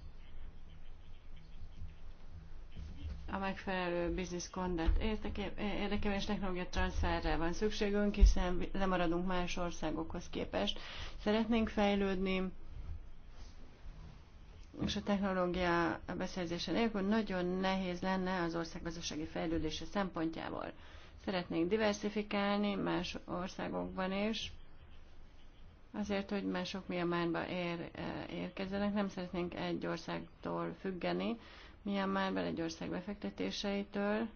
a megfelelő business conduct érdekében és technológia transferre van szükségünk, hiszen lemaradunk más országokhoz képest. Szeretnénk fejlődni, és a technológia beszerzése nélkül nagyon nehéz lenne az ország gazdasági fejlődése szempontjából. Szeretnénk diversifikálni más országokban is, azért, hogy mások mi a márba ér, érkezzenek. Nem szeretnénk egy országtól függeni, Myanmarban egy ország befektetéseitől,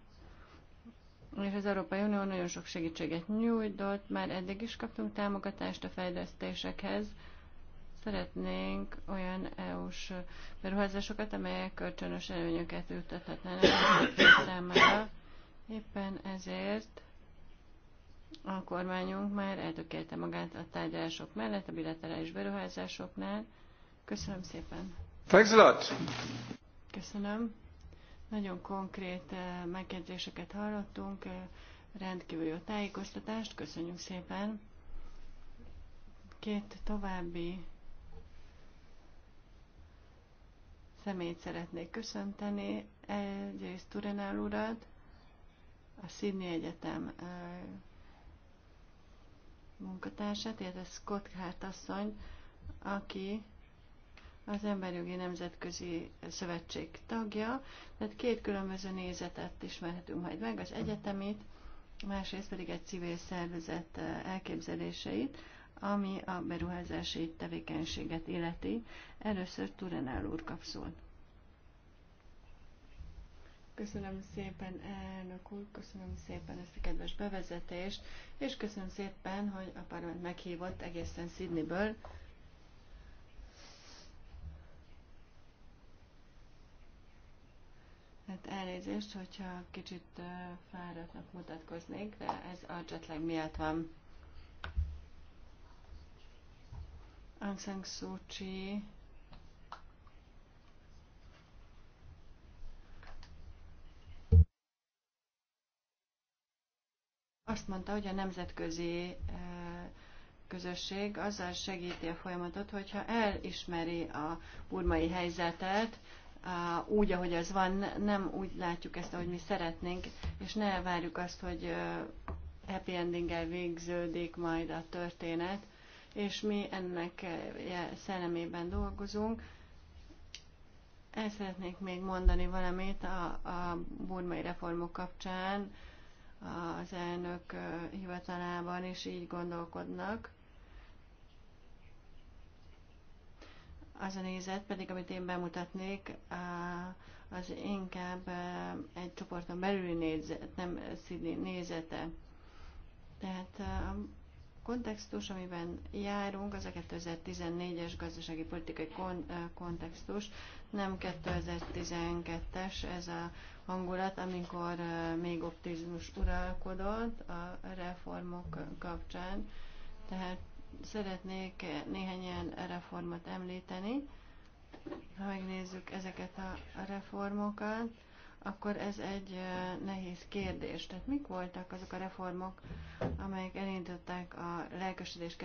és az Európai Unió nagyon sok segítséget nyújtott, már eddig is kaptunk támogatást a fejlesztésekhez. Szeretnénk olyan EU-s beruházásokat, amelyek kölcsönös előnyöket juttathatnának a számára. Éppen ezért a kormányunk már eltökélte magát a tárgyalások mellett, a bilaterális beruházásoknál. Köszönöm szépen! Thanks a lot! Köszönöm. Nagyon konkrét eh, megjegyzéseket hallottunk, eh, rendkívül jó tájékoztatást, köszönjük szépen. Két további személyt szeretnék köszönteni. Egyrészt Turenál urat, a Sydney Egyetem eh, munkatársát, illetve Scott Hart asszony, aki az Emberjogi Nemzetközi Szövetség tagja, tehát két különböző nézetet ismerhetünk majd meg, az egyetemit, másrészt pedig egy civil szervezet eh, elképzeléseit, ami a beruházási tevékenységet illeti. Először Turenál úr kap szót. Köszönöm szépen, elnök úr, köszönöm szépen ezt a kedves bevezetést, és köszönöm szépen, hogy a parlament meghívott egészen Sydneyből, Hát elnézést, hogyha kicsit fáradtnak mutatkoznék, de ez a jetlag miatt van. Aung San Suu Kyi azt mondta, hogy a nemzetközi közösség azzal segíti a folyamatot, hogyha elismeri a burmai helyzetet, úgy, ahogy az van, nem úgy látjuk ezt, ahogy mi szeretnénk, és ne várjuk azt, hogy happy endinggel végződik majd a történet, és mi ennek szellemében dolgozunk. El szeretnék még mondani valamit a, a burmai reformok kapcsán, az elnök hivatalában is így gondolkodnak. Az a nézet pedig, amit én bemutatnék, az inkább egy csoporton belüli nézet, nem színi nézete. Tehát a kontextus, amiben járunk, az a 2014-es gazdasági politikai kon- kontextus, nem 2012-es ez a hangulat, amikor még optimizmus uralkodott a reformok kapcsán. Tehát Szeretnék néhány ilyen reformot említeni. Ha megnézzük ezeket a reformokat, akkor ez egy nehéz kérdés. Tehát mik voltak azok a reformok, amelyek elindították a lelkesedés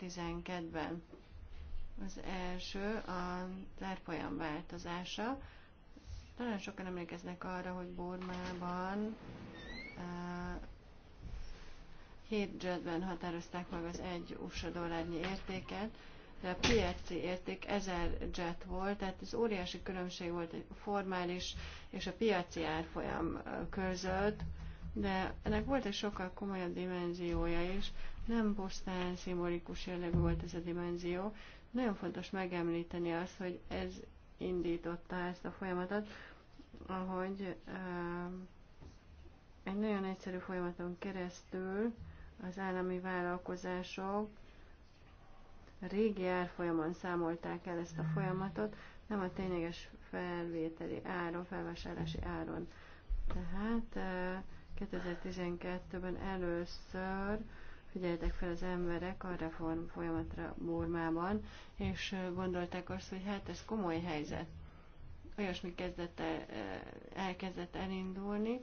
2011-12-ben? Az első a árfolyam változása. Talán sokan emlékeznek arra, hogy Burmában dzsedben határozták meg az 1 USA dollárnyi értéket, de a piaci érték 1000 jet volt, tehát ez óriási különbség volt a formális és a piaci árfolyam között, de ennek volt egy sokkal komolyabb dimenziója is, nem pusztán szimbolikus jellegű volt ez a dimenzió. Nagyon fontos megemlíteni azt, hogy ez indította ezt a folyamatot, ahogy egy nagyon egyszerű folyamaton keresztül az állami vállalkozások a régi árfolyamon számolták el ezt a folyamatot, nem a tényleges felvételi áron, felvásárlási áron. Tehát 2012-ben először figyeltek fel az emberek a reform folyamatra Burmában, és gondolták azt, hogy hát ez komoly helyzet. Olyasmi kezdett el, elkezdett elindulni,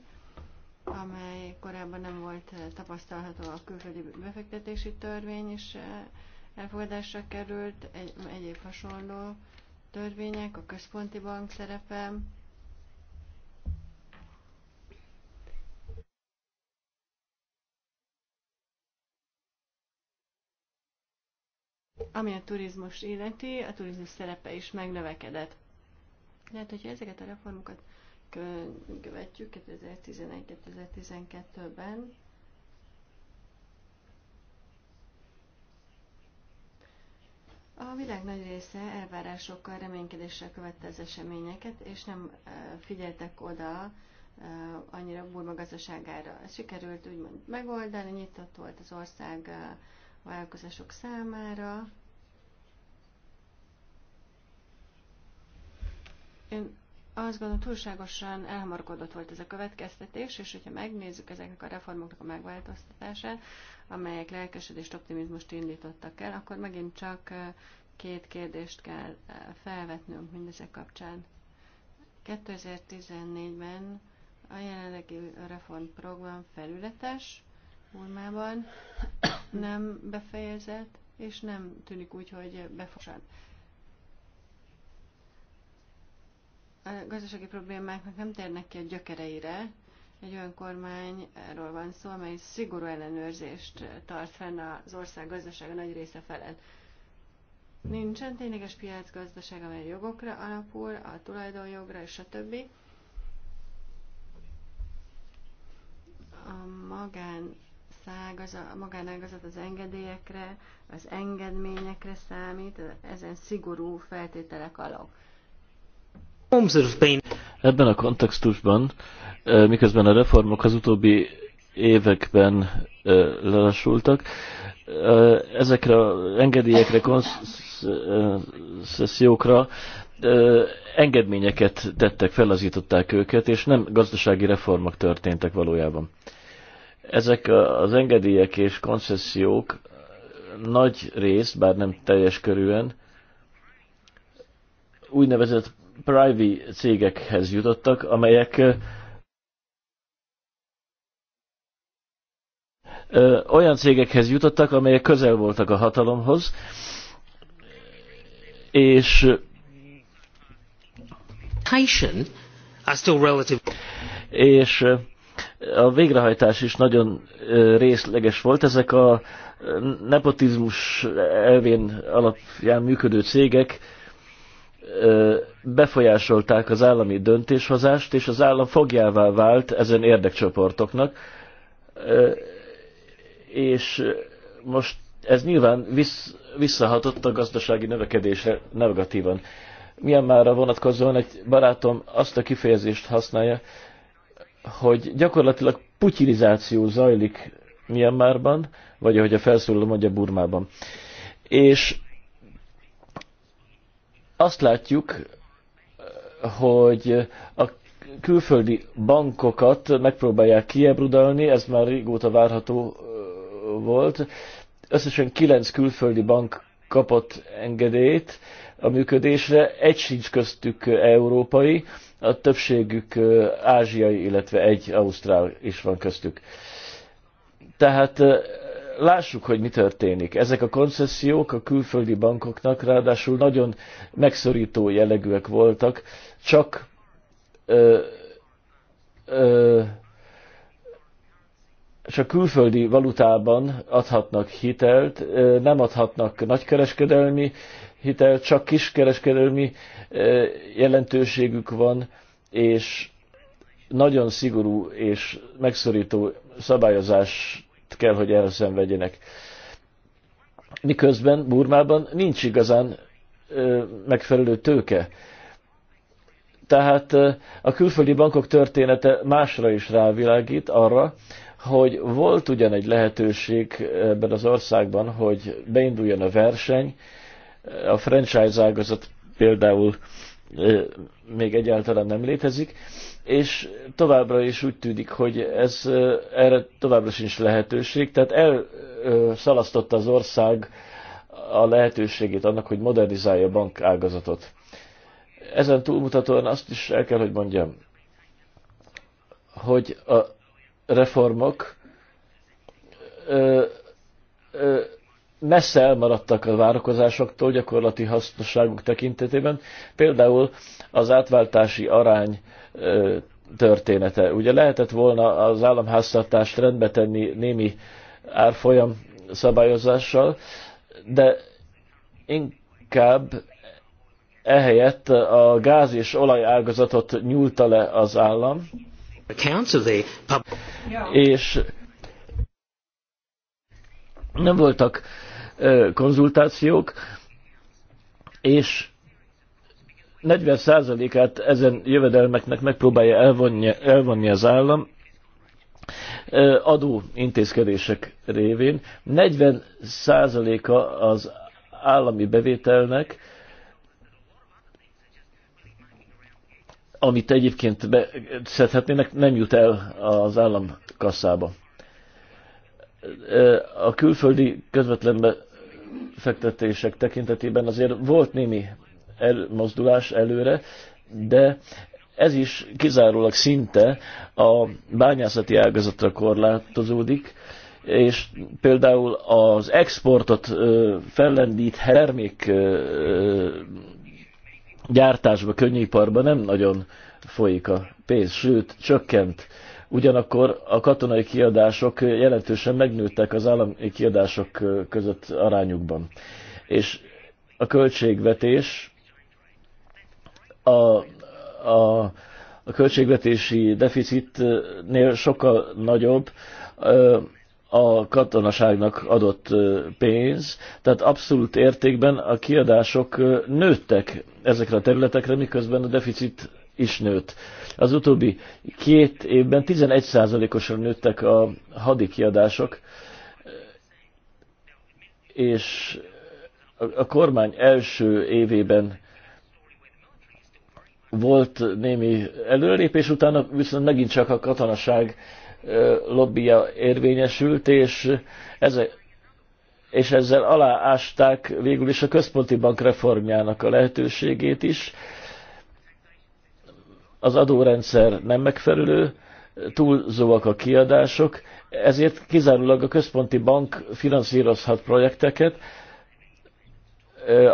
amely korábban nem volt eh, tapasztalható a külföldi befektetési törvény is eh, elfogadásra került, egy, egyéb hasonló törvények, a központi bank szerepe, Ami a turizmus illeti, a turizmus szerepe is megnövekedett. Lehet, hogyha ezeket a reformokat külön követjük 2011-2012-ben. A világ nagy része elvárásokkal, reménykedéssel követte az eseményeket, és nem figyeltek oda annyira Burma gazdaságára. Ez sikerült úgymond megoldani, nyitott volt az ország vállalkozások számára. Én azt gondolom, túlságosan elhamarkodott volt ez a következtetés, és hogyha megnézzük ezeknek a reformoknak a megváltoztatását, amelyek lelkesedést, optimizmust indítottak el, akkor megint csak két kérdést kell felvetnünk mindezek kapcsán. 2014-ben a jelenlegi reformprogram felületes, formában nem befejezett, és nem tűnik úgy, hogy befosan. a gazdasági problémáknak nem térnek ki a gyökereire. Egy olyan kormányról van szó, amely szigorú ellenőrzést tart fenn az ország gazdasága nagy része felett. Nincsen tényleges piacgazdaság, amely jogokra alapul, a tulajdonjogra és a többi. A magán a magánágazat az engedélyekre, az engedményekre számít, ezen szigorú feltételek alap. Ebben a kontextusban, miközben a reformok az utóbbi években lelassultak, ezekre az engedélyekre, konszessziókra engedményeket tettek, felazították őket, és nem gazdasági reformok történtek valójában. Ezek az engedélyek és konszessziók nagy részt, bár nem teljes körűen, úgynevezett privy cégekhez jutottak, amelyek olyan cégekhez jutottak, amelyek közel voltak a hatalomhoz, és és a végrehajtás is nagyon részleges volt. Ezek a nepotizmus elvén alapján működő cégek befolyásolták az állami döntéshozást, és az állam fogjává vált ezen érdekcsoportoknak, és most ez nyilván visszahatott a gazdasági növekedésre negatívan. Milyen a vonatkozóan egy barátom azt a kifejezést használja, hogy gyakorlatilag putyinizáció zajlik Myanmarban, vagy ahogy a felszólaló mondja Burmában. És azt látjuk, hogy a külföldi bankokat megpróbálják kiebrudalni, ez már régóta várható volt. Összesen kilenc külföldi bank kapott engedélyt a működésre, egy sincs köztük európai, a többségük ázsiai, illetve egy ausztrál is van köztük. Tehát lássuk, hogy mi történik. Ezek a koncesziók a külföldi bankoknak ráadásul nagyon megszorító jellegűek voltak, csak ö, ö, csak külföldi valutában adhatnak hitelt, nem adhatnak nagykereskedelmi hitelt, csak kiskereskedelmi jelentőségük van, és nagyon szigorú és megszorító szabályozás kell, hogy elszenvedjenek. Miközben Burmában nincs igazán ö, megfelelő tőke. Tehát a külföldi bankok története másra is rávilágít arra, hogy volt ugyan egy lehetőség ebben az országban, hogy beinduljon a verseny, a franchise ágazat például még egyáltalán nem létezik, és továbbra is úgy tűnik, hogy ez erre továbbra sincs lehetőség, tehát elszalasztotta az ország a lehetőségét annak, hogy modernizálja a ágazatot. Ezen túlmutatóan azt is el kell, hogy mondjam, hogy a reformok ö, ö, messze elmaradtak a várakozásoktól gyakorlati hasznosságuk tekintetében. Például az átváltási arány története. Ugye lehetett volna az államháztartást rendbe tenni némi árfolyam szabályozással, de inkább ehelyett a gáz és olaj ágazatot nyúlta le az állam, és nem voltak konzultációk, és 40%-át ezen jövedelmeknek megpróbálja elvonni, elvonni az állam adó intézkedések révén. 40%-a az állami bevételnek, amit egyébként beszedhetnének, nem jut el az állam kasszába a külföldi közvetlen befektetések tekintetében azért volt némi elmozdulás előre, de ez is kizárólag szinte a bányászati ágazatra korlátozódik, és például az exportot fellendít termék gyártásba, könnyiparba nem nagyon folyik a pénz, sőt, csökkent Ugyanakkor a katonai kiadások jelentősen megnőttek az állami kiadások között arányukban. És a költségvetés a, a, a költségvetési deficitnél sokkal nagyobb a katonaságnak adott pénz, tehát abszolút értékben a kiadások nőttek ezekre a területekre, miközben a deficit is nőtt. Az utóbbi két évben 11%-osan nőttek a hadi kiadások, és a kormány első évében volt némi előrépés, utána viszont megint csak a katonaság lobbija érvényesült, és, ezzel, és ezzel aláásták végül is a központi bank reformjának a lehetőségét is, az adórendszer nem megfelelő, túlzóak a kiadások, ezért kizárólag a központi bank finanszírozhat projekteket,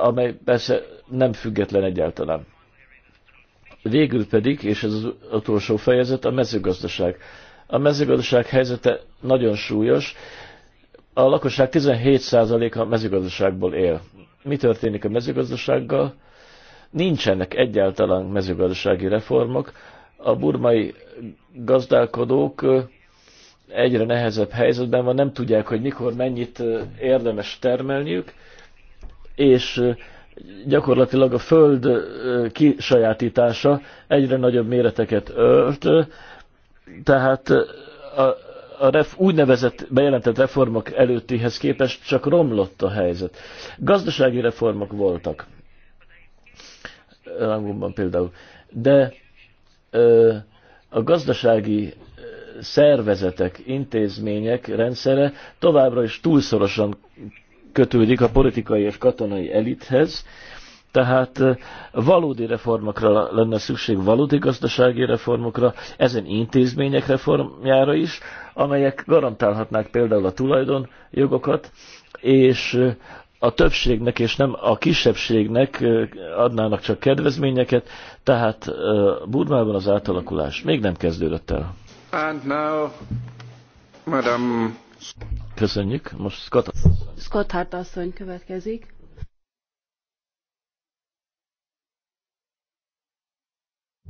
amely persze nem független egyáltalán. Végül pedig, és ez az utolsó fejezet, a mezőgazdaság. A mezőgazdaság helyzete nagyon súlyos. A lakosság 17%-a mezőgazdaságból él. Mi történik a mezőgazdasággal? nincsenek egyáltalán mezőgazdasági reformok. A burmai gazdálkodók egyre nehezebb helyzetben van, nem tudják, hogy mikor mennyit érdemes termelniük, és gyakorlatilag a föld kisajátítása egyre nagyobb méreteket ölt, tehát a, a ref, úgynevezett bejelentett reformok előttihez képest csak romlott a helyzet. Gazdasági reformok voltak. Rangunban például. De ö, a gazdasági szervezetek, intézmények rendszere továbbra is túlszorosan kötődik a politikai és katonai elithez, tehát valódi reformokra lenne szükség, valódi gazdasági reformokra, ezen intézmények reformjára is, amelyek garantálhatnák például a tulajdonjogokat, és a többségnek és nem a kisebbségnek adnának csak kedvezményeket, tehát Burmában az átalakulás még nem kezdődött el. And now, madam... Köszönjük. Most Scott... Scott Hart asszony következik.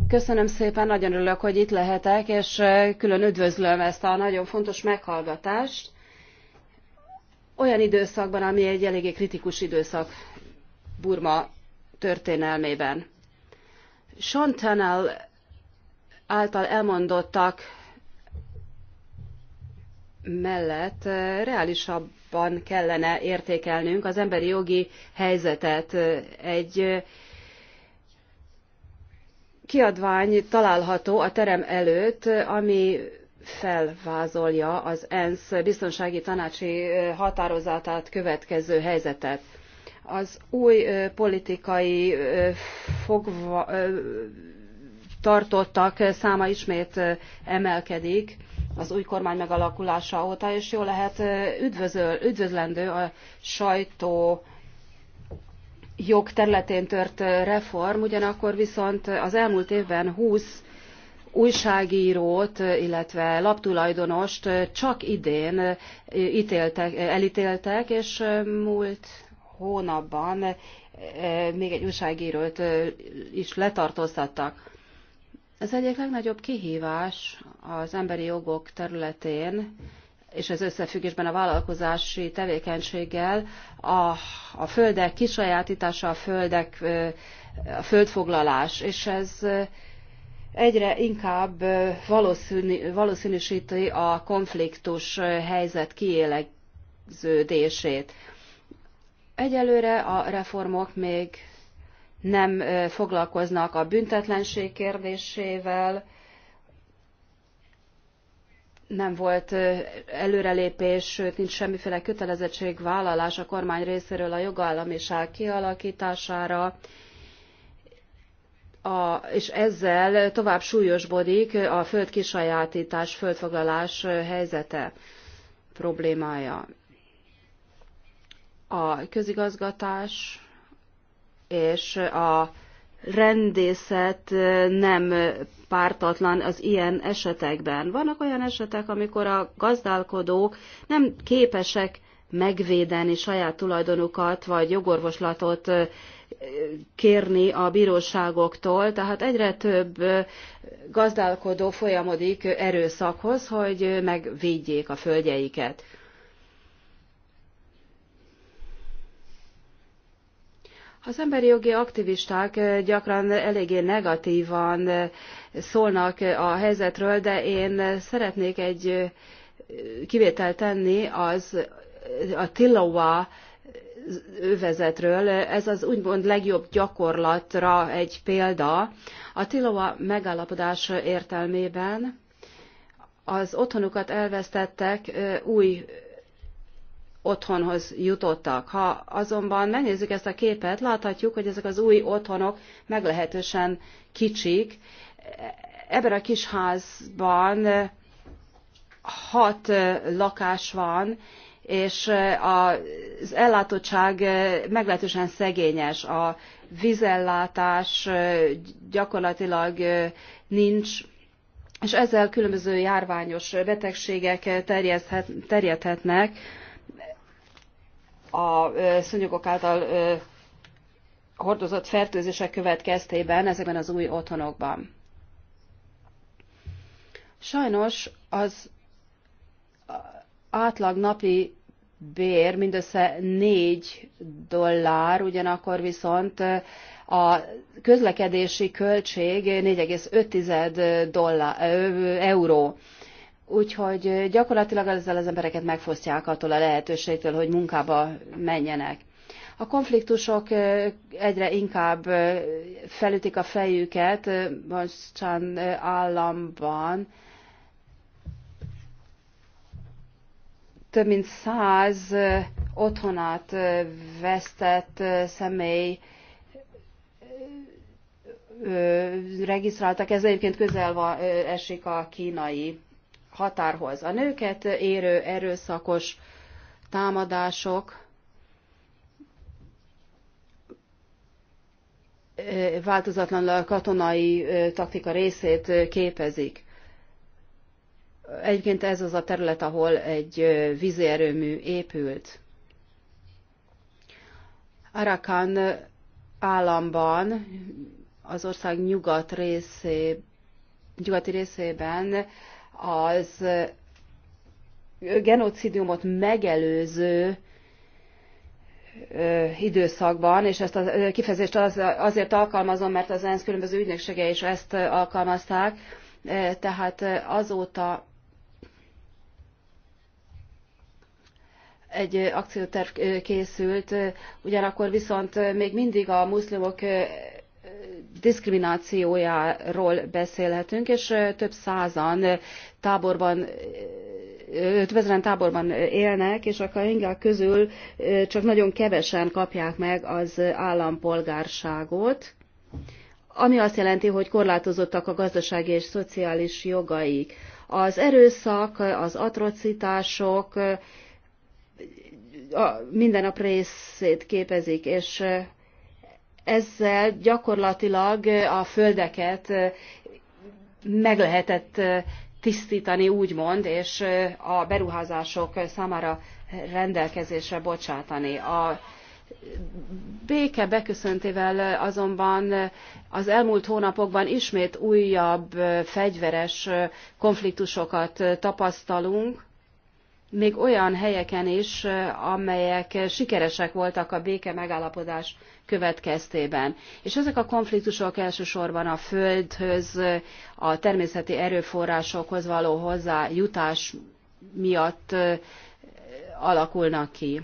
Köszönöm szépen, nagyon örülök, hogy itt lehetek, és külön üdvözlöm ezt a nagyon fontos meghallgatást olyan időszakban, ami egy eléggé kritikus időszak Burma történelmében. Sean Tunnell által elmondottak mellett eh, reálisabban kellene értékelnünk az emberi jogi helyzetet. Eh, egy eh, kiadvány található a terem előtt, ami felvázolja az ENSZ biztonsági tanácsi határozatát következő helyzetet. Az új politikai fogva, tartottak száma ismét emelkedik az új kormány megalakulása óta, és jó lehet üdvözöl, üdvözlendő a sajtó jog területén tört reform, ugyanakkor viszont az elmúlt évben 20 újságírót, illetve laptulajdonost csak idén eh, ítéltek, elítéltek, és eh, múlt hónapban eh, még egy újságírót is letartóztattak. Ez egyik legnagyobb kihívás az emberi jogok területén, és ez összefüggésben a vállalkozási tevékenységgel, a, a földek kisajátítása, a földek, a földfoglalás, és ez egyre inkább valószínűsíti a konfliktus helyzet kiélegződését. Egyelőre a reformok még nem foglalkoznak a büntetlenség kérdésével, nem volt előrelépés, sőt nincs semmiféle kötelezettségvállalás a kormány részéről a jogállamiság kialakítására, a, és ezzel tovább súlyosbodik a föld kisajátítás, földfoglalás helyzete problémája. A közigazgatás és a rendészet nem pártatlan az ilyen esetekben. Vannak olyan esetek, amikor a gazdálkodók nem képesek megvédeni saját tulajdonukat, vagy jogorvoslatot kérni a bíróságoktól, tehát egyre több gazdálkodó folyamodik erőszakhoz, hogy megvédjék a földjeiket. Az emberi jogi aktivisták gyakran eléggé negatívan szólnak a helyzetről, de én szeretnék egy kivételt tenni az a Tillowa övezetről. Ez az úgymond legjobb gyakorlatra egy példa. A Tilova megállapodás értelmében az otthonukat elvesztettek új otthonhoz jutottak. Ha azonban megnézzük ezt a képet, láthatjuk, hogy ezek az új otthonok meglehetősen kicsik. Ebben a kis házban hat lakás van, és az ellátottság meglehetősen szegényes. A vízellátás gyakorlatilag nincs, és ezzel különböző járványos betegségek terjedhetnek a szúnyogok által hordozott fertőzések következtében ezekben az új otthonokban. Sajnos az átlag napi bér mindössze 4 dollár, ugyanakkor viszont eh, a közlekedési költség 4,5 dollár, eh, euró. Úgyhogy eh, gyakorlatilag ezzel az embereket megfosztják attól a lehetőségtől, hogy munkába menjenek. A konfliktusok egyre inkább felütik a fejüket, most államban, több mint száz otthonát vesztett személy regisztráltak, ez egyébként közel esik a kínai határhoz. A nőket érő erőszakos támadások változatlanul a katonai taktika részét képezik. Egyébként ez az a terület, ahol egy vízi erőmű épült. Arakan államban, az ország nyugat részé, nyugati részében az genocidiumot megelőző időszakban, és ezt a kifejezést az, azért alkalmazom, mert az ENSZ különböző ügynöksége is ezt alkalmazták, tehát azóta egy akcióterv készült, ugyanakkor viszont még mindig a muszlimok diszkriminációjáról beszélhetünk, és több százan táborban több ezeren táborban élnek, és a kahingák közül csak nagyon kevesen kapják meg az állampolgárságot, ami azt jelenti, hogy korlátozottak a gazdasági és szociális jogaik. Az erőszak, az atrocitások, a nap részét képezik, és ezzel gyakorlatilag a földeket meg lehetett tisztítani, úgymond, és a beruházások számára rendelkezésre bocsátani. A béke beköszöntével azonban az elmúlt hónapokban ismét újabb fegyveres konfliktusokat tapasztalunk, még olyan helyeken is, amelyek sikeresek voltak a béke megállapodás következtében. És ezek a konfliktusok elsősorban a földhöz, a természeti erőforrásokhoz való hozzájutás miatt alakulnak ki.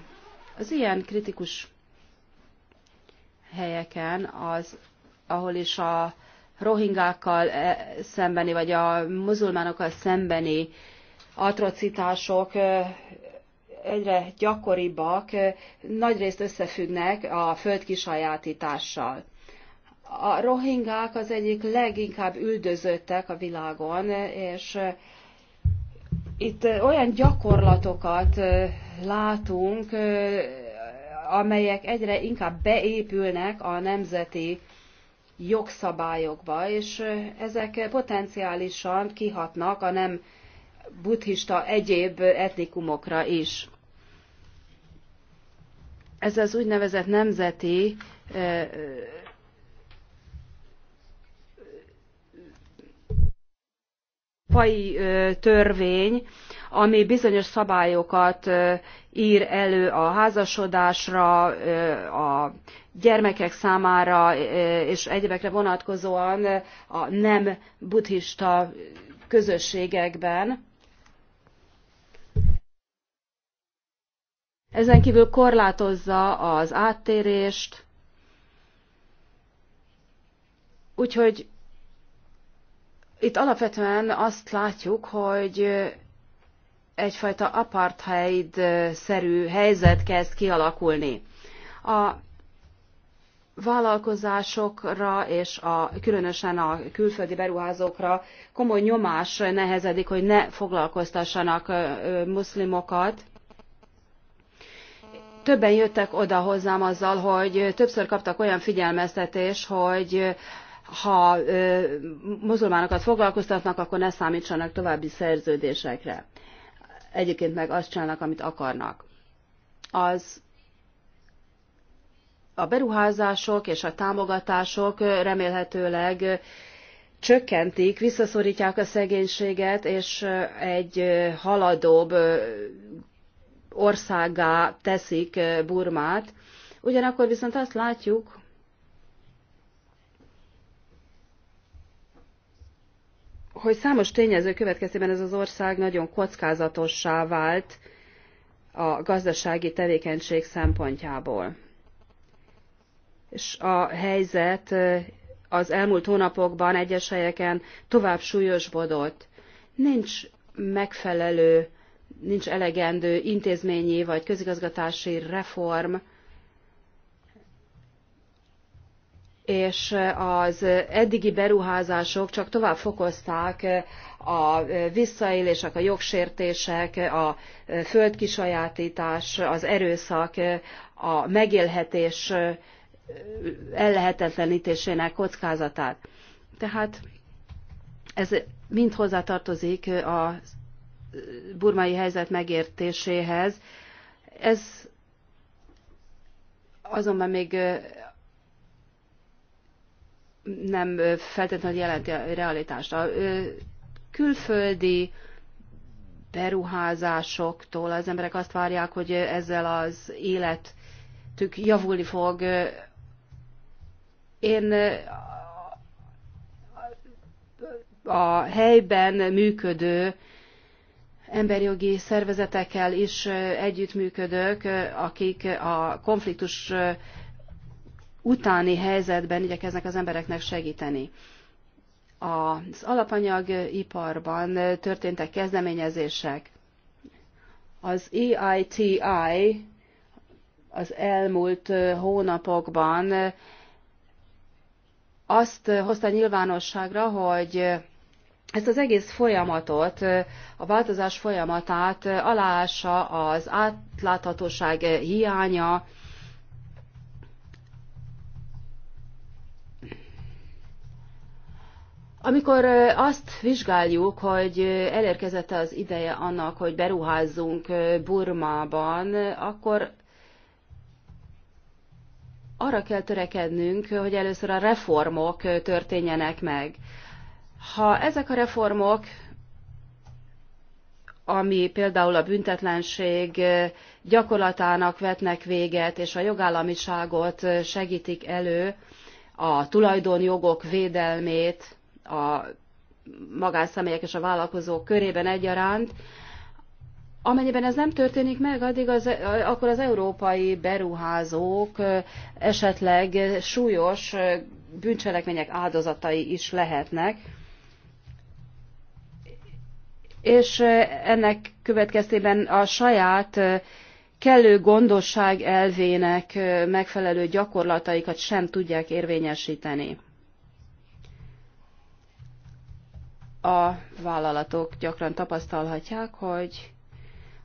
Az ilyen kritikus helyeken, az, ahol is a rohingákkal e, szembeni, vagy a muzulmánokkal szembeni atrocitások egyre gyakoribbak, nagyrészt összefüggnek a föld kisajátítással. A rohingák az egyik leginkább üldözöttek a világon, és itt olyan gyakorlatokat látunk, amelyek egyre inkább beépülnek a nemzeti jogszabályokba, és ezek potenciálisan kihatnak a nem buddhista egyéb etnikumokra is. Ez az úgynevezett nemzeti pai törvény, ami bizonyos szabályokat ír elő a házasodásra, a gyermekek számára és egyebekre vonatkozóan a nem buddhista közösségekben. Ezen kívül korlátozza az áttérést, úgyhogy itt alapvetően azt látjuk, hogy egyfajta apartheid-szerű helyzet kezd kialakulni. A vállalkozásokra és a, különösen a külföldi beruházókra komoly nyomás nehezedik, hogy ne foglalkoztassanak muszlimokat többen jöttek oda hozzám azzal, hogy többször kaptak olyan figyelmeztetés, hogy ha muzulmánokat foglalkoztatnak, akkor ne számítsanak további szerződésekre. Egyébként meg azt csinálnak, amit akarnak. Az a beruházások és a támogatások remélhetőleg csökkentik, visszaszorítják a szegénységet, és egy haladóbb országá teszik eh, Burmát. Ugyanakkor viszont azt látjuk, hogy számos tényező következtében ez az ország nagyon kockázatossá vált a gazdasági tevékenység szempontjából. És a helyzet eh, az elmúlt hónapokban egyes helyeken tovább súlyosbodott. Nincs megfelelő nincs elegendő intézményi vagy közigazgatási reform, és az eddigi beruházások csak tovább fokozták a visszaélések, a jogsértések, a földkisajátítás, az erőszak, a megélhetés ellehetetlenítésének kockázatát. Tehát ez mind hozzátartozik az burmai helyzet megértéséhez. Ez azonban még nem feltétlenül jelenti a realitást. A külföldi beruházásoktól az emberek azt várják, hogy ezzel az életük javulni fog. Én a helyben működő emberjogi szervezetekkel is együttműködök, akik a konfliktus utáni helyzetben igyekeznek az embereknek segíteni. Az alapanyagiparban történtek kezdeményezések. Az EITI az elmúlt hónapokban azt hozta nyilvánosságra, hogy ezt az egész folyamatot, a változás folyamatát aláássa az átláthatóság hiánya, Amikor azt vizsgáljuk, hogy elérkezett az ideje annak, hogy beruházzunk Burmában, akkor arra kell törekednünk, hogy először a reformok történjenek meg. Ha ezek a reformok, ami például a büntetlenség gyakorlatának vetnek véget, és a jogállamiságot segítik elő, a tulajdonjogok védelmét a magánszemélyek és a vállalkozók körében egyaránt, Amennyiben ez nem történik meg, addig az, akkor az európai beruházók esetleg súlyos bűncselekmények áldozatai is lehetnek, és ennek következtében a saját kellő gondosság elvének megfelelő gyakorlataikat sem tudják érvényesíteni. A vállalatok gyakran tapasztalhatják, hogy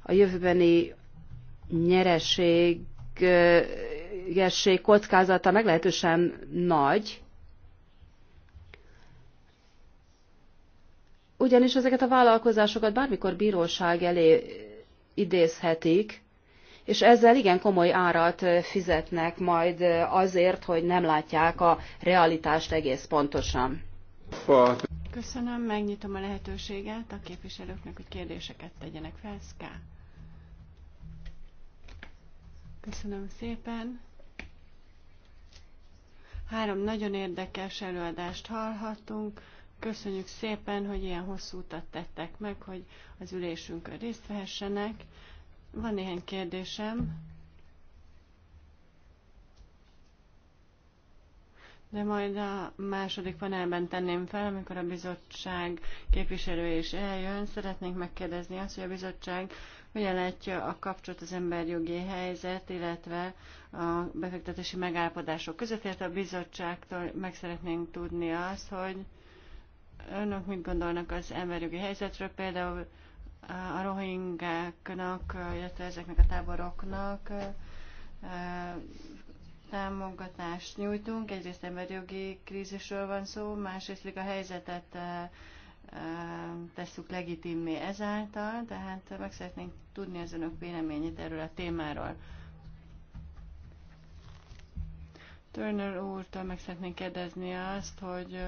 a jövőbeni nyereség kockázata meglehetősen nagy, ugyanis ezeket a vállalkozásokat bármikor bíróság elé idézhetik, és ezzel igen komoly árat fizetnek majd azért, hogy nem látják a realitást egész pontosan. Köszönöm, megnyitom a lehetőséget a képviselőknek, hogy kérdéseket tegyenek fel. Szká. Köszönöm szépen. Három nagyon érdekes előadást hallhattunk. Köszönjük szépen, hogy ilyen hosszú utat tettek meg, hogy az ülésünkön részt vehessenek. Van néhány kérdésem. De majd a második panelben tenném fel, amikor a bizottság képviselő is eljön. Szeretnénk megkérdezni azt, hogy a bizottság hogyan látja a kapcsolat az emberjogi helyzet, illetve a befektetési megállapodások között, illetve a bizottságtól meg szeretnénk tudni azt, hogy önök mit gondolnak az emberjogi helyzetről, például a rohingáknak, illetve ezeknek a táboroknak támogatást nyújtunk. Egyrészt emberjogi krízisről van szó, másrészt a helyzetet tesszük legitimé ezáltal, tehát meg szeretnénk tudni az önök véleményét erről a témáról. Turner úrtól meg szeretnénk kérdezni azt, hogy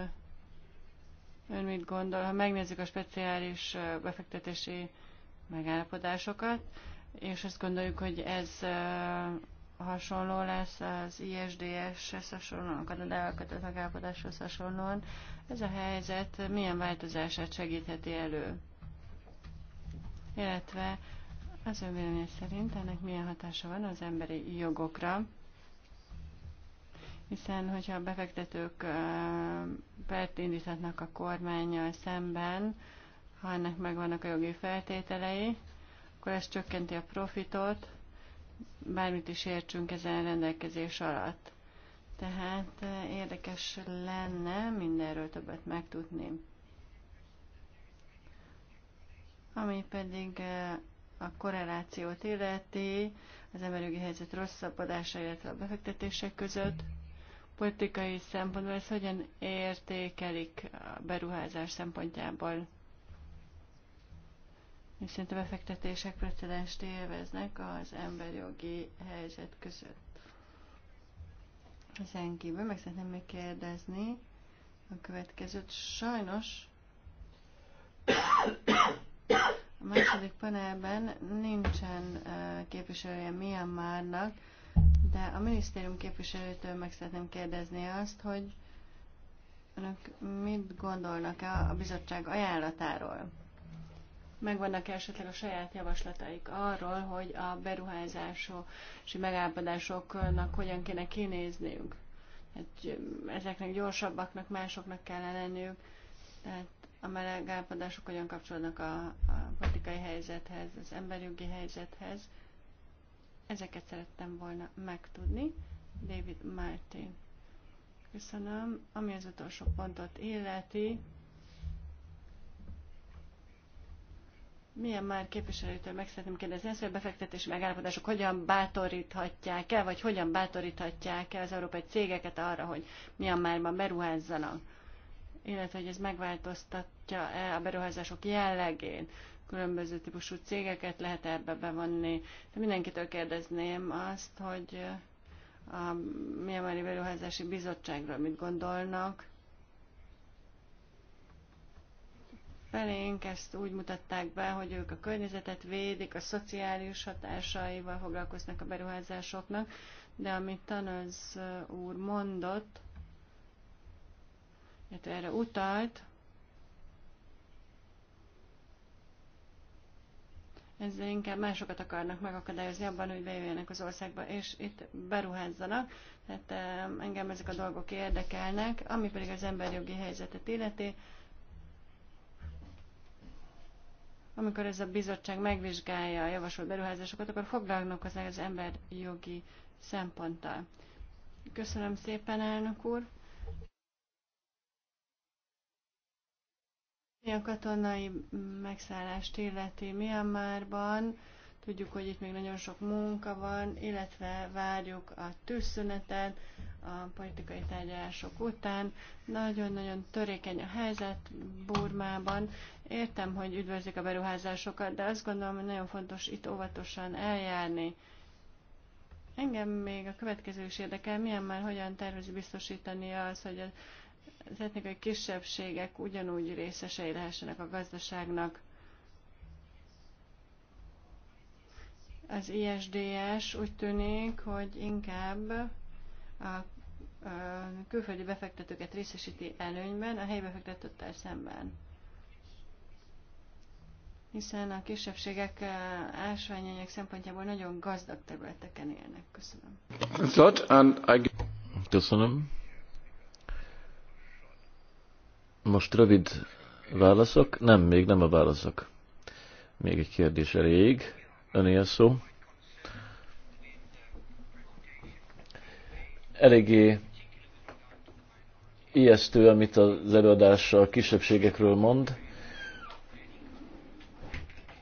Ön mit gondol, ha megnézzük a speciális befektetési megállapodásokat, és azt gondoljuk, hogy ez hasonló lesz az ISDS-hez hasonlóan, a Kanadával kötött megállapodáshoz hasonlóan. Ez a helyzet milyen változását segítheti elő? Illetve az ön szerint ennek milyen hatása van az emberi jogokra? hiszen hogyha a befektetők pert indíthatnak a kormányjal szemben, ha ennek megvannak a jogi feltételei, akkor ez csökkenti a profitot, bármit is értsünk ezen rendelkezés alatt. Tehát érdekes lenne mindenről többet megtudni. Ami pedig a korrelációt illeti, az emberi helyzet rosszabbodása, illetve a befektetések között, Politikai szempontból ezt hogyan értékelik a beruházás szempontjából? hiszen a befektetések precedenst élveznek az emberjogi helyzet között. Ezen kívül meg szeretném még kérdezni a következőt. Sajnos a második panelben nincsen eh, képviselője Myanmarnak, de a minisztérium képviselőtől meg szeretném kérdezni azt, hogy önök mit gondolnak -e a bizottság ajánlatáról? Megvannak -e esetleg a saját javaslataik arról, hogy a beruházási megállapodásoknak hogyan kéne kinézniük? Hát, ezeknek gyorsabbaknak, másoknak kell lenniük. Tehát a megállapodások hogyan kapcsolódnak a, a politikai helyzethez, az emberjogi helyzethez? Ezeket szerettem volna megtudni. David Martin. Köszönöm. Ami az utolsó pontot illeti, milyen már képviselőtől meg szeretném kérdezni ezt, hogy a befektetési megállapodások hogyan bátoríthatják el, vagy hogyan bátoríthatják el az európai cégeket arra, hogy milyen ma beruházzanak, illetve hogy ez megváltoztatja -e a beruházások jellegén különböző típusú cégeket lehet ebbe bevonni. De mindenkitől kérdezném azt, hogy eh, a Miamari Beruházási Bizottságról mit gondolnak. Felénk ezt úgy mutatták be, hogy ők a környezetet védik, a szociális hatásaival foglalkoznak a beruházásoknak, de amit Tanöz eh, úr mondott, illetve erre utalt, ezzel inkább másokat akarnak megakadályozni abban, hogy bejöjjenek az országba, és itt beruházzanak. Tehát engem ezek a dolgok érdekelnek, ami pedig az emberjogi helyzetet illeti. Amikor ez a bizottság megvizsgálja a javasolt beruházásokat, akkor foglalnak az emberjogi szemponttal. Köszönöm szépen, elnök úr! Mi a katonai megszállást illeti Myanmarban, tudjuk, hogy itt még nagyon sok munka van, illetve várjuk a tűzszünetet a politikai tárgyalások után. Nagyon-nagyon törékeny a helyzet Burmában. Értem, hogy üdvözlik a beruházásokat, de azt gondolom, hogy nagyon fontos itt óvatosan eljárni. Engem még a következő is érdekel, milyen már hogyan tervezi biztosítani az, hogy a az etnikai kisebbségek ugyanúgy részesei lehessenek a gazdaságnak. Az ISDS úgy tűnik, hogy inkább a külföldi befektetőket részesíti előnyben a helyi befektetőttel szemben. Hiszen a kisebbségek e, ásványanyag szempontjából nagyon gazdag területeken élnek. Köszönöm. Köszönöm. Most rövid válaszok? Nem, még nem a válaszok. Még egy kérdés elég. Öné a szó. Eléggé ijesztő, amit az előadás a kisebbségekről mond.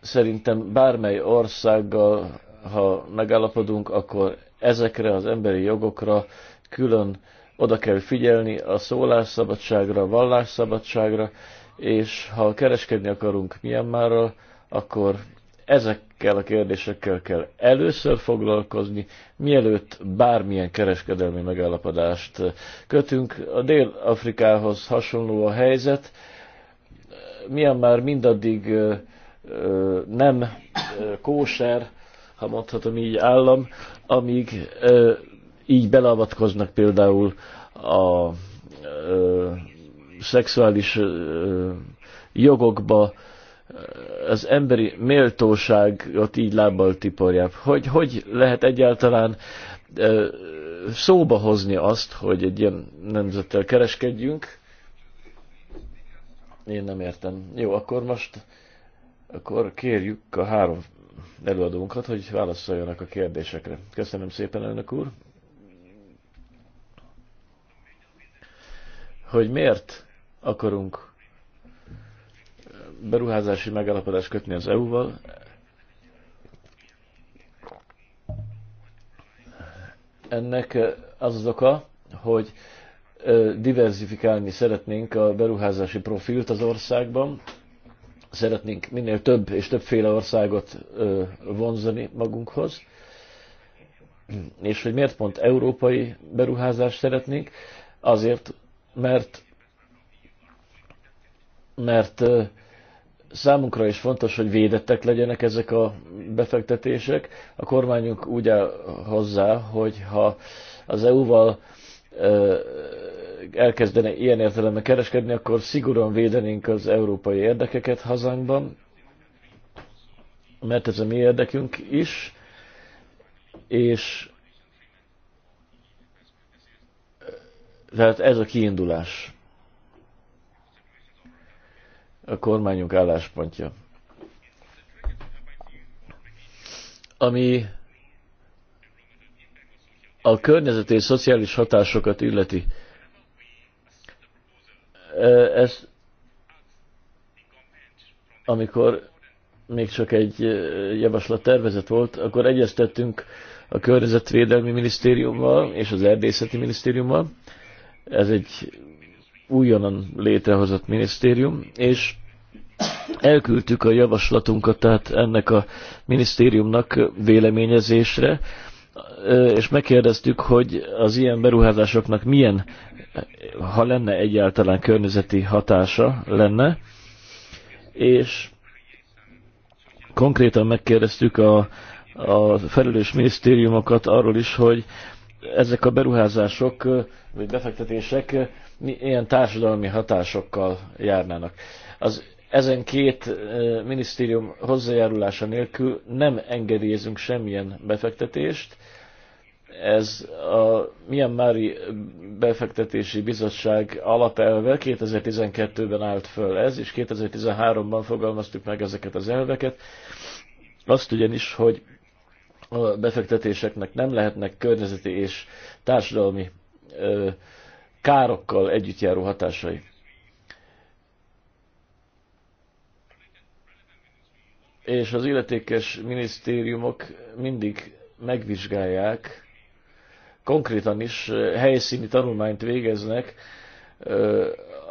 Szerintem bármely országgal, ha megállapodunk, akkor ezekre az emberi jogokra külön oda kell figyelni a szólásszabadságra, a vallásszabadságra, és ha kereskedni akarunk Myanmarral, akkor ezekkel a kérdésekkel kell először foglalkozni, mielőtt bármilyen kereskedelmi megállapodást kötünk. A Dél-Afrikához hasonló a helyzet. Myanmar mindaddig nem kóser, ha mondhatom így, állam, amíg így beleavatkoznak például a ö, szexuális ö, jogokba, az emberi méltóságot így lábbal tiporják. Hogy, hogy lehet egyáltalán ö, szóba hozni azt, hogy egy ilyen nemzettel kereskedjünk? Én nem értem. Jó, akkor most akkor kérjük a három előadónkat, hogy válaszoljanak a kérdésekre. Köszönöm szépen, elnök úr! hogy miért akarunk beruházási megállapodást kötni az EU-val. Ennek eh, az az oka, hogy eh, diversifikálni szeretnénk a beruházási profilt az országban, szeretnénk minél több és többféle országot eh, vonzani magunkhoz, és hogy miért pont európai beruházást szeretnénk, azért, mert, mert számunkra is fontos, hogy védettek legyenek ezek a befektetések. A kormányunk úgy áll hozzá, hogy ha az EU-val elkezdene ilyen értelemben kereskedni, akkor szigorúan védenénk az európai érdekeket hazánkban, mert ez a mi érdekünk is, és Tehát ez a kiindulás. A kormányunk álláspontja. Ami a környezeti és szociális hatásokat illeti. Ez, amikor még csak egy javaslat tervezet volt, akkor egyeztettünk a Környezetvédelmi Minisztériummal és az Erdészeti Minisztériummal, ez egy újonnan létrehozott minisztérium, és elküldtük a javaslatunkat tehát ennek a minisztériumnak véleményezésre, és megkérdeztük, hogy az ilyen beruházásoknak milyen, ha lenne egyáltalán környezeti hatása lenne, és konkrétan megkérdeztük a, a felelős minisztériumokat arról is, hogy ezek a beruházások vagy befektetések eh, ilyen társadalmi hatásokkal járnának. Az ezen két eh, minisztérium hozzájárulása nélkül nem engedélyezünk semmilyen befektetést. Ez a Mári Befektetési Bizottság alapelve 2012-ben állt föl ez, és 2013-ban fogalmaztuk meg ezeket az elveket. Azt ugyanis, hogy a befektetéseknek nem lehetnek környezeti és társadalmi károkkal együtt járó hatásai. És az illetékes minisztériumok mindig megvizsgálják, konkrétan is helyszíni tanulmányt végeznek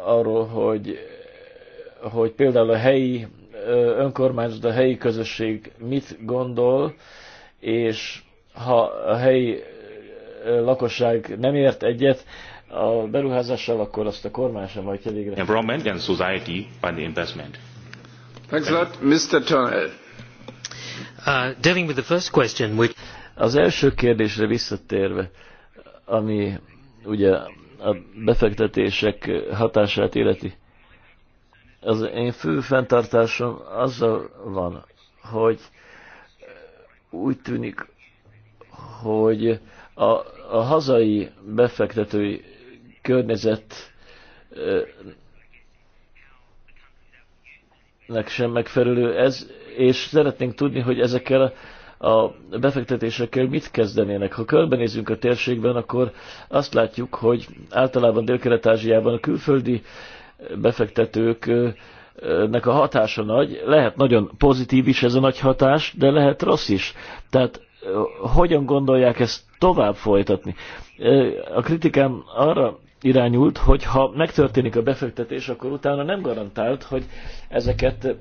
arról, hogy, hogy például a helyi önkormányzat, a helyi közösség mit gondol, és ha a helyi lakosság nem ért egyet a beruházással, akkor azt a kormány sem hajtja végre. Environment and society by the investment. Thanks a lot, Mr. Tunnel. Uh, dealing with the first question, which... Az első kérdésre visszatérve, ami ugye a befektetések hatását életi, az én fő fenntartásom azzal van, hogy úgy tűnik, hogy a, a hazai befektetői környezetnek sem megfelelő ez, és szeretnénk tudni, hogy ezekkel a befektetésekkel mit kezdenének. Ha körbenézünk a térségben, akkor azt látjuk, hogy általában Dél-Kelet-Ázsiában a külföldi befektetők nek a hatása nagy, lehet nagyon pozitív is ez a nagy hatás, de lehet rossz is. Tehát hogyan gondolják ezt tovább folytatni. A kritikám arra irányult, hogy ha megtörténik a befektetés, akkor utána nem garantált, hogy ezeket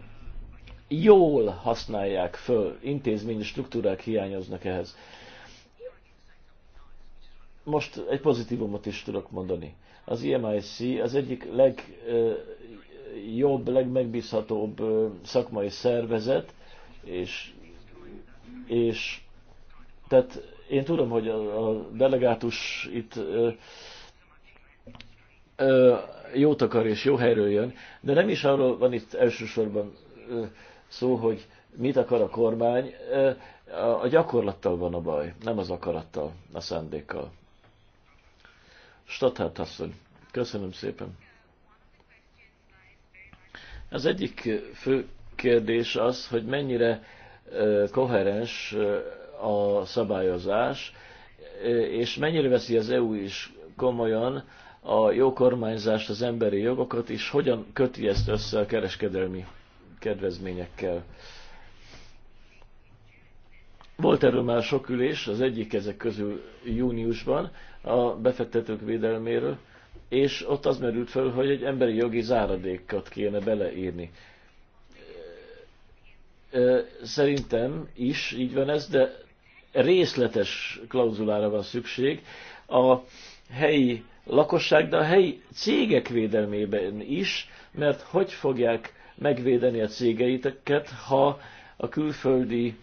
jól használják föl, intézményi struktúrák hiányoznak ehhez. Most egy pozitívumot is tudok mondani. Az e IMIC az egyik legjobb, legmegbízhatóbb szakmai szervezet, és, és tehát én tudom, hogy a, a delegátus itt ö, ö, jót akar és jó helyről jön, de nem is arról van itt elsősorban ö, szó, hogy mit akar a kormány. Ö, a, a gyakorlattal van a baj, nem az akarattal, a szándékkal. Stadhát asszony, köszönöm szépen. Az egyik fő kérdés az, hogy mennyire koherens a szabályozás, és mennyire veszi az EU is komolyan a jó kormányzást, az emberi jogokat, és hogyan köti ezt össze a kereskedelmi kedvezményekkel. Volt erről már sok ülés, az egyik ezek közül júniusban a befektetők védelméről, és ott az merült fel, hogy egy emberi jogi záradékat kéne beleírni. Szerintem is így van ez, de részletes klauzulára van szükség a helyi lakosság, de a helyi cégek védelmében is, mert hogy fogják megvédeni a cégeiteket, ha a külföldi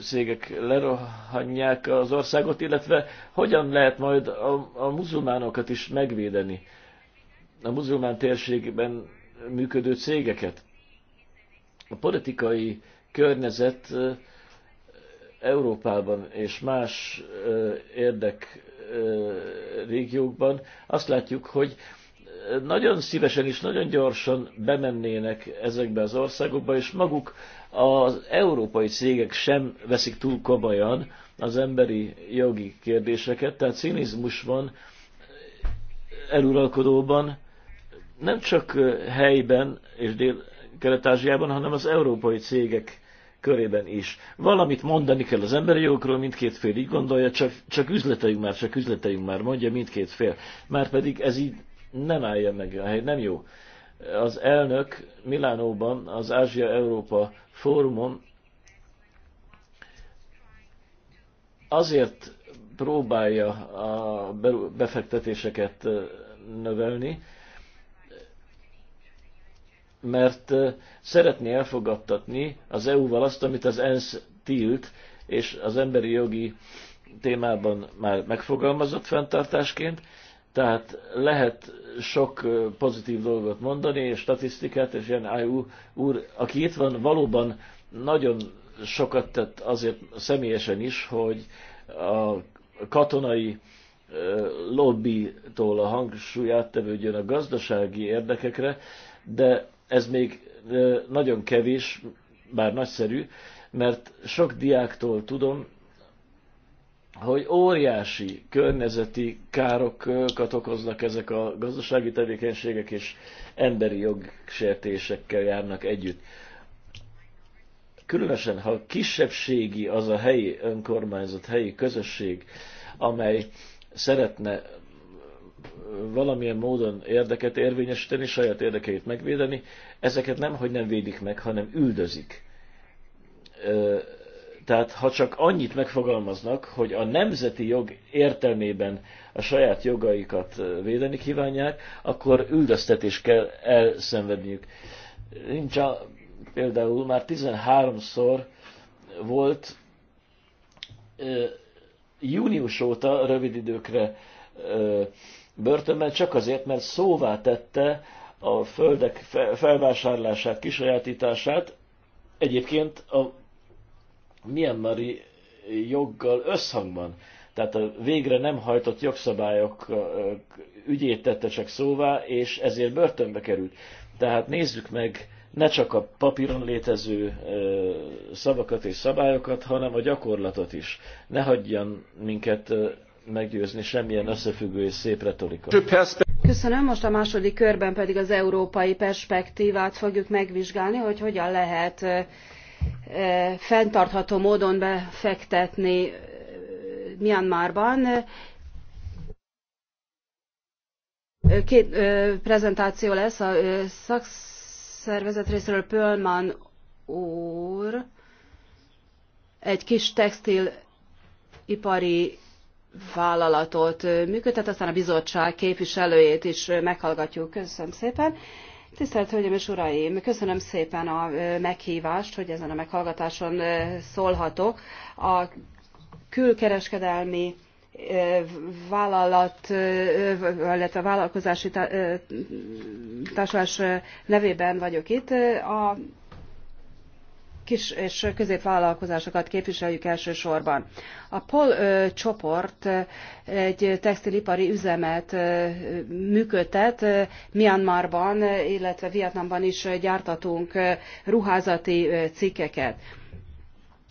cégek lerohanják az országot, illetve hogyan lehet majd a, a muzulmánokat is megvédeni, a muzulmán térségben működő cégeket. A politikai környezet Európában és más érdek régiókban azt látjuk, hogy nagyon szívesen és nagyon gyorsan bemennének ezekbe az országokba, és maguk az európai cégek sem veszik túl komolyan az emberi jogi kérdéseket, tehát cinizmus van eluralkodóban, nem csak helyben és Dél-Kelet-Ázsiában, hanem az európai cégek körében is. Valamit mondani kell az emberi jogokról, mindkét fél így gondolja, csak, csak üzleteljünk már, csak üzleteljünk már, mondja mindkét fél. Márpedig ez így nem állja meg, a nem jó. Az elnök Milánóban, az Ázsia-Európa fórumon azért próbálja a befektetéseket növelni, mert szeretné elfogadtatni az EU-val azt, amit az ENSZ tilt, és az emberi jogi témában már megfogalmazott fenntartásként, tehát lehet sok pozitív dolgot mondani, és statisztikát, és ilyen IU úr, aki itt van, valóban nagyon sokat tett azért személyesen is, hogy a katonai lobbytól a hangsúly áttevődjön a gazdasági érdekekre, de ez még nagyon kevés, bár nagyszerű, mert sok diáktól tudom, hogy óriási környezeti károkat okoznak ezek a gazdasági tevékenységek, és emberi jogsértésekkel járnak együtt. Különösen, ha kisebbségi az a helyi önkormányzat, helyi közösség, amely szeretne valamilyen módon érdeket érvényesíteni, saját érdekeit megvédeni, ezeket nem, hogy nem védik meg, hanem üldözik. Tehát ha csak annyit megfogalmaznak, hogy a nemzeti jog értelmében a saját jogaikat védeni kívánják, akkor üldöztetés kell elszenvedniük. Nincs a, például már 13-szor volt június óta rövid időkre börtönben csak azért, mert szóvá tette a földek felvásárlását, kisajátítását, egyébként a Myanmari joggal összhangban. Tehát a végre nem hajtott jogszabályok ügyét tette csak szóvá, és ezért börtönbe került. Tehát nézzük meg ne csak a papíron létező szavakat és szabályokat, hanem a gyakorlatot is. Ne hagyjan minket meggyőzni semmilyen összefüggő és szép retorika. Köszönöm, most a második körben pedig az európai perspektívát fogjuk megvizsgálni, hogy hogyan lehet fenntartható módon befektetni Myanmarban. Két prezentáció lesz a szakszervezet részéről Pölman úr, egy kis textilipari vállalatot működtet, aztán a bizottság képviselőjét is meghallgatjuk. Köszönöm szépen. Tisztelt Hölgyeim és Uraim, köszönöm szépen a meghívást, hogy ezen a meghallgatáson szólhatok. A külkereskedelmi vállalat, illetve vállalkozási társulás nevében vagyok itt. A kis és középvállalkozásokat képviseljük elsősorban. A POL ö, csoport egy textilipari üzemet ö, működtet, ö, Myanmarban, illetve Vietnamban is gyártatunk ö, ruházati ö, cikkeket.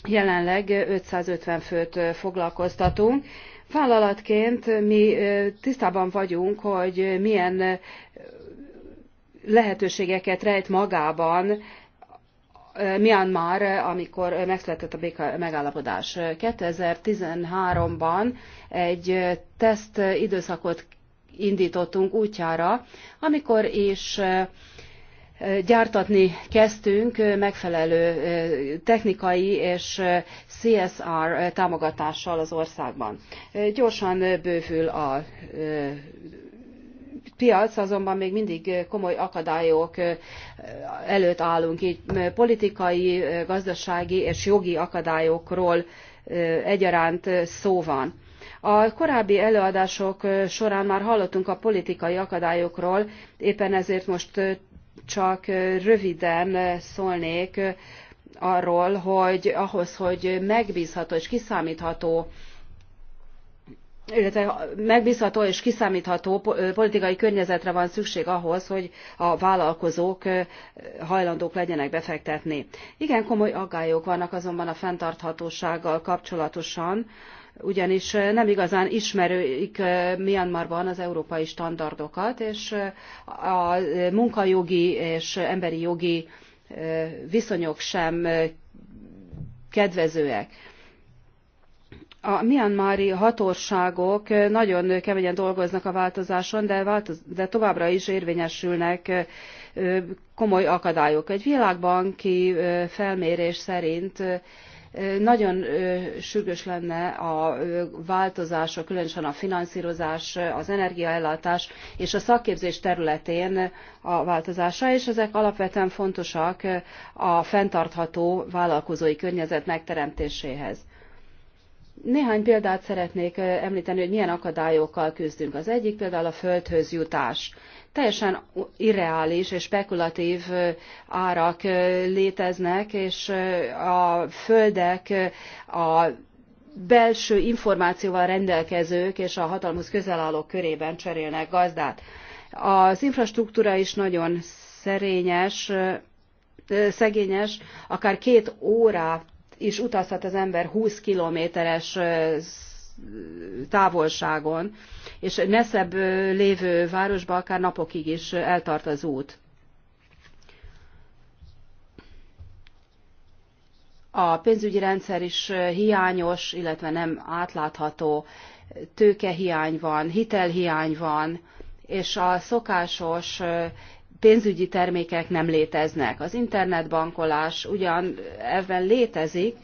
Jelenleg 550 főt foglalkoztatunk. Vállalatként mi tisztában vagyunk, hogy milyen lehetőségeket rejt magában Myanmar, amikor megszületett a béka megállapodás. 2013-ban egy teszt időszakot indítottunk útjára, amikor is gyártatni kezdtünk megfelelő technikai és CSR támogatással az országban. Gyorsan bővül a piac azonban még mindig komoly akadályok előtt állunk, így politikai, gazdasági és jogi akadályokról egyaránt szó van. A korábbi előadások során már hallottunk a politikai akadályokról, éppen ezért most csak röviden szólnék arról, hogy ahhoz, hogy megbízható és kiszámítható illetve megbzható és kiszámítható politikai környezetre van szükség ahhoz, hogy a vállalkozók hajlandók legyenek befektetni. Igen komoly aggályok vannak azonban a fenntarthatósággal kapcsolatosan, ugyanis nem igazán ismerőik Myanmarban az európai standardokat, és a munkajogi és emberi jogi viszonyok sem kedvezőek a mianmári hatóságok nagyon keményen dolgoznak a változáson, de, változ, de továbbra is érvényesülnek komoly akadályok. Egy világbanki felmérés szerint nagyon sürgős lenne a változások, különösen a finanszírozás, az energiaellátás és a szakképzés területén a változása, és ezek alapvetően fontosak a fenntartható vállalkozói környezet megteremtéséhez. Néhány példát szeretnék említeni, hogy milyen akadályokkal küzdünk. Az egyik például a földhöz jutás. Teljesen irreális és spekulatív árak léteznek, és a földek a belső információval rendelkezők és a hatalmhoz közel állók körében cserélnek gazdát. Az infrastruktúra is nagyon szerényes, szegényes, akár két órát is utazhat az ember 20 kilométeres távolságon, és neszebb lévő városba akár napokig is eltart az út. A pénzügyi rendszer is hiányos, illetve nem átlátható, tőkehiány van, hitelhiány van, és a szokásos pénzügyi termékek nem léteznek. Az internetbankolás ugyan ebben létezik,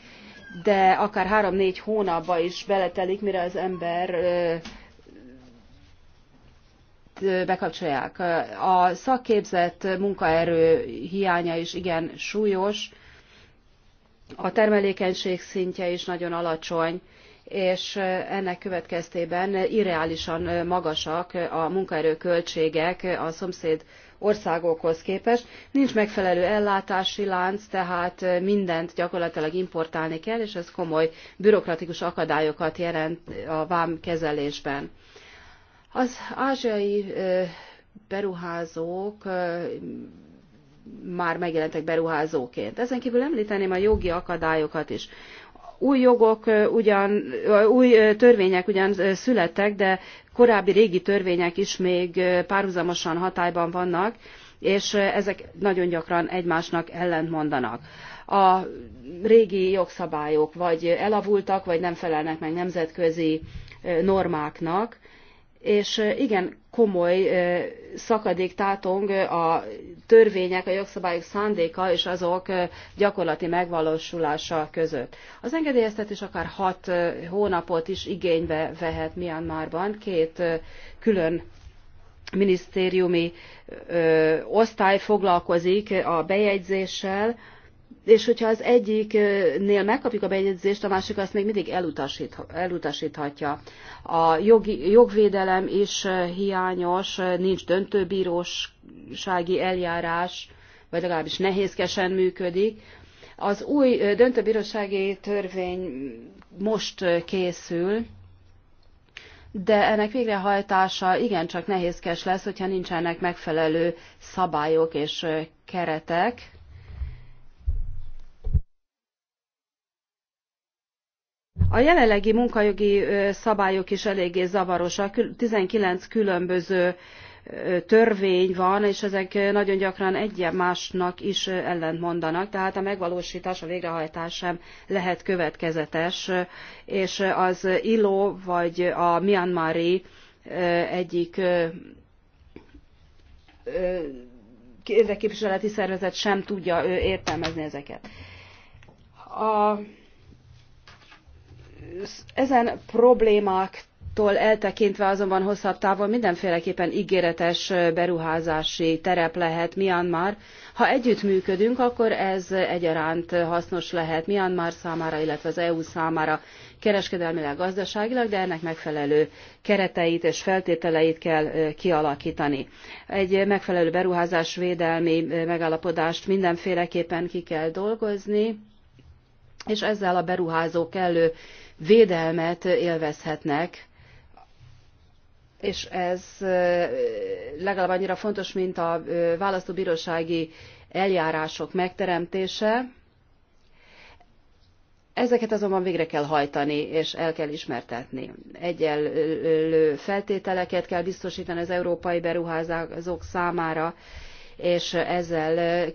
de akár három-négy hónapba is beletelik, mire az ember bekapcsolják. A szakképzett munkaerő hiánya is igen súlyos, a termelékenység szintje is nagyon alacsony, és ennek következtében irreálisan magasak a munkaerő költségek a szomszéd országokhoz képest. Nincs megfelelő ellátási lánc, tehát mindent gyakorlatilag importálni kell, és ez komoly bürokratikus akadályokat jelent a vám kezelésben. Az ázsiai beruházók már megjelentek beruházóként. Ezen kívül említeném a jogi akadályokat is. Új jogok, ugyan, új törvények ugyan születtek, de korábbi régi törvények is még párhuzamosan hatályban vannak, és ezek nagyon gyakran egymásnak ellentmondanak. A régi jogszabályok vagy elavultak, vagy nem felelnek meg nemzetközi normáknak, és igen komoly szakadék tátong a törvények, a jogszabályok szándéka és azok gyakorlati megvalósulása között. Az engedélyeztetés akár hat hónapot is igénybe vehet Myanmarban, két külön minisztériumi osztály foglalkozik a bejegyzéssel, és hogyha az egyiknél megkapjuk a bejegyzést, a másik azt még mindig elutasít, elutasíthatja. A jogi, jogvédelem is hiányos, nincs döntőbírósági eljárás, vagy legalábbis nehézkesen működik. Az új döntőbírósági törvény most készül, de ennek végrehajtása igencsak nehézkes lesz, hogyha nincsenek megfelelő szabályok és keretek A jelenlegi munkajogi szabályok is eléggé zavarosak, 19 különböző törvény van, és ezek nagyon gyakran egymásnak is ellentmondanak, tehát a megvalósítás, a végrehajtás sem lehet következetes, és az ILO vagy a Myanmari egyik érdekképviseleti szervezet sem tudja értelmezni ezeket. A ezen problémák eltekintve azonban hosszabb távon mindenféleképpen ígéretes beruházási terep lehet Myanmar. Ha együttműködünk, akkor ez egyaránt hasznos lehet Myanmar számára, illetve az EU számára kereskedelmileg, gazdaságilag, de ennek megfelelő kereteit és feltételeit kell kialakítani. Egy megfelelő beruházás védelmi megállapodást mindenféleképpen ki kell dolgozni, és ezzel a beruházók elő védelmet élvezhetnek, és ez legalább annyira fontos, mint a választóbírósági eljárások megteremtése. Ezeket azonban végre kell hajtani, és el kell ismertetni. Egyenlő feltételeket kell biztosítani az európai beruházók számára, és ezzel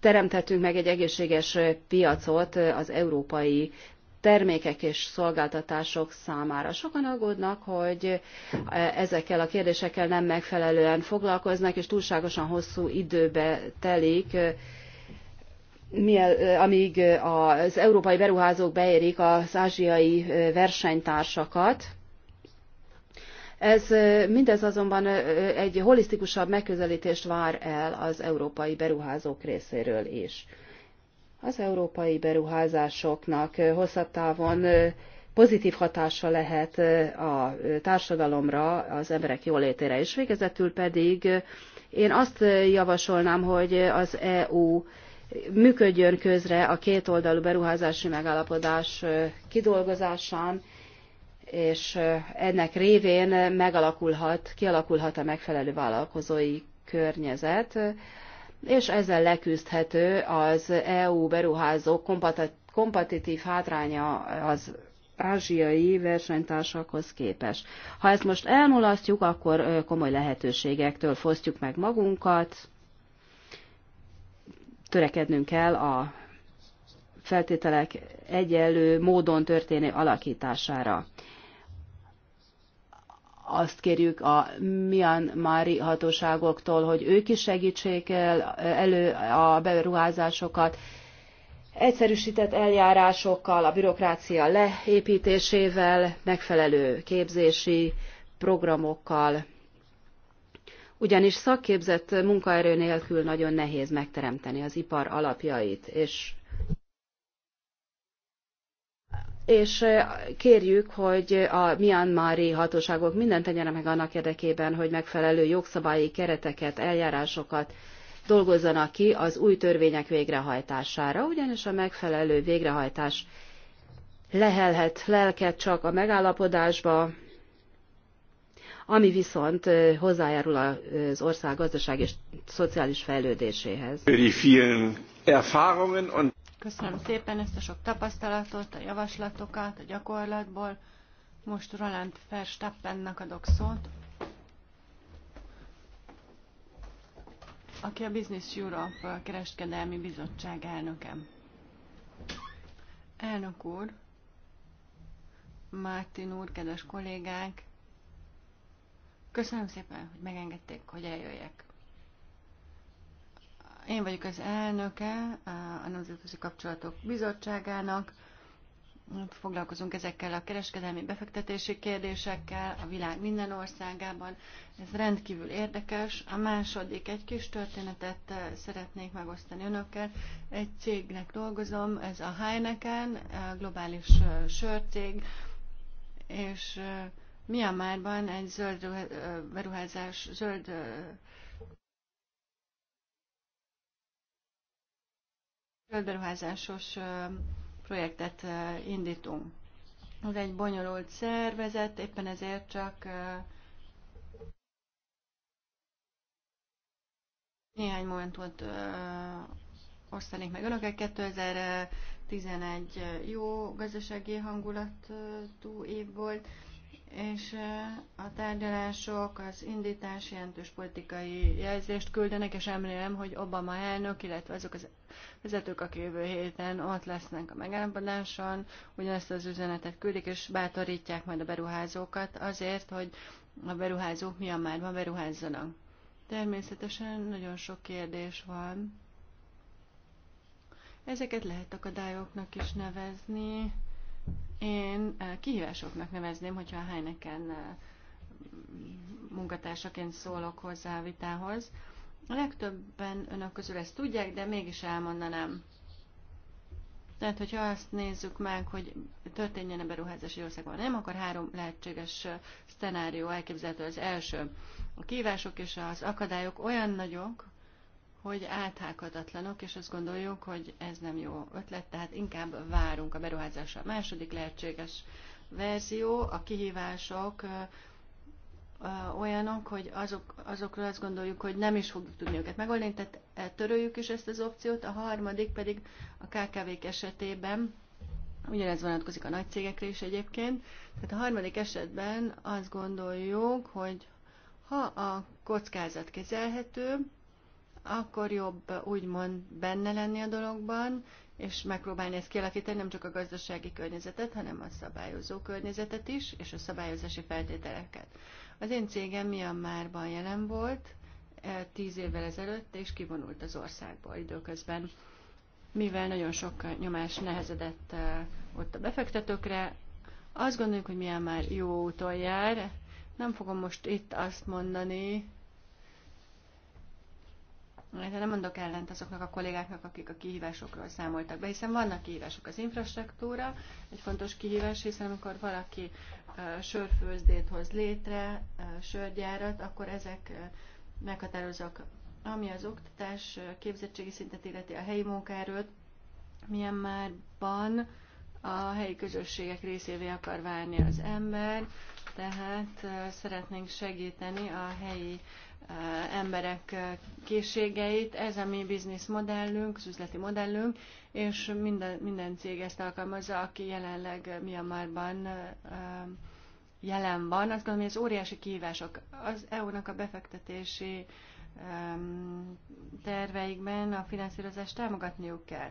teremthetünk meg egy egészséges piacot az európai termékek és szolgáltatások számára. Sokan aggódnak, hogy e, ezekkel a kérdésekkel nem megfelelően foglalkoznak, és túlságosan hosszú időbe telik, e, e, amíg az európai beruházók beérik az ázsiai versenytársakat. Ez mindez azonban egy holisztikusabb megközelítést vár el az európai beruházók részéről is az európai beruházásoknak hosszabb távon pozitív hatása lehet a társadalomra, az emberek jólétére. is. végezetül pedig én azt javasolnám, hogy az EU működjön közre a kétoldalú beruházási megállapodás kidolgozásán, és ennek révén megalakulhat, kialakulhat a megfelelő vállalkozói környezet, és ezzel leküzdhető az EU beruházók kompetitív hátránya az ázsiai versenytársakhoz képest. Ha ezt most elmulasztjuk, akkor komoly lehetőségektől fosztjuk meg magunkat, törekednünk kell a feltételek egyenlő módon történő alakítására azt kérjük a Myanmari hatóságoktól, hogy ők is segítsék el elő a beruházásokat, egyszerűsített eljárásokkal, a bürokrácia leépítésével, megfelelő képzési programokkal. Ugyanis szakképzett munkaerő nélkül nagyon nehéz megteremteni az ipar alapjait, és és kérjük, hogy a Myanmari hatóságok mindent tegyenek meg annak érdekében, hogy megfelelő jogszabályi kereteket, eljárásokat dolgozzanak ki az új törvények végrehajtására, ugyanis a megfelelő végrehajtás lehelhet lelket csak a megállapodásba, ami viszont hozzájárul az ország gazdaság és szociális fejlődéséhez. Köszönöm szépen ezt a sok tapasztalatot, a javaslatokat a gyakorlatból. Most Roland Verstappennek adok szót, aki a Business Europe kereskedelmi bizottság elnöke. Elnök úr, Mártin úr, kedves kollégák, köszönöm szépen, hogy megengedték, hogy eljöjjek. Én vagyok az elnöke a Nemzetközi Kapcsolatok Bizottságának. Foglalkozunk ezekkel a kereskedelmi befektetési kérdésekkel a világ minden országában. Ez rendkívül érdekes. A második egy kis történetet eh, szeretnék megosztani önökkel. Egy cégnek dolgozom, ez a Heineken, a globális eh, sörcég, és eh, Myanmarban egy zöld beruházás, zöld földberuházásos projektet indítunk. Ez egy bonyolult szervezet, éppen ezért csak néhány momentumot osztanék meg önöket. 2011 jó gazdasági hangulatú év volt, és a tárgyalások az indítás jelentős politikai jelzést küldenek, és emlélem, hogy Obama elnök, illetve azok az vezetők, akik jövő héten ott lesznek a megállapodáson, ugyanezt az üzenetet küldik, és bátorítják majd a beruházókat azért, hogy a beruházók milyen már van beruházzanak. Természetesen nagyon sok kérdés van. Ezeket lehet akadályoknak is nevezni én eh, kihívásoknak nevezném, hogyha a Heineken eh, munkatársaként szólok hozzá a vitához. A legtöbben önök közül ezt tudják, de mégis elmondanám. Tehát, hogyha azt nézzük meg, hogy történjen-e beruházási országban nem, akkor három lehetséges eh, szenárió elképzelhető. Az első, a kívások és az akadályok olyan nagyok, hogy áthághatatlanok, és azt gondoljuk, hogy ez nem jó ötlet, tehát inkább várunk a beruházásra. A második lehetséges verzió, a kihívások olyanok, hogy azok, azokról azt gondoljuk, hogy nem is fogjuk tudni őket megoldani, tehát e, töröljük is ezt az opciót. A harmadik pedig a KKV-k esetében, ugyanez vonatkozik a nagy cégekre is egyébként, tehát a harmadik esetben azt gondoljuk, hogy ha a kockázat kezelhető, akkor jobb úgymond benne lenni a dologban, és megpróbálni ezt kialakítani nem csak a gazdasági környezetet, hanem a szabályozó környezetet is, és a szabályozási feltételeket. Az én cégem márban jelen volt eh, tíz évvel ezelőtt, és kivonult az országból időközben, mivel nagyon sok nyomás nehezedett eh, ott a befektetőkre. Azt gondoljuk, hogy milyen már jó úton jár. Nem fogom most itt azt mondani, Hát nem mondok ellent azoknak a kollégáknak, akik a kihívásokról számoltak be, hiszen vannak kihívások. Az infrastruktúra egy fontos kihívás, hiszen amikor valaki uh, sörfőzdét hoz létre, uh, sörgyárat, akkor ezek uh, meghatározók. Ami az oktatás képzettségi szintet illeti a helyi munkáról, milyen márban a helyi közösségek részévé akar válni az ember, tehát szeretnénk segíteni a helyi uh, Eh, emberek eh, készségeit. Ez a mi modellünk, az üzleti modellünk, és minden, minden cég ezt alkalmazza, aki jelenleg Myanmarban eh, jelen van. Azt gondolom, hogy ez óriási kihívások. Az EU-nak a befektetési terveikben a finanszírozást támogatniuk kell.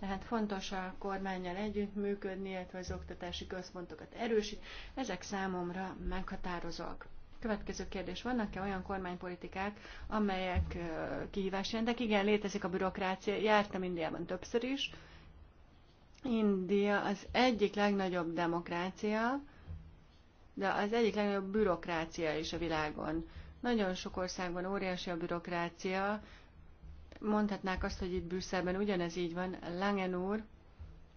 Tehát fontos a kormányjal együttműködni, illetve az oktatási központokat erősít. Ezek számomra meghatározóak. Következő kérdés. Vannak-e olyan kormánypolitikák, amelyek kihívás jelentek? Igen, létezik a bürokrácia. Jártam Indiában többször is. India az egyik legnagyobb demokrácia, de az egyik legnagyobb bürokrácia is a világon. Nagyon sok országban óriási a bürokrácia. Mondhatnák azt, hogy itt Brüsszelben ugyanez így van. Langen úr,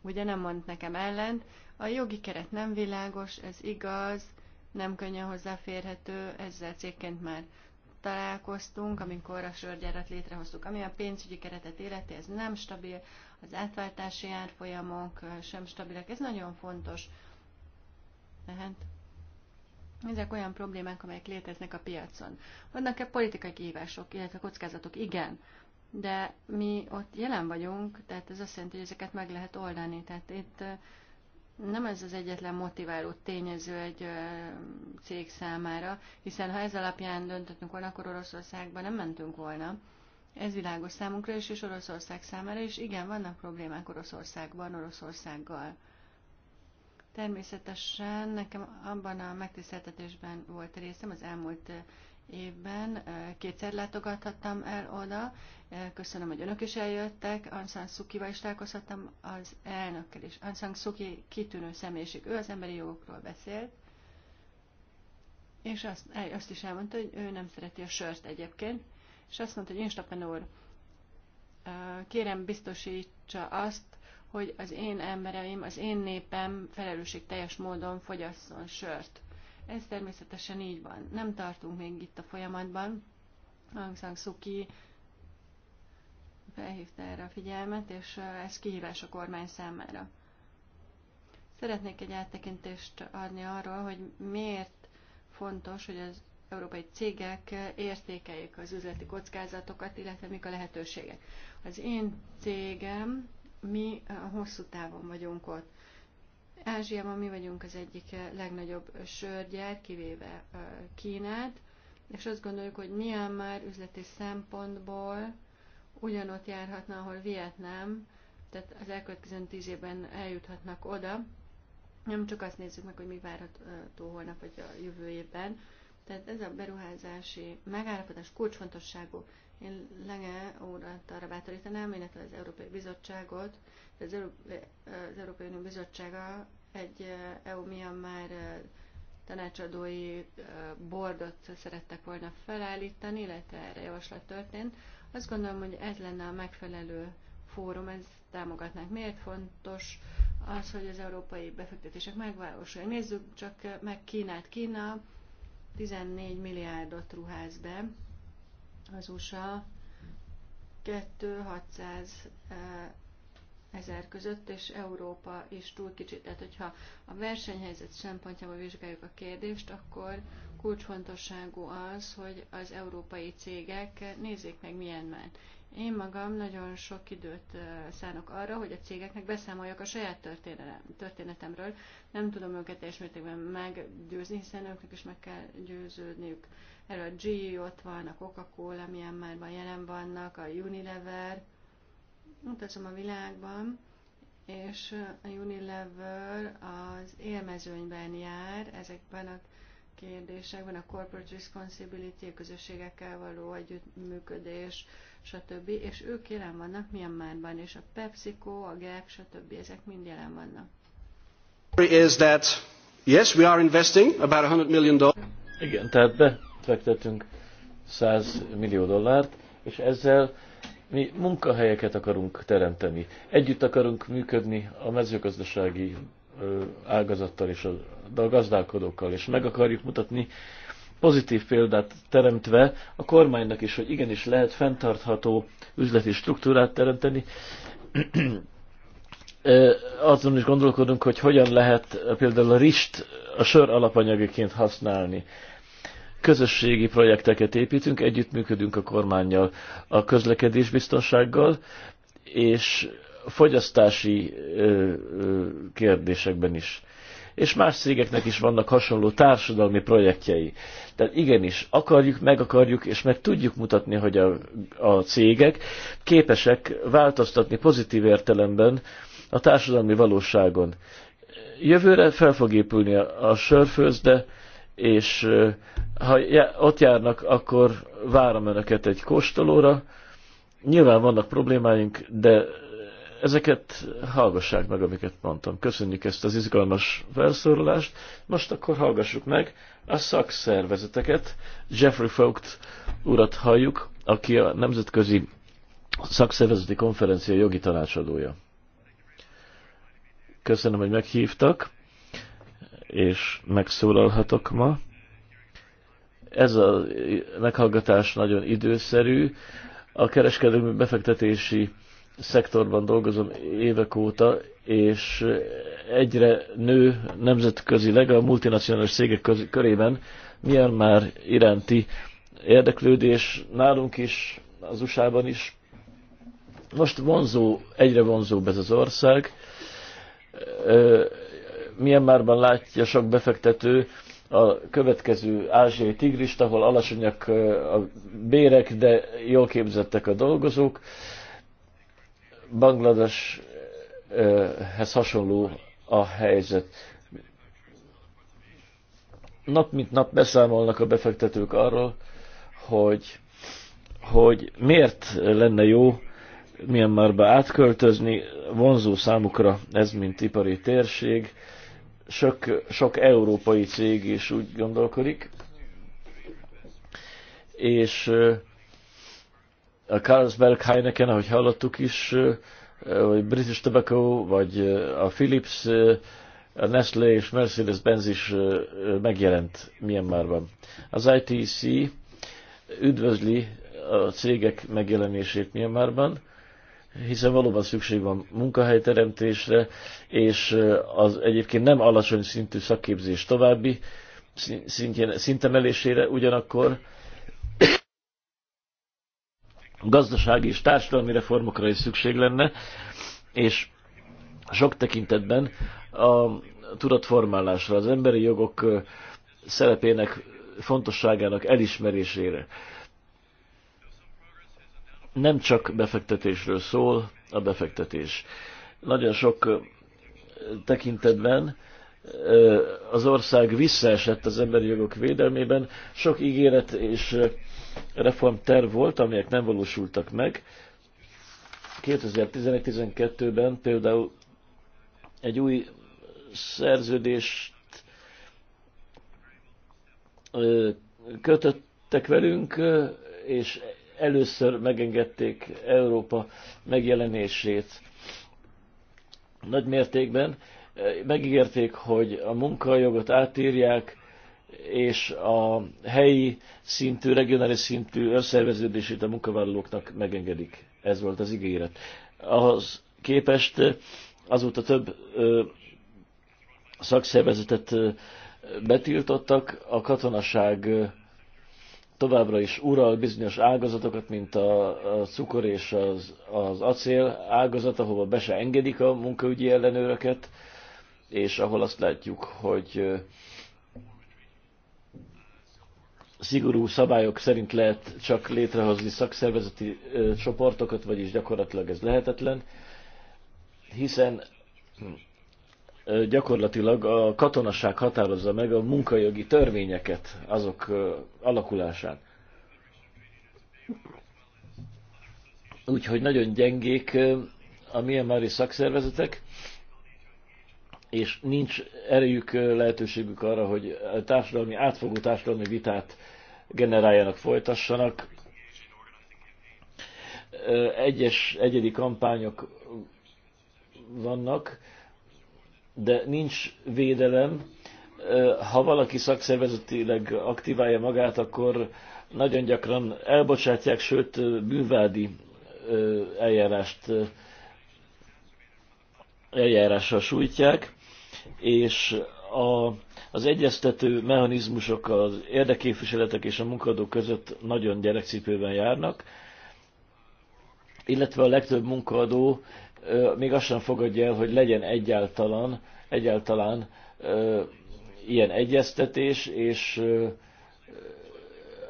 ugye nem mond nekem ellent. A jogi keret nem világos, ez igaz nem könnyen hozzáférhető, ezzel cégként már találkoztunk, amikor a sörgyárat létrehoztuk. Ami a pénzügyi keretet életi, ez nem stabil, az átváltási árfolyamok sem stabilek, ez nagyon fontos. Tehát ezek olyan problémák, amelyek léteznek a piacon. Vannak-e politikai kihívások, illetve kockázatok? Igen. De mi ott jelen vagyunk, tehát ez azt jelenti, hogy ezeket meg lehet oldani. Tehát itt nem ez az egyetlen motiváló tényező egy cég számára, hiszen ha ez alapján döntöttünk volna, akkor Oroszországban nem mentünk volna. Ez világos számunkra is, és Oroszország számára is. Igen, vannak problémák Oroszországban, Oroszországgal. Természetesen nekem abban a megtiszteltetésben volt részem az elmúlt évben. Kétszer látogathattam el oda, Köszönöm, hogy önök is eljöttek. Ansan Szukival is találkozhattam az elnökkel is. Ansan Szuki kitűnő személyiség. Ő az emberi jogokról beszélt, és azt, azt is elmondta, hogy ő nem szereti a sört egyébként, és azt mondta, hogy Instapen úr, kérem biztosítsa azt, hogy az én embereim, az én népem teljes módon fogyasszon sört. Ez természetesen így van. Nem tartunk még itt a folyamatban. Aung San Suu Kyi felhívta erre a figyelmet, és ez kihívás a kormány számára. Szeretnék egy áttekintést adni arról, hogy miért fontos, hogy az európai cégek értékeljék az üzleti kockázatokat, illetve mik a lehetőségek. Az én cégem, mi hosszú távon vagyunk ott. Ázsiában mi vagyunk az egyik legnagyobb sörgyár, kivéve Kínát, és azt gondoljuk, hogy milyen már üzleti szempontból ugyanott járhatna, ahol Vietnám, tehát az elkövetkező tíz évben eljuthatnak oda. Nem csak azt nézzük meg, hogy mi várható holnap vagy a jövő évben. Tehát ez a beruházási megállapodás kulcsfontosságú. Én Lenge óra arra bátorítanám, illetve az Európai Bizottságot, az Európai, az Európai Unió Bizottsága egy EU már tanácsadói bordot szerettek volna felállítani, illetve erre javaslat történt, azt gondolom, hogy ez lenne a megfelelő fórum, ez támogatnánk. Miért fontos az, hogy az európai befektetések megvalósuljanak? Nézzük csak meg Kínát. Kína 14 milliárdot ruház be, az USA 2600 eh, ezer között, és Európa is túl kicsit. Tehát, hogyha a versenyhelyzet szempontjából vizsgáljuk a kérdést, akkor kulcsfontosságú az, hogy az európai cégek nézzék meg milyen Myanmar. Én magam nagyon sok időt szánok arra, hogy a cégeknek beszámoljak a saját történetemről. Nem tudom őket teljes mértékben meggyőzni, hiszen őknek is meg kell győződniük. Erről a G ott van, a Coca-Cola, milyen van, jelen vannak, a Unilever. Utazom a világban, és a Unilever az élmezőnyben jár ezekben a van a corporate responsibility, a közösségekkel való együttműködés, stb. És ők jelen vannak Myanmarban, és a PepsiCo, a GAP, stb. ezek mind jelen vannak. Is that, yes, we are investing about 100 million dollars. Igen, tehát befektetünk 100 millió dollárt, és ezzel mi munkahelyeket akarunk teremteni. Együtt akarunk működni a mezőgazdasági ágazattal és a gazdálkodókkal, és meg akarjuk mutatni pozitív példát teremtve a kormánynak is, hogy igenis lehet fenntartható üzleti struktúrát teremteni. Azon is gondolkodunk, hogy hogyan lehet például a rist a sör alapanyagiként használni közösségi projekteket építünk, együttműködünk a kormányjal, a közlekedésbiztonsággal, és fogyasztási kérdésekben is. És más cégeknek is vannak hasonló társadalmi projektjei. Tehát igenis, akarjuk, meg akarjuk, és meg tudjuk mutatni, hogy a, a cégek képesek változtatni pozitív értelemben a társadalmi valóságon. Jövőre fel fog épülni a, a sörfőzde, és ha ott járnak, akkor várom önöket egy kóstolóra. Nyilván vannak problémáink, de ezeket hallgassák meg, amiket mondtam. Köszönjük ezt az izgalmas felszólalást. Most akkor hallgassuk meg a szakszervezeteket. Jeffrey Fogt urat halljuk, aki a Nemzetközi Szakszervezeti Konferencia jogi tanácsadója. Köszönöm, hogy meghívtak, és megszólalhatok ma. Ez a meghallgatás nagyon időszerű. A kereskedelmi befektetési szektorban dolgozom évek óta, és egyre nő nemzetközileg a multinacionális cégek körében milyen már iránti érdeklődés nálunk is, az USA-ban is. Most vonzó, egyre vonzóbb ez az ország. Milyen márban látja sok befektető a következő ázsiai tigrist, ahol alacsonyak a bérek, de jól képzettek a dolgozók Bangladeshez hasonló a helyzet. Nap mint nap beszámolnak a befektetők arról, hogy, hogy miért lenne jó milyen be átköltözni, vonzó számukra ez, mint ipari térség. Sok, sok európai cég is úgy gondolkodik, és a Carlsberg Heineken, ahogy hallottuk is, vagy British Tobacco, vagy a Philips, a Nestlé és Mercedes-Benz is megjelent Myanmarban. Az ITC üdvözli a cégek megjelenését Myanmarban, hiszen valóban szükség van munkahelyteremtésre, és az egyébként nem alacsony szintű szakképzés további szintjen, szintemelésére, ugyanakkor gazdasági és társadalmi reformokra is szükség lenne, és sok tekintetben a tudatformálásra, az emberi jogok szerepének fontosságának elismerésére. Nem csak befektetésről szól a befektetés. Nagyon sok tekintetben az ország visszaesett az emberi jogok védelmében, sok ígéret és reformterv volt, amelyek nem valósultak meg. 2011-12-ben például egy új szerződést kötöttek velünk, és először megengedték Európa megjelenését nagy mértékben. Megígérték, hogy a munkajogot átírják, és a helyi szintű, regionális szintű összerveződését a munkavállalóknak megengedik. Ez volt az ígéret. Ahhoz képest azóta több ö, szakszervezetet ö, betiltottak, a katonaság ö, továbbra is ural bizonyos ágazatokat, mint a, a cukor és az, az acél ágazat, ahova be se engedik a munkaügyi ellenőröket, és ahol azt látjuk, hogy ö, szigorú szabályok szerint lehet csak létrehozni szakszervezeti csoportokat, vagyis gyakorlatilag ez lehetetlen, hiszen hm, gyakorlatilag a katonaság határozza meg a munkajogi törvényeket, azok alakulásán, Úgyhogy nagyon gyengék a Myanmari szakszervezetek, és nincs erejük, lehetőségük arra, hogy társadalmi, átfogó társadalmi vitát generáljanak, folytassanak. Egyes egyedi kampányok vannak, de nincs védelem. Ha valaki szakszervezetileg aktiválja magát, akkor nagyon gyakran elbocsátják, sőt bűnvádi eljárást eljárással sújtják és a, az egyeztető mechanizmusok az érdekképviseletek és a munkadók között nagyon gyerekcipőben járnak, illetve a legtöbb munkadó még azt sem fogadja el, hogy legyen egyáltalán, egyáltalán ilyen egyeztetés, és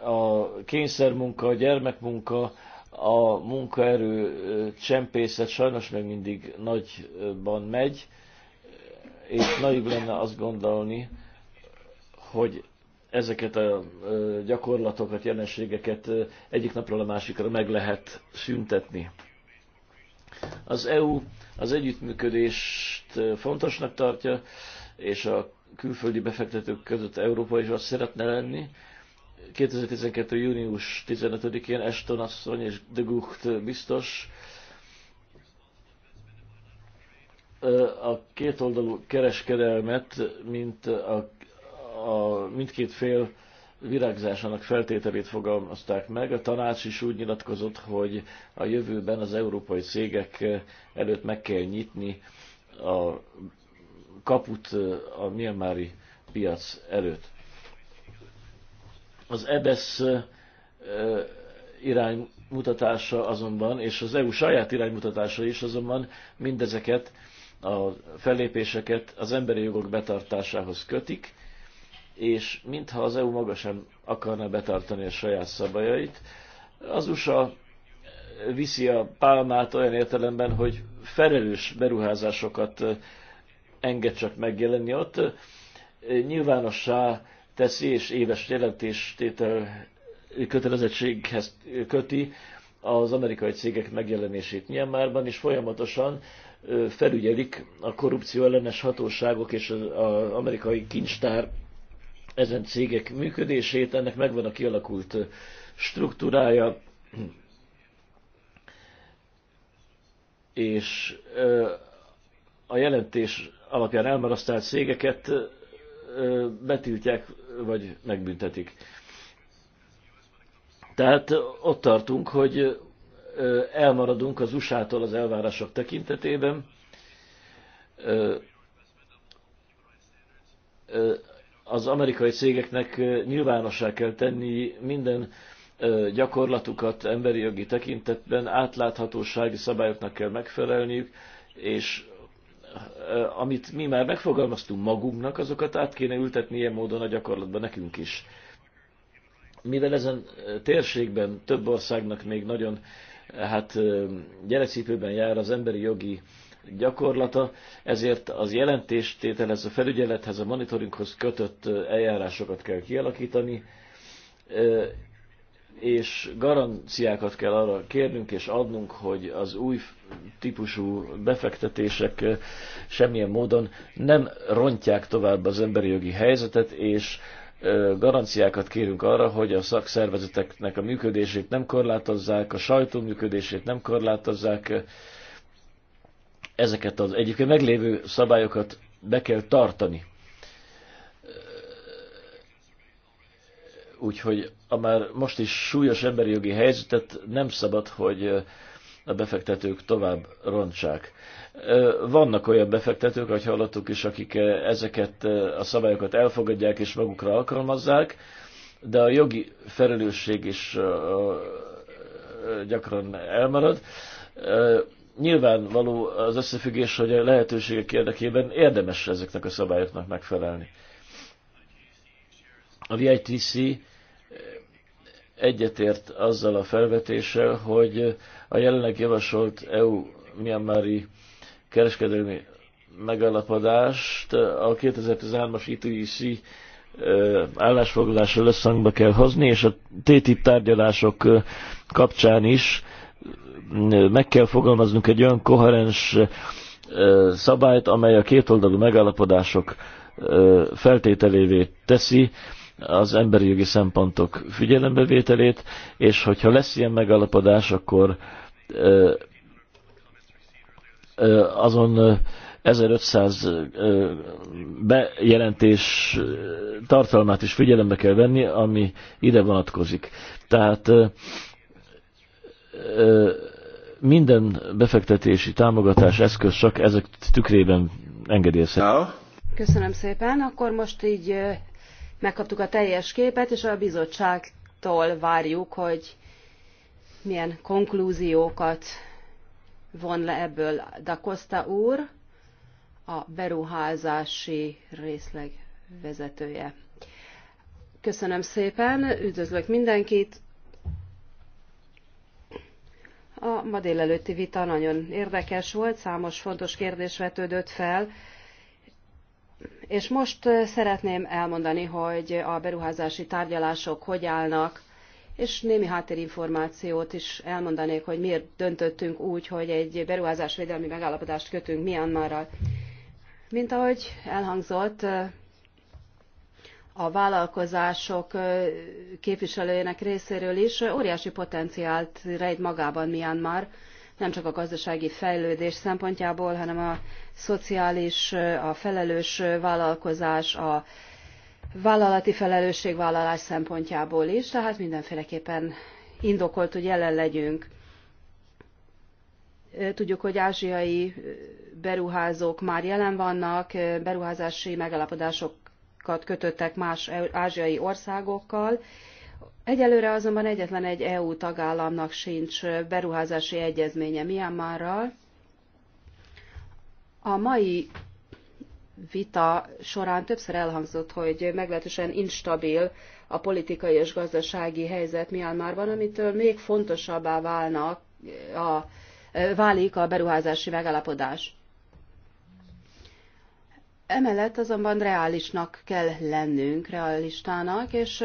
a kényszermunka, a gyermekmunka, a munkaerő csempészet sajnos még mindig nagyban megy, és naiv lenne azt gondolni, hogy ezeket a gyakorlatokat, jelenségeket egyik napról a másikra meg lehet szüntetni. Az EU az együttműködést fontosnak tartja, és a külföldi befektetők között Európa is azt szeretne lenni. 2012. június 15-én Eston asszony és de Gucht biztos a kétoldalú kereskedelmet, mint a, a mindkét fél virágzásának feltételét fogalmazták meg. A tanács is úgy nyilatkozott, hogy a jövőben az európai cégek előtt meg kell nyitni a kaput a Myanmari piac előtt. Az EBESZ iránymutatása azonban, és az EU saját iránymutatása is azonban mindezeket a fellépéseket az emberi jogok betartásához kötik, és mintha az EU maga sem akarna betartani a saját szabályait, az USA viszi a pálmát olyan értelemben, hogy felelős beruházásokat enged csak megjelenni ott, nyilvánossá teszi és éves jelentéstétel kötelezettséghez köti az amerikai cégek megjelenését Myanmarban, és folyamatosan felügyelik a korrupció ellenes hatóságok és az, amerikai kincstár ezen cégek működését, ennek megvan a kialakult struktúrája, és a jelentés alapján elmarasztált cégeket betiltják, vagy megbüntetik. Tehát ott tartunk, hogy elmaradunk az USA-tól az elvárások tekintetében. Az amerikai cégeknek nyilvánossá kell tenni minden gyakorlatukat emberi jogi tekintetben, átláthatósági szabályoknak kell megfelelniük, és amit mi már megfogalmaztunk magunknak, azokat át kéne ültetni ilyen módon a gyakorlatban nekünk is. Mivel ezen térségben több országnak még nagyon hát gyerekcipőben jár az emberi jogi gyakorlata, ezért az jelentéstételhez, a felügyelethez, a monitoringhoz kötött eljárásokat kell kialakítani, és garanciákat kell arra kérnünk és adnunk, hogy az új típusú befektetések semmilyen módon nem rontják tovább az emberi jogi helyzetet, és garanciákat kérünk arra, hogy a szakszervezeteknek a működését nem korlátozzák, a sajtó működését nem korlátozzák, ezeket az egyébként meglévő szabályokat be kell tartani. Úgyhogy a már most is súlyos emberi jogi helyzetet nem szabad, hogy a befektetők tovább rontsák. Vannak olyan befektetők, ahogy hallottuk is, akik ezeket a szabályokat elfogadják és magukra alkalmazzák, de a jogi felelősség is gyakran elmarad. Nyilvánvaló az összefüggés, hogy a lehetőségek érdekében érdemes ezeknek a szabályoknak megfelelni. A VITC egyetért azzal a felvetéssel, hogy a jelenleg javasolt EU miamári kereskedelmi megállapodást a 2013-as ITC állásfoglalással összhangba kell hozni, és a TTIP tárgyalások kapcsán is meg kell fogalmaznunk egy olyan koherens szabályt, amely a kétoldalú megállapodások feltételévé teszi az emberi jogi szempontok figyelembevételét, és hogyha lesz ilyen megalapodás, akkor azon 1500 bejelentés tartalmát is figyelembe kell venni, ami ide vonatkozik. Tehát minden befektetési támogatás eszköz csak ezek tükrében engedélyezhető. Köszönöm szépen. Akkor most így megkaptuk a teljes képet, és a bizottságtól várjuk, hogy milyen konklúziókat von le ebből Da Costa úr, a beruházási részleg vezetője. Köszönöm szépen, üdvözlök mindenkit! A ma délelőtti vita nagyon érdekes volt, számos fontos kérdés vetődött fel, és most szeretném elmondani, hogy a beruházási tárgyalások hogy állnak, és némi háttérinformációt is elmondanék, hogy miért döntöttünk úgy, hogy egy beruházásvédelmi megállapodást kötünk Mianmarral, Mint ahogy elhangzott, a vállalkozások képviselőjének részéről is óriási potenciált rejt magában Mianmar nem csak a gazdasági fejlődés szempontjából, hanem a szociális, a felelős vállalkozás, a vállalati felelősségvállalás szempontjából is, tehát mindenféleképpen indokolt, hogy jelen legyünk. Tudjuk, hogy ázsiai beruházók már jelen vannak, beruházási megállapodásokat kötöttek más ázsiai országokkal, Egyelőre azonban egyetlen egy EU tagállamnak sincs beruházási egyezménye Myanmarral. A mai vita során többször elhangzott, hogy meglehetősen instabil a politikai és gazdasági helyzet Myanmarban, amitől még fontosabbá válnak a, válik a beruházási megállapodás. Emellett azonban reálisnak kell lennünk, realistának, és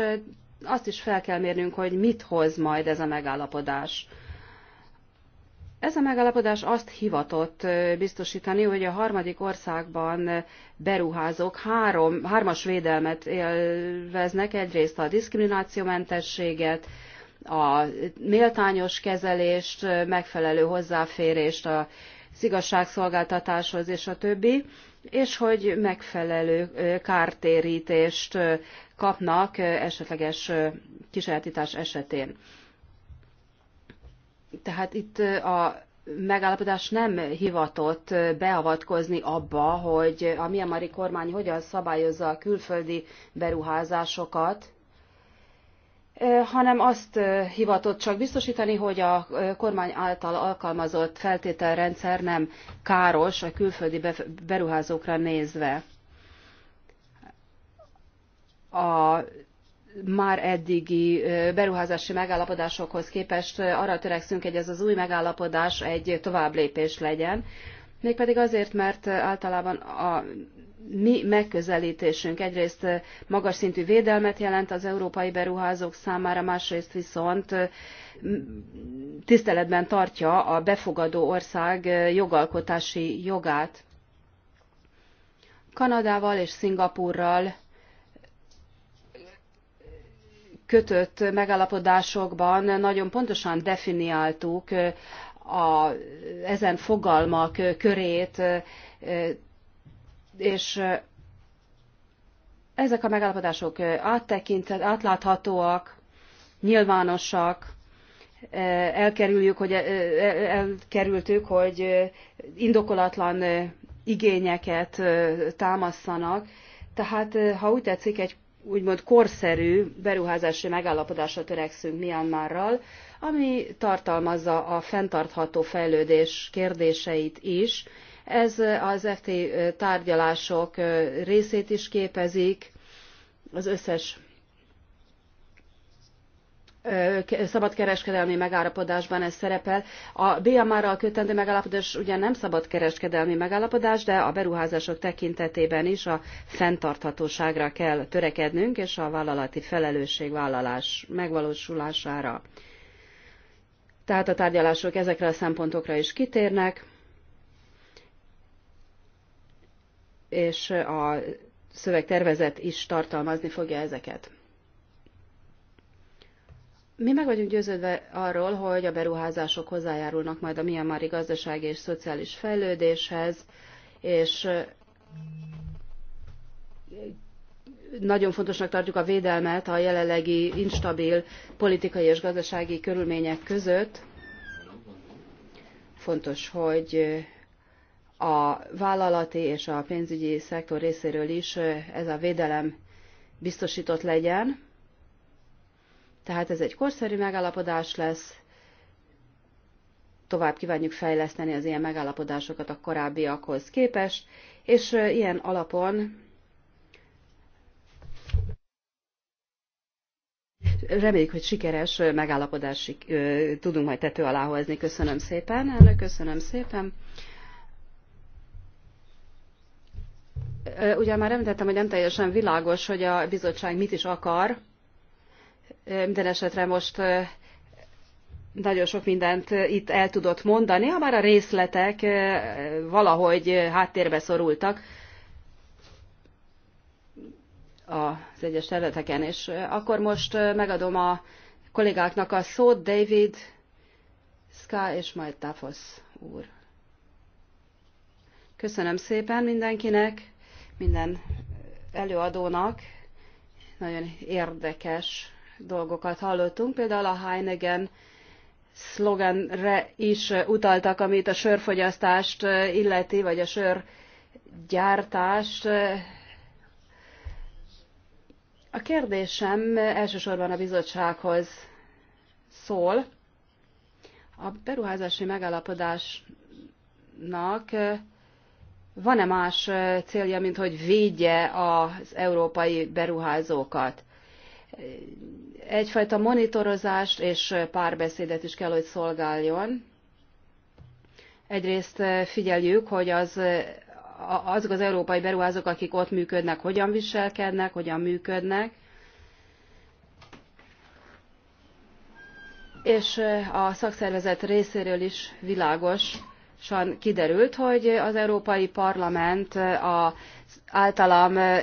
azt is fel kell mérnünk, hogy mit hoz majd ez a megállapodás. Ez a megállapodás azt hivatott biztosítani, hogy a harmadik országban beruházók három, hármas védelmet élveznek, egyrészt a diszkriminációmentességet, a méltányos kezelést, megfelelő hozzáférést a igazságszolgáltatáshoz és a többi, és hogy megfelelő kártérítést kapnak esetleges kisajátítás esetén. Tehát itt a megállapodás nem hivatott beavatkozni abba, hogy a miamari kormány hogyan szabályozza a külföldi beruházásokat, hanem azt hivatott csak biztosítani, hogy a kormány által alkalmazott feltételrendszer nem káros a külföldi beruházókra nézve a már eddigi beruházási megállapodásokhoz képest arra törekszünk, hogy ez az új megállapodás egy tovább lépés legyen. Mégpedig azért, mert általában a mi megközelítésünk egyrészt magas szintű védelmet jelent az európai beruházók számára, másrészt viszont tiszteletben tartja a befogadó ország jogalkotási jogát. Kanadával és Szingapurral kötött megállapodásokban nagyon pontosan definiáltuk a, ezen fogalmak körét, és ezek a megállapodások áttekintett, átláthatóak, nyilvánosak, elkerüljük, hogy, elkerültük, hogy indokolatlan igényeket támasszanak. Tehát, ha úgy tetszik, egy úgymond korszerű beruházási megállapodásra törekszünk Myanmarral, ami tartalmazza a fenntartható fejlődés kérdéseit is. Ez az FT tárgyalások részét is képezik, az összes szabadkereskedelmi megállapodásban ez szerepel. A BMR-ral kötendő megállapodás ugyan nem szabadkereskedelmi megállapodás, de a beruházások tekintetében is a fenntarthatóságra kell törekednünk, és a vállalati felelősségvállalás megvalósulására. Tehát a tárgyalások ezekre a szempontokra is kitérnek, és a szövegtervezet is tartalmazni fogja ezeket. Mi meg vagyunk győződve arról, hogy a beruházások hozzájárulnak majd a Myanmari gazdasági és szociális fejlődéshez, és nagyon fontosnak tartjuk a védelmet a jelenlegi instabil politikai és gazdasági körülmények között. Fontos, hogy a vállalati és a pénzügyi szektor részéről is ez a védelem biztosított legyen. Tehát ez egy korszerű megállapodás lesz, tovább kívánjuk fejleszteni az ilyen megállapodásokat a korábbiakhoz képest, és ilyen alapon reméljük, hogy sikeres megállapodásig tudunk majd tető alá hozni. Köszönöm szépen, elnök, köszönöm szépen. Ugye már említettem, hogy nem teljesen világos, hogy a bizottság mit is akar, minden esetre most nagyon sok mindent itt el tudott mondani, ha már a részletek valahogy háttérbe szorultak az egyes területeken. És akkor most megadom a kollégáknak a szót, David, Ska és majd Tafos úr. Köszönöm szépen mindenkinek, minden előadónak. Nagyon érdekes dolgokat hallottunk, például a Heineken szlogenre is utaltak, amit a sörfogyasztást illeti, vagy a sörgyártást. A kérdésem elsősorban a bizottsághoz szól. A beruházási megállapodásnak van-e más célja, mint hogy védje az európai beruházókat? egyfajta monitorozást és párbeszédet is kell, hogy szolgáljon. Egyrészt eh, figyeljük, hogy az, azok az európai beruházók, akik ott működnek, hogyan viselkednek, hogyan működnek, és eh, a szakszervezet részéről is világosan kiderült, hogy az Európai Parlament eh, az általam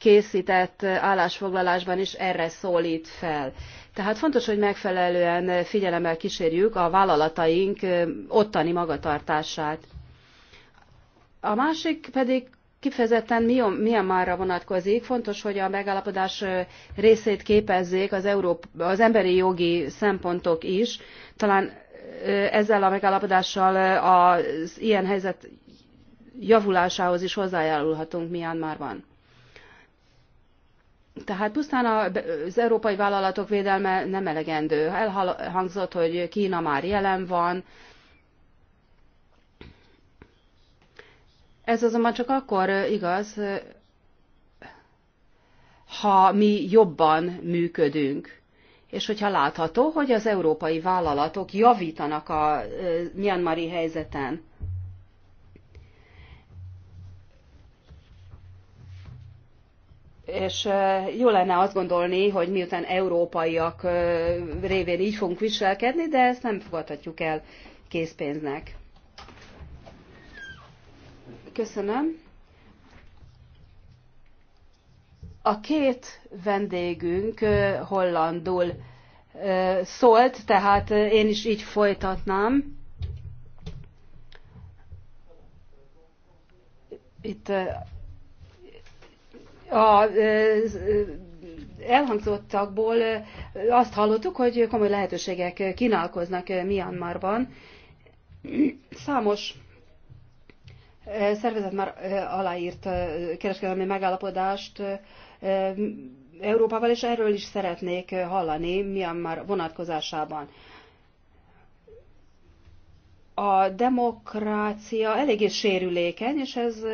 készített állásfoglalásban is erre szólít fel. Tehát fontos, hogy megfelelően figyelemmel kísérjük a vállalataink ottani magatartását. A másik pedig kifejezetten Myanmarra vonatkozik. Fontos, hogy a megállapodás részét képezzék az, Európa, az emberi jogi szempontok is. Talán ezzel a megállapodással az ilyen helyzet javulásához is hozzájárulhatunk Myanmarban. Tehát pusztán az európai vállalatok védelme nem elegendő. Elhangzott, hogy Kína már jelen van. Ez azonban csak akkor igaz, ha mi jobban működünk. És hogyha látható, hogy az európai vállalatok javítanak a eh, myanmari helyzeten. és jó lenne azt gondolni, hogy miután európaiak révén így fogunk viselkedni, de ezt nem fogadhatjuk el készpénznek. Köszönöm. A két vendégünk hollandul szólt, tehát én is így folytatnám. Itt a elhangzottakból azt hallottuk, hogy komoly lehetőségek kínálkoznak Myanmarban. Számos szervezet már aláírt kereskedelmi megállapodást Európával, és erről is szeretnék hallani Myanmar vonatkozásában. A demokrácia eléggé sérülékeny, és ez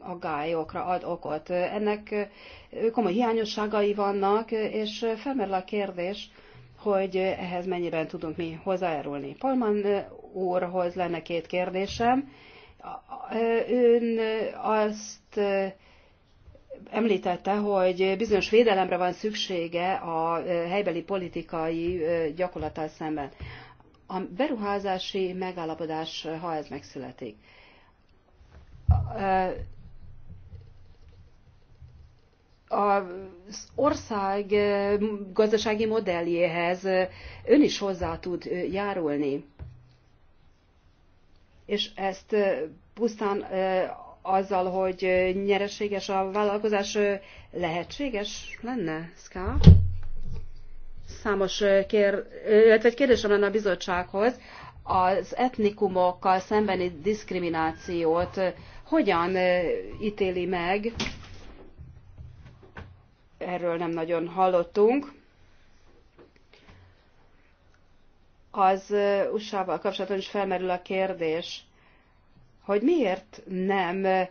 aggályokra ad okot. Ennek komoly hiányosságai vannak, és felmerül a kérdés, hogy ehhez mennyiben tudunk mi hozzájárulni. Palman úrhoz lenne két kérdésem. Ön azt említette, hogy bizonyos védelemre van szüksége a helybeli politikai gyakorlattal szemben. A beruházási megállapodás, ha ez megszületik, az ország gazdasági modelljéhez ön is hozzá tud járulni. És ezt pusztán azzal, hogy nyereséges a vállalkozás lehetséges lenne, Szká? Számos kér, illetve egy kérdésem lenne a bizottsághoz. Az etnikumokkal szembeni diszkriminációt hogyan ítéli meg erről nem nagyon hallottunk. Az USA-val kapcsolatban is felmerül a kérdés, hogy miért nem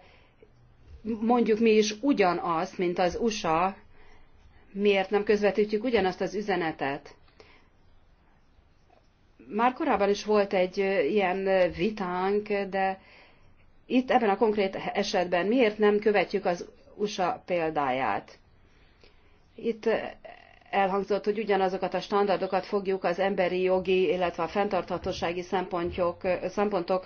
mondjuk mi is ugyanazt, mint az USA, miért nem közvetítjük ugyanazt az üzenetet. Már korábban is volt egy ilyen vitánk, de itt ebben a konkrét esetben miért nem követjük az USA példáját? Itt elhangzott, hogy ugyanazokat a standardokat fogjuk az emberi jogi, illetve a fenntarthatósági szempontok, szempontok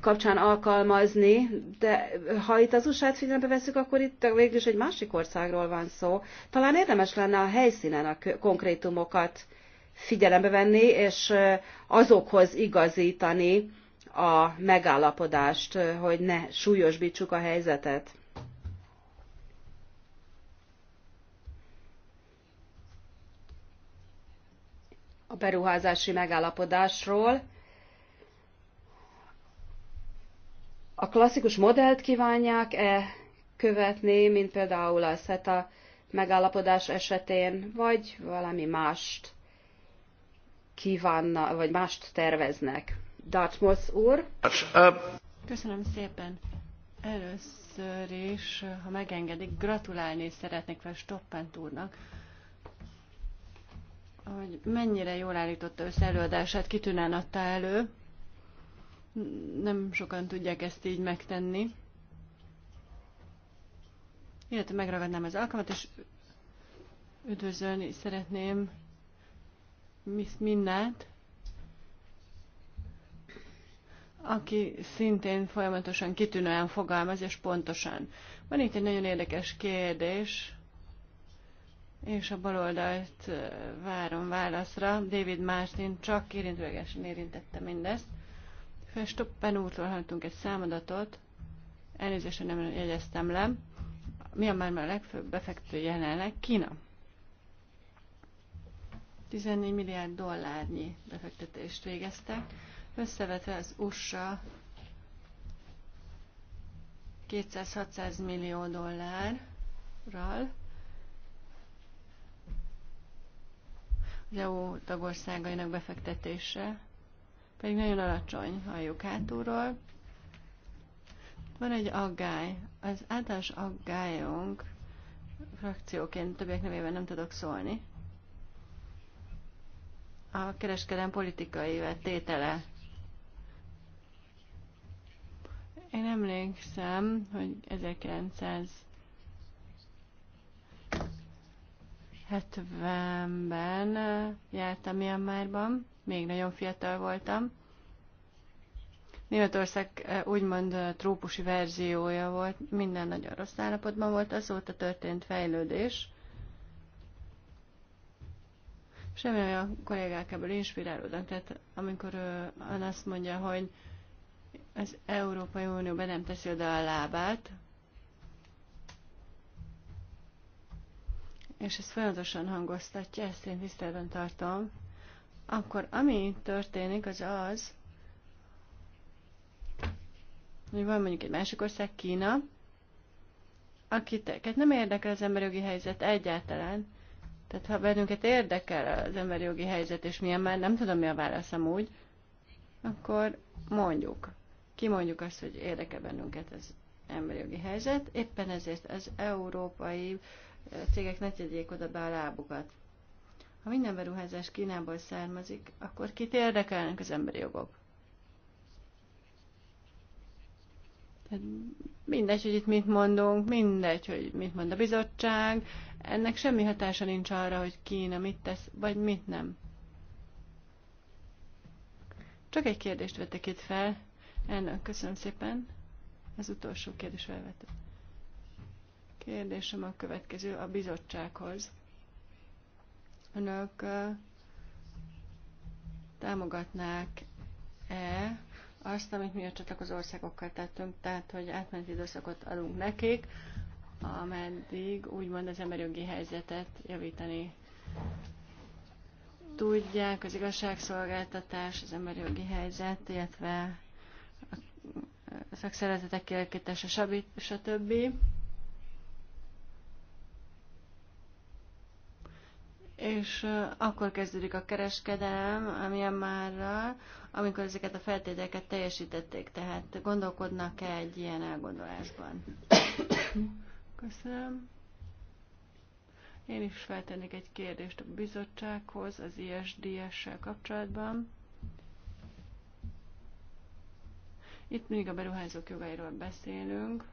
kapcsán alkalmazni, de ha itt az USA-t figyelembe veszük, akkor itt végülis egy másik országról van szó. Talán érdemes lenne a helyszínen a konkrétumokat figyelembe venni, és azokhoz igazítani a megállapodást, hogy ne súlyosbítsuk a helyzetet. a beruházási megállapodásról. A klasszikus modellt kívánják-e követni, mint például a SETA megállapodás esetén, vagy valami mást kívánna, vagy mást terveznek. Dartmouth úr. Köszönöm szépen. Először is, ha megengedik, gratulálni szeretnék fel Stoppent úrnak hogy mennyire jól állította össze előadását, kitűnően adta elő. Nem sokan tudják ezt így megtenni. Illetve megragadnám az alkalmat, és üdvözölni szeretném Miss Minnát, aki szintén folyamatosan kitűnően fogalmaz, és pontosan. Van itt egy nagyon érdekes kérdés, és a baloldalt várom válaszra. David Martin csak érintőlegesen érintette mindezt. Festoppen úrtól hallottunk egy számadatot, elnézést, nem jegyeztem le. Mi a már a legfőbb befektető jelenleg? Kína. 14 milliárd dollárnyi befektetést végeztek, összevetve az USA 200-600 millió dollárral, az EU tagországainak befektetése pedig nagyon alacsony, halljuk hátulról. Van egy aggály. Az általános aggályunk frakcióként többiek nevében nem tudok szólni. A kereskedelem politikai vettétele. Én emlékszem, hogy 1900 70-ben jártam Myanmarban, még nagyon fiatal voltam. Németország úgymond trópusi verziója volt, minden nagyon rossz állapotban volt, azóta történt fejlődés. Semmi olyan kollégák ebből inspirálódnak, tehát amikor ön azt mondja, hogy az Európai Unió be nem teszi oda a lábát, és ezt folyamatosan hangoztatja, ezt én tiszteletben tartom, akkor ami történik, az az, hogy van mondjuk egy másik ország, Kína, akiteket nem érdekel az emberi jogi helyzet egyáltalán, tehát ha bennünket érdekel az emberi jogi helyzet, és milyen már, nem tudom mi a válaszom úgy, akkor mondjuk, kimondjuk azt, hogy érdekel bennünket az emberi jogi helyzet, éppen ezért az európai cégek ne tegyék oda be a lábukat. Ha minden beruházás Kínából származik, akkor kit érdekelnek az emberi jogok? Tehát mindegy, hogy itt mit mondunk, mindegy, hogy mit mond a bizottság, ennek semmi hatása nincs arra, hogy Kína mit tesz, vagy mit nem. Csak egy kérdést vettek itt fel. Elnök, köszönöm szépen. Az utolsó kérdés felvetett. Kérdésem a következő a bizottsághoz. Önök támogatnák-e azt, amit mi a csatlakozó országokkal tettünk, tehát hogy átmeneti időszakot adunk nekik, ameddig úgymond az emberi jogi helyzetet javítani tudják, az igazságszolgáltatás, az emberi jogi helyzet, illetve a szakszervezetek kialakítása, stb. és akkor kezdődik a kereskedelem a Myanmarral, amikor ezeket a feltételeket teljesítették. Tehát gondolkodnak-e egy ilyen elgondolásban? Köszönöm. Én is feltennék egy kérdést a bizottsághoz, az ISDS-sel kapcsolatban. Itt mindig a beruházók jogairól beszélünk.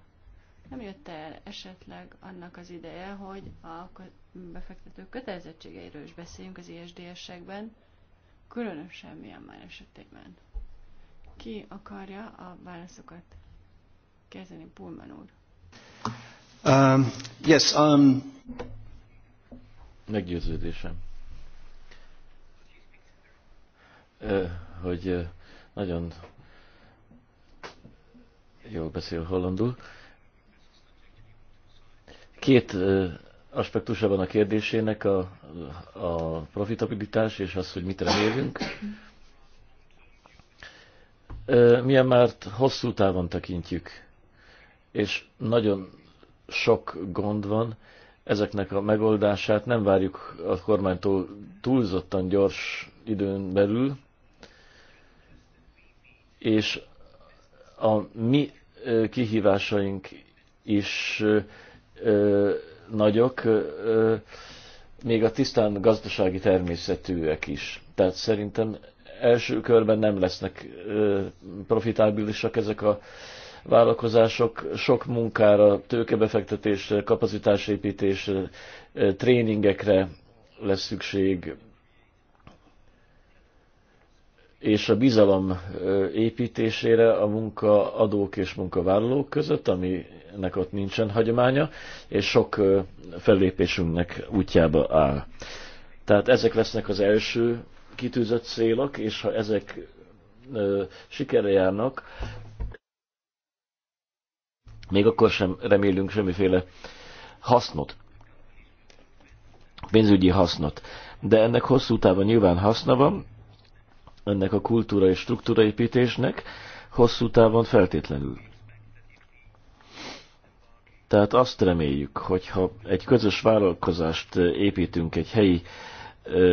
Nem jött el esetleg annak az ideje, hogy a befektetők kötelezettségeiről is beszéljünk az ISDS-ekben, különösen milyen már esetében. Ki akarja a válaszokat kezdeni, Pullman úr? Um, yes, um... Meggyőződésem. uh, hogy nagyon jól beszél hollandul. Uh, Két aspektusa van a kérdésének, a, a profitabilitás és az, hogy mit remélünk. Milyen már hosszú távon tekintjük, és nagyon sok gond van, ezeknek a megoldását nem várjuk a kormánytól túlzottan gyors időn belül, és a mi kihívásaink is ö, nagyok, ö, még a tisztán gazdasági természetűek is. Tehát szerintem első körben nem lesznek ö, profitábilisak ezek a vállalkozások. Sok munkára, tőkebefektetésre, kapacitásépítésre, tréningekre lesz szükség, és a bizalom építésére a munkaadók és munkavállalók között, aminek ott nincsen hagyománya, és sok fellépésünknek útjába áll. Tehát ezek lesznek az első kitűzött célok, és ha ezek sikere járnak, még akkor sem remélünk semmiféle hasznot, pénzügyi hasznot. De ennek hosszú távon nyilván haszna van, ennek a kultúra és struktúraépítésnek hosszú távon feltétlenül. Tehát azt reméljük, hogyha egy közös vállalkozást építünk egy helyi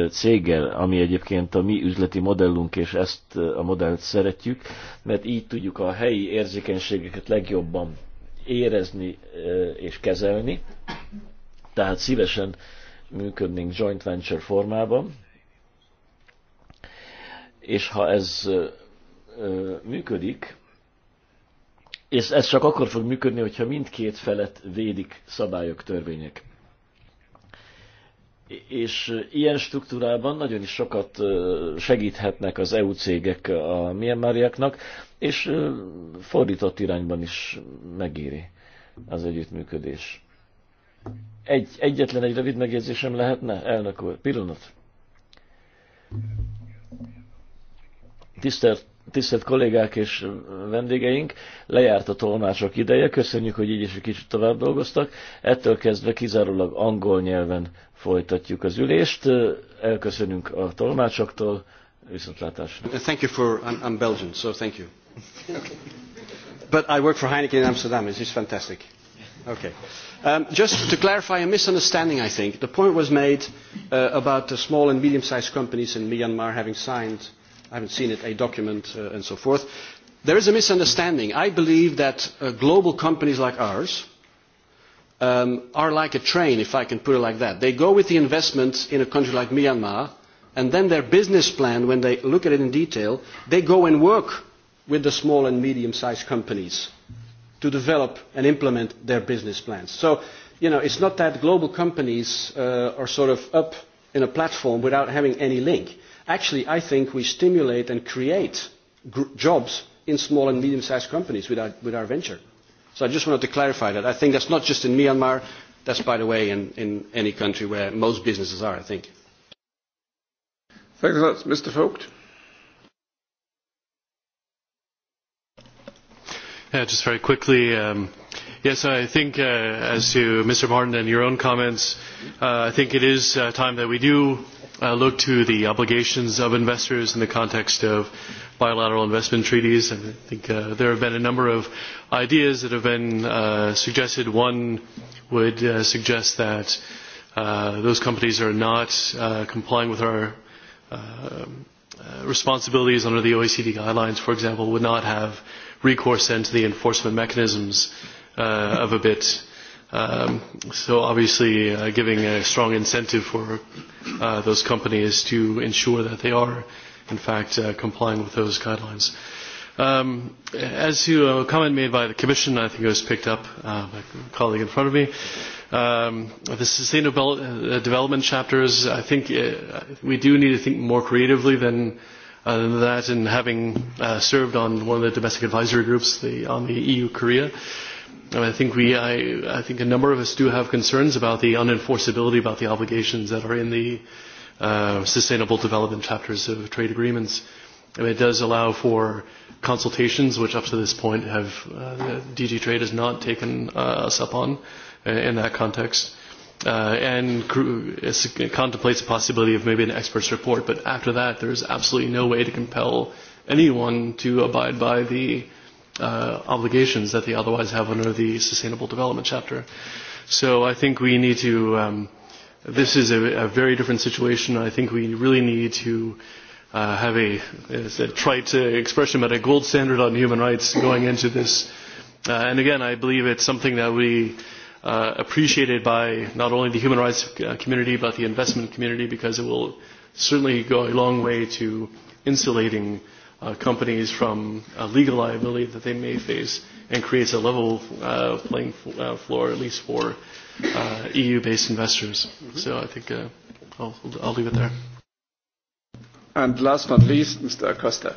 céggel, ami egyébként a mi üzleti modellunk, és ezt a modellt szeretjük, mert így tudjuk a helyi érzékenységeket legjobban érezni és kezelni. Tehát szívesen működnénk joint venture formában, és ha ez működik, és ez csak akkor fog működni, hogyha mindkét felet védik szabályok, törvények. És ilyen struktúrában nagyon is sokat segíthetnek az EU cégek a Myanmariaknak, és fordított irányban is megéri az együttműködés. Egy, egyetlen egy rövid megjegyzésem lehetne, elnök úr? Pillanat. Tisztelt, tisztelt kollégák és vendégeink, lejárt a tolmácsok ideje, köszönjük, hogy így is egy kicsit tovább dolgoztak. Ettől kezdve kizárólag angol nyelven folytatjuk az ülést. Elköszönünk a tolmácsoktól, viszontlátásra. Thank you for, I'm, I'm Belgian, so thank you. But I work for Heineken in Amsterdam, it's just fantastic. Okay. Um, just to clarify a misunderstanding, I think. The point was made uh, about the small and medium-sized companies in Myanmar having signed I haven't seen it, a document uh, and so forth. There is a misunderstanding. I believe that uh, global companies like ours um, are like a train, if I can put it like that. They go with the investment in a country like Myanmar, and then their business plan, when they look at it in detail, they go and work with the small and medium-sized companies to develop and implement their business plans. So, you know, it's not that global companies uh, are sort of up in a platform without having any link. Actually, I think we stimulate and create jobs in small and medium-sized companies with our, with our venture. So I just wanted to clarify that. I think that's not just in Myanmar. That's, by the way, in, in any country where most businesses are, I think. Thanks a lot. Mr. Vogt. Yeah, just very quickly. Um, yes, I think uh, as to Mr. Martin and your own comments, uh, I think it is uh, time that we do uh, look to the obligations of investors in the context of bilateral investment treaties. And I think uh, there have been a number of ideas that have been uh, suggested. One would uh, suggest that uh, those companies are not uh, complying with our uh, uh responsibilities under the OECD guidelines, for example, would not have recourse then to the enforcement mechanisms uh, of a bit. Um, so obviously uh, giving a strong incentive for uh, those companies to ensure that they are in fact uh, complying with those guidelines. Um, as to a comment made by the Commission, I think it was picked up uh, by a colleague in front of me, um, the sustainable uh, development chapters, I think uh, we do need to think more creatively than uh, that and having uh, served on one of the domestic advisory groups the, on the EU-Korea, uh, I think we, I, I think a number of us do have concerns about the unenforceability about the obligations that are in the uh, sustainable development chapters of trade agreements. And it does allow for consultations, which up to this point have uh, DG Trade has not taken uh, us up on uh, in that context, uh, and it contemplates the possibility of maybe an expert's report. But after that, there is absolutely no way to compel anyone to abide by the uh, obligations that they otherwise have under the Sustainable Development Chapter. So I think we need to, um, this is a, a very different situation. I think we really need to uh, have a, it's a trite expression, but a gold standard on human rights going into this. Uh, and again, I believe it's something that we uh, appreciated by not only the human rights uh, community, but the investment community, because it will certainly go a long way to insulating uh, uh, companies from a legal liability that they may face and creates a level uh, playing f- uh, floor, at least for uh, EU-based investors. Mm-hmm. So I think uh, I'll, I'll leave it there. And last but not least, Mr. Acosta.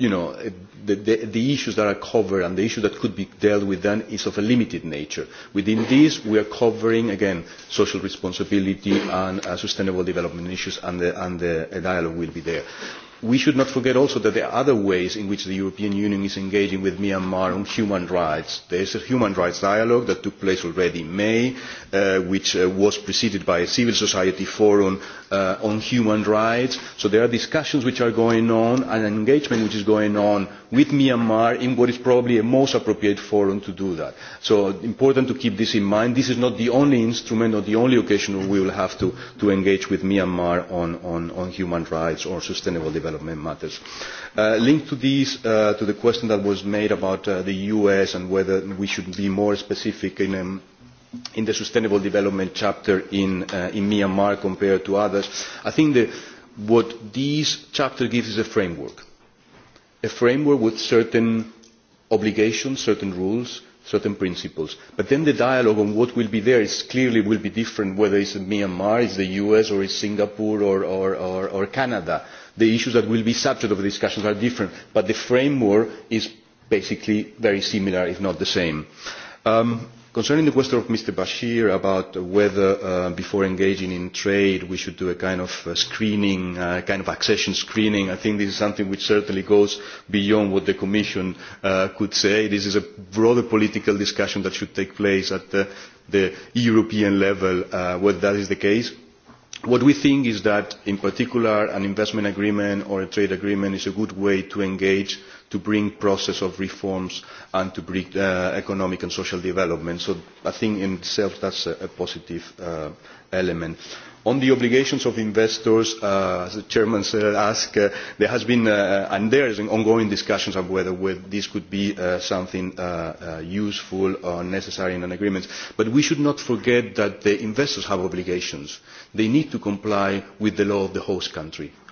you know, the, the, the issues that are covered and the issue that could be dealt with then is of a limited nature. Within this, we are covering, again, social responsibility and uh, sustainable development issues, and the, and the dialogue will be there. We should not forget also that there are other ways in which the European Union is engaging with Myanmar on human rights. There is a human rights dialogue that took place already in May, uh, which uh, was preceded by a civil society forum uh, on human rights. So there are discussions which are going on and an engagement which is going on with Myanmar in what is probably a most appropriate forum to do that. So important to keep this in mind. This is not the only instrument or the only occasion where we will have to, to engage with Myanmar on, on, on human rights or sustainable development matters. Uh, linked to, these, uh, to the question that was made about uh, the US and whether we should be more specific in um, in the sustainable development chapter in, uh, in Myanmar compared to others. I think that what this chapter gives is a framework, a framework with certain obligations, certain rules, certain principles. But then the dialogue on what will be there is clearly will be different whether it's Myanmar, it's the US, or it's Singapore or, or, or, or Canada. The issues that will be subject of the discussions are different, but the framework is basically very similar, if not the same. Um, Concerning the question of Mr. Bashir about whether uh, before engaging in trade we should do a kind of uh, screening, a uh, kind of accession screening, I think this is something which certainly goes beyond what the Commission could say. This is a broader political discussion that should take place at the European level, whether that is the case. What we think is that, in particular, an investment agreement or a trade agreement is a good way to engage to bring process of reforms and to bring uh, economic and social development. So I think in itself that's a, a positive uh, element. On the obligations of investors, uh, as the chairman said, asked, uh, there has been uh, and there is an ongoing discussions on whether, whether this could be uh, something uh, uh, useful or necessary in an agreement. But we should not forget that the investors have obligations. They need to comply with the law of the host country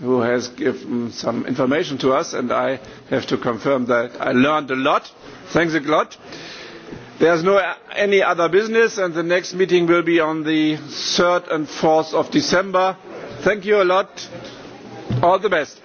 who has given some information to us, and I have to confirm that I learned a lot. Thanks a lot. There is no uh, any other business, and the next meeting will be on the 3rd and 4th of December. Thank you a lot. All the best.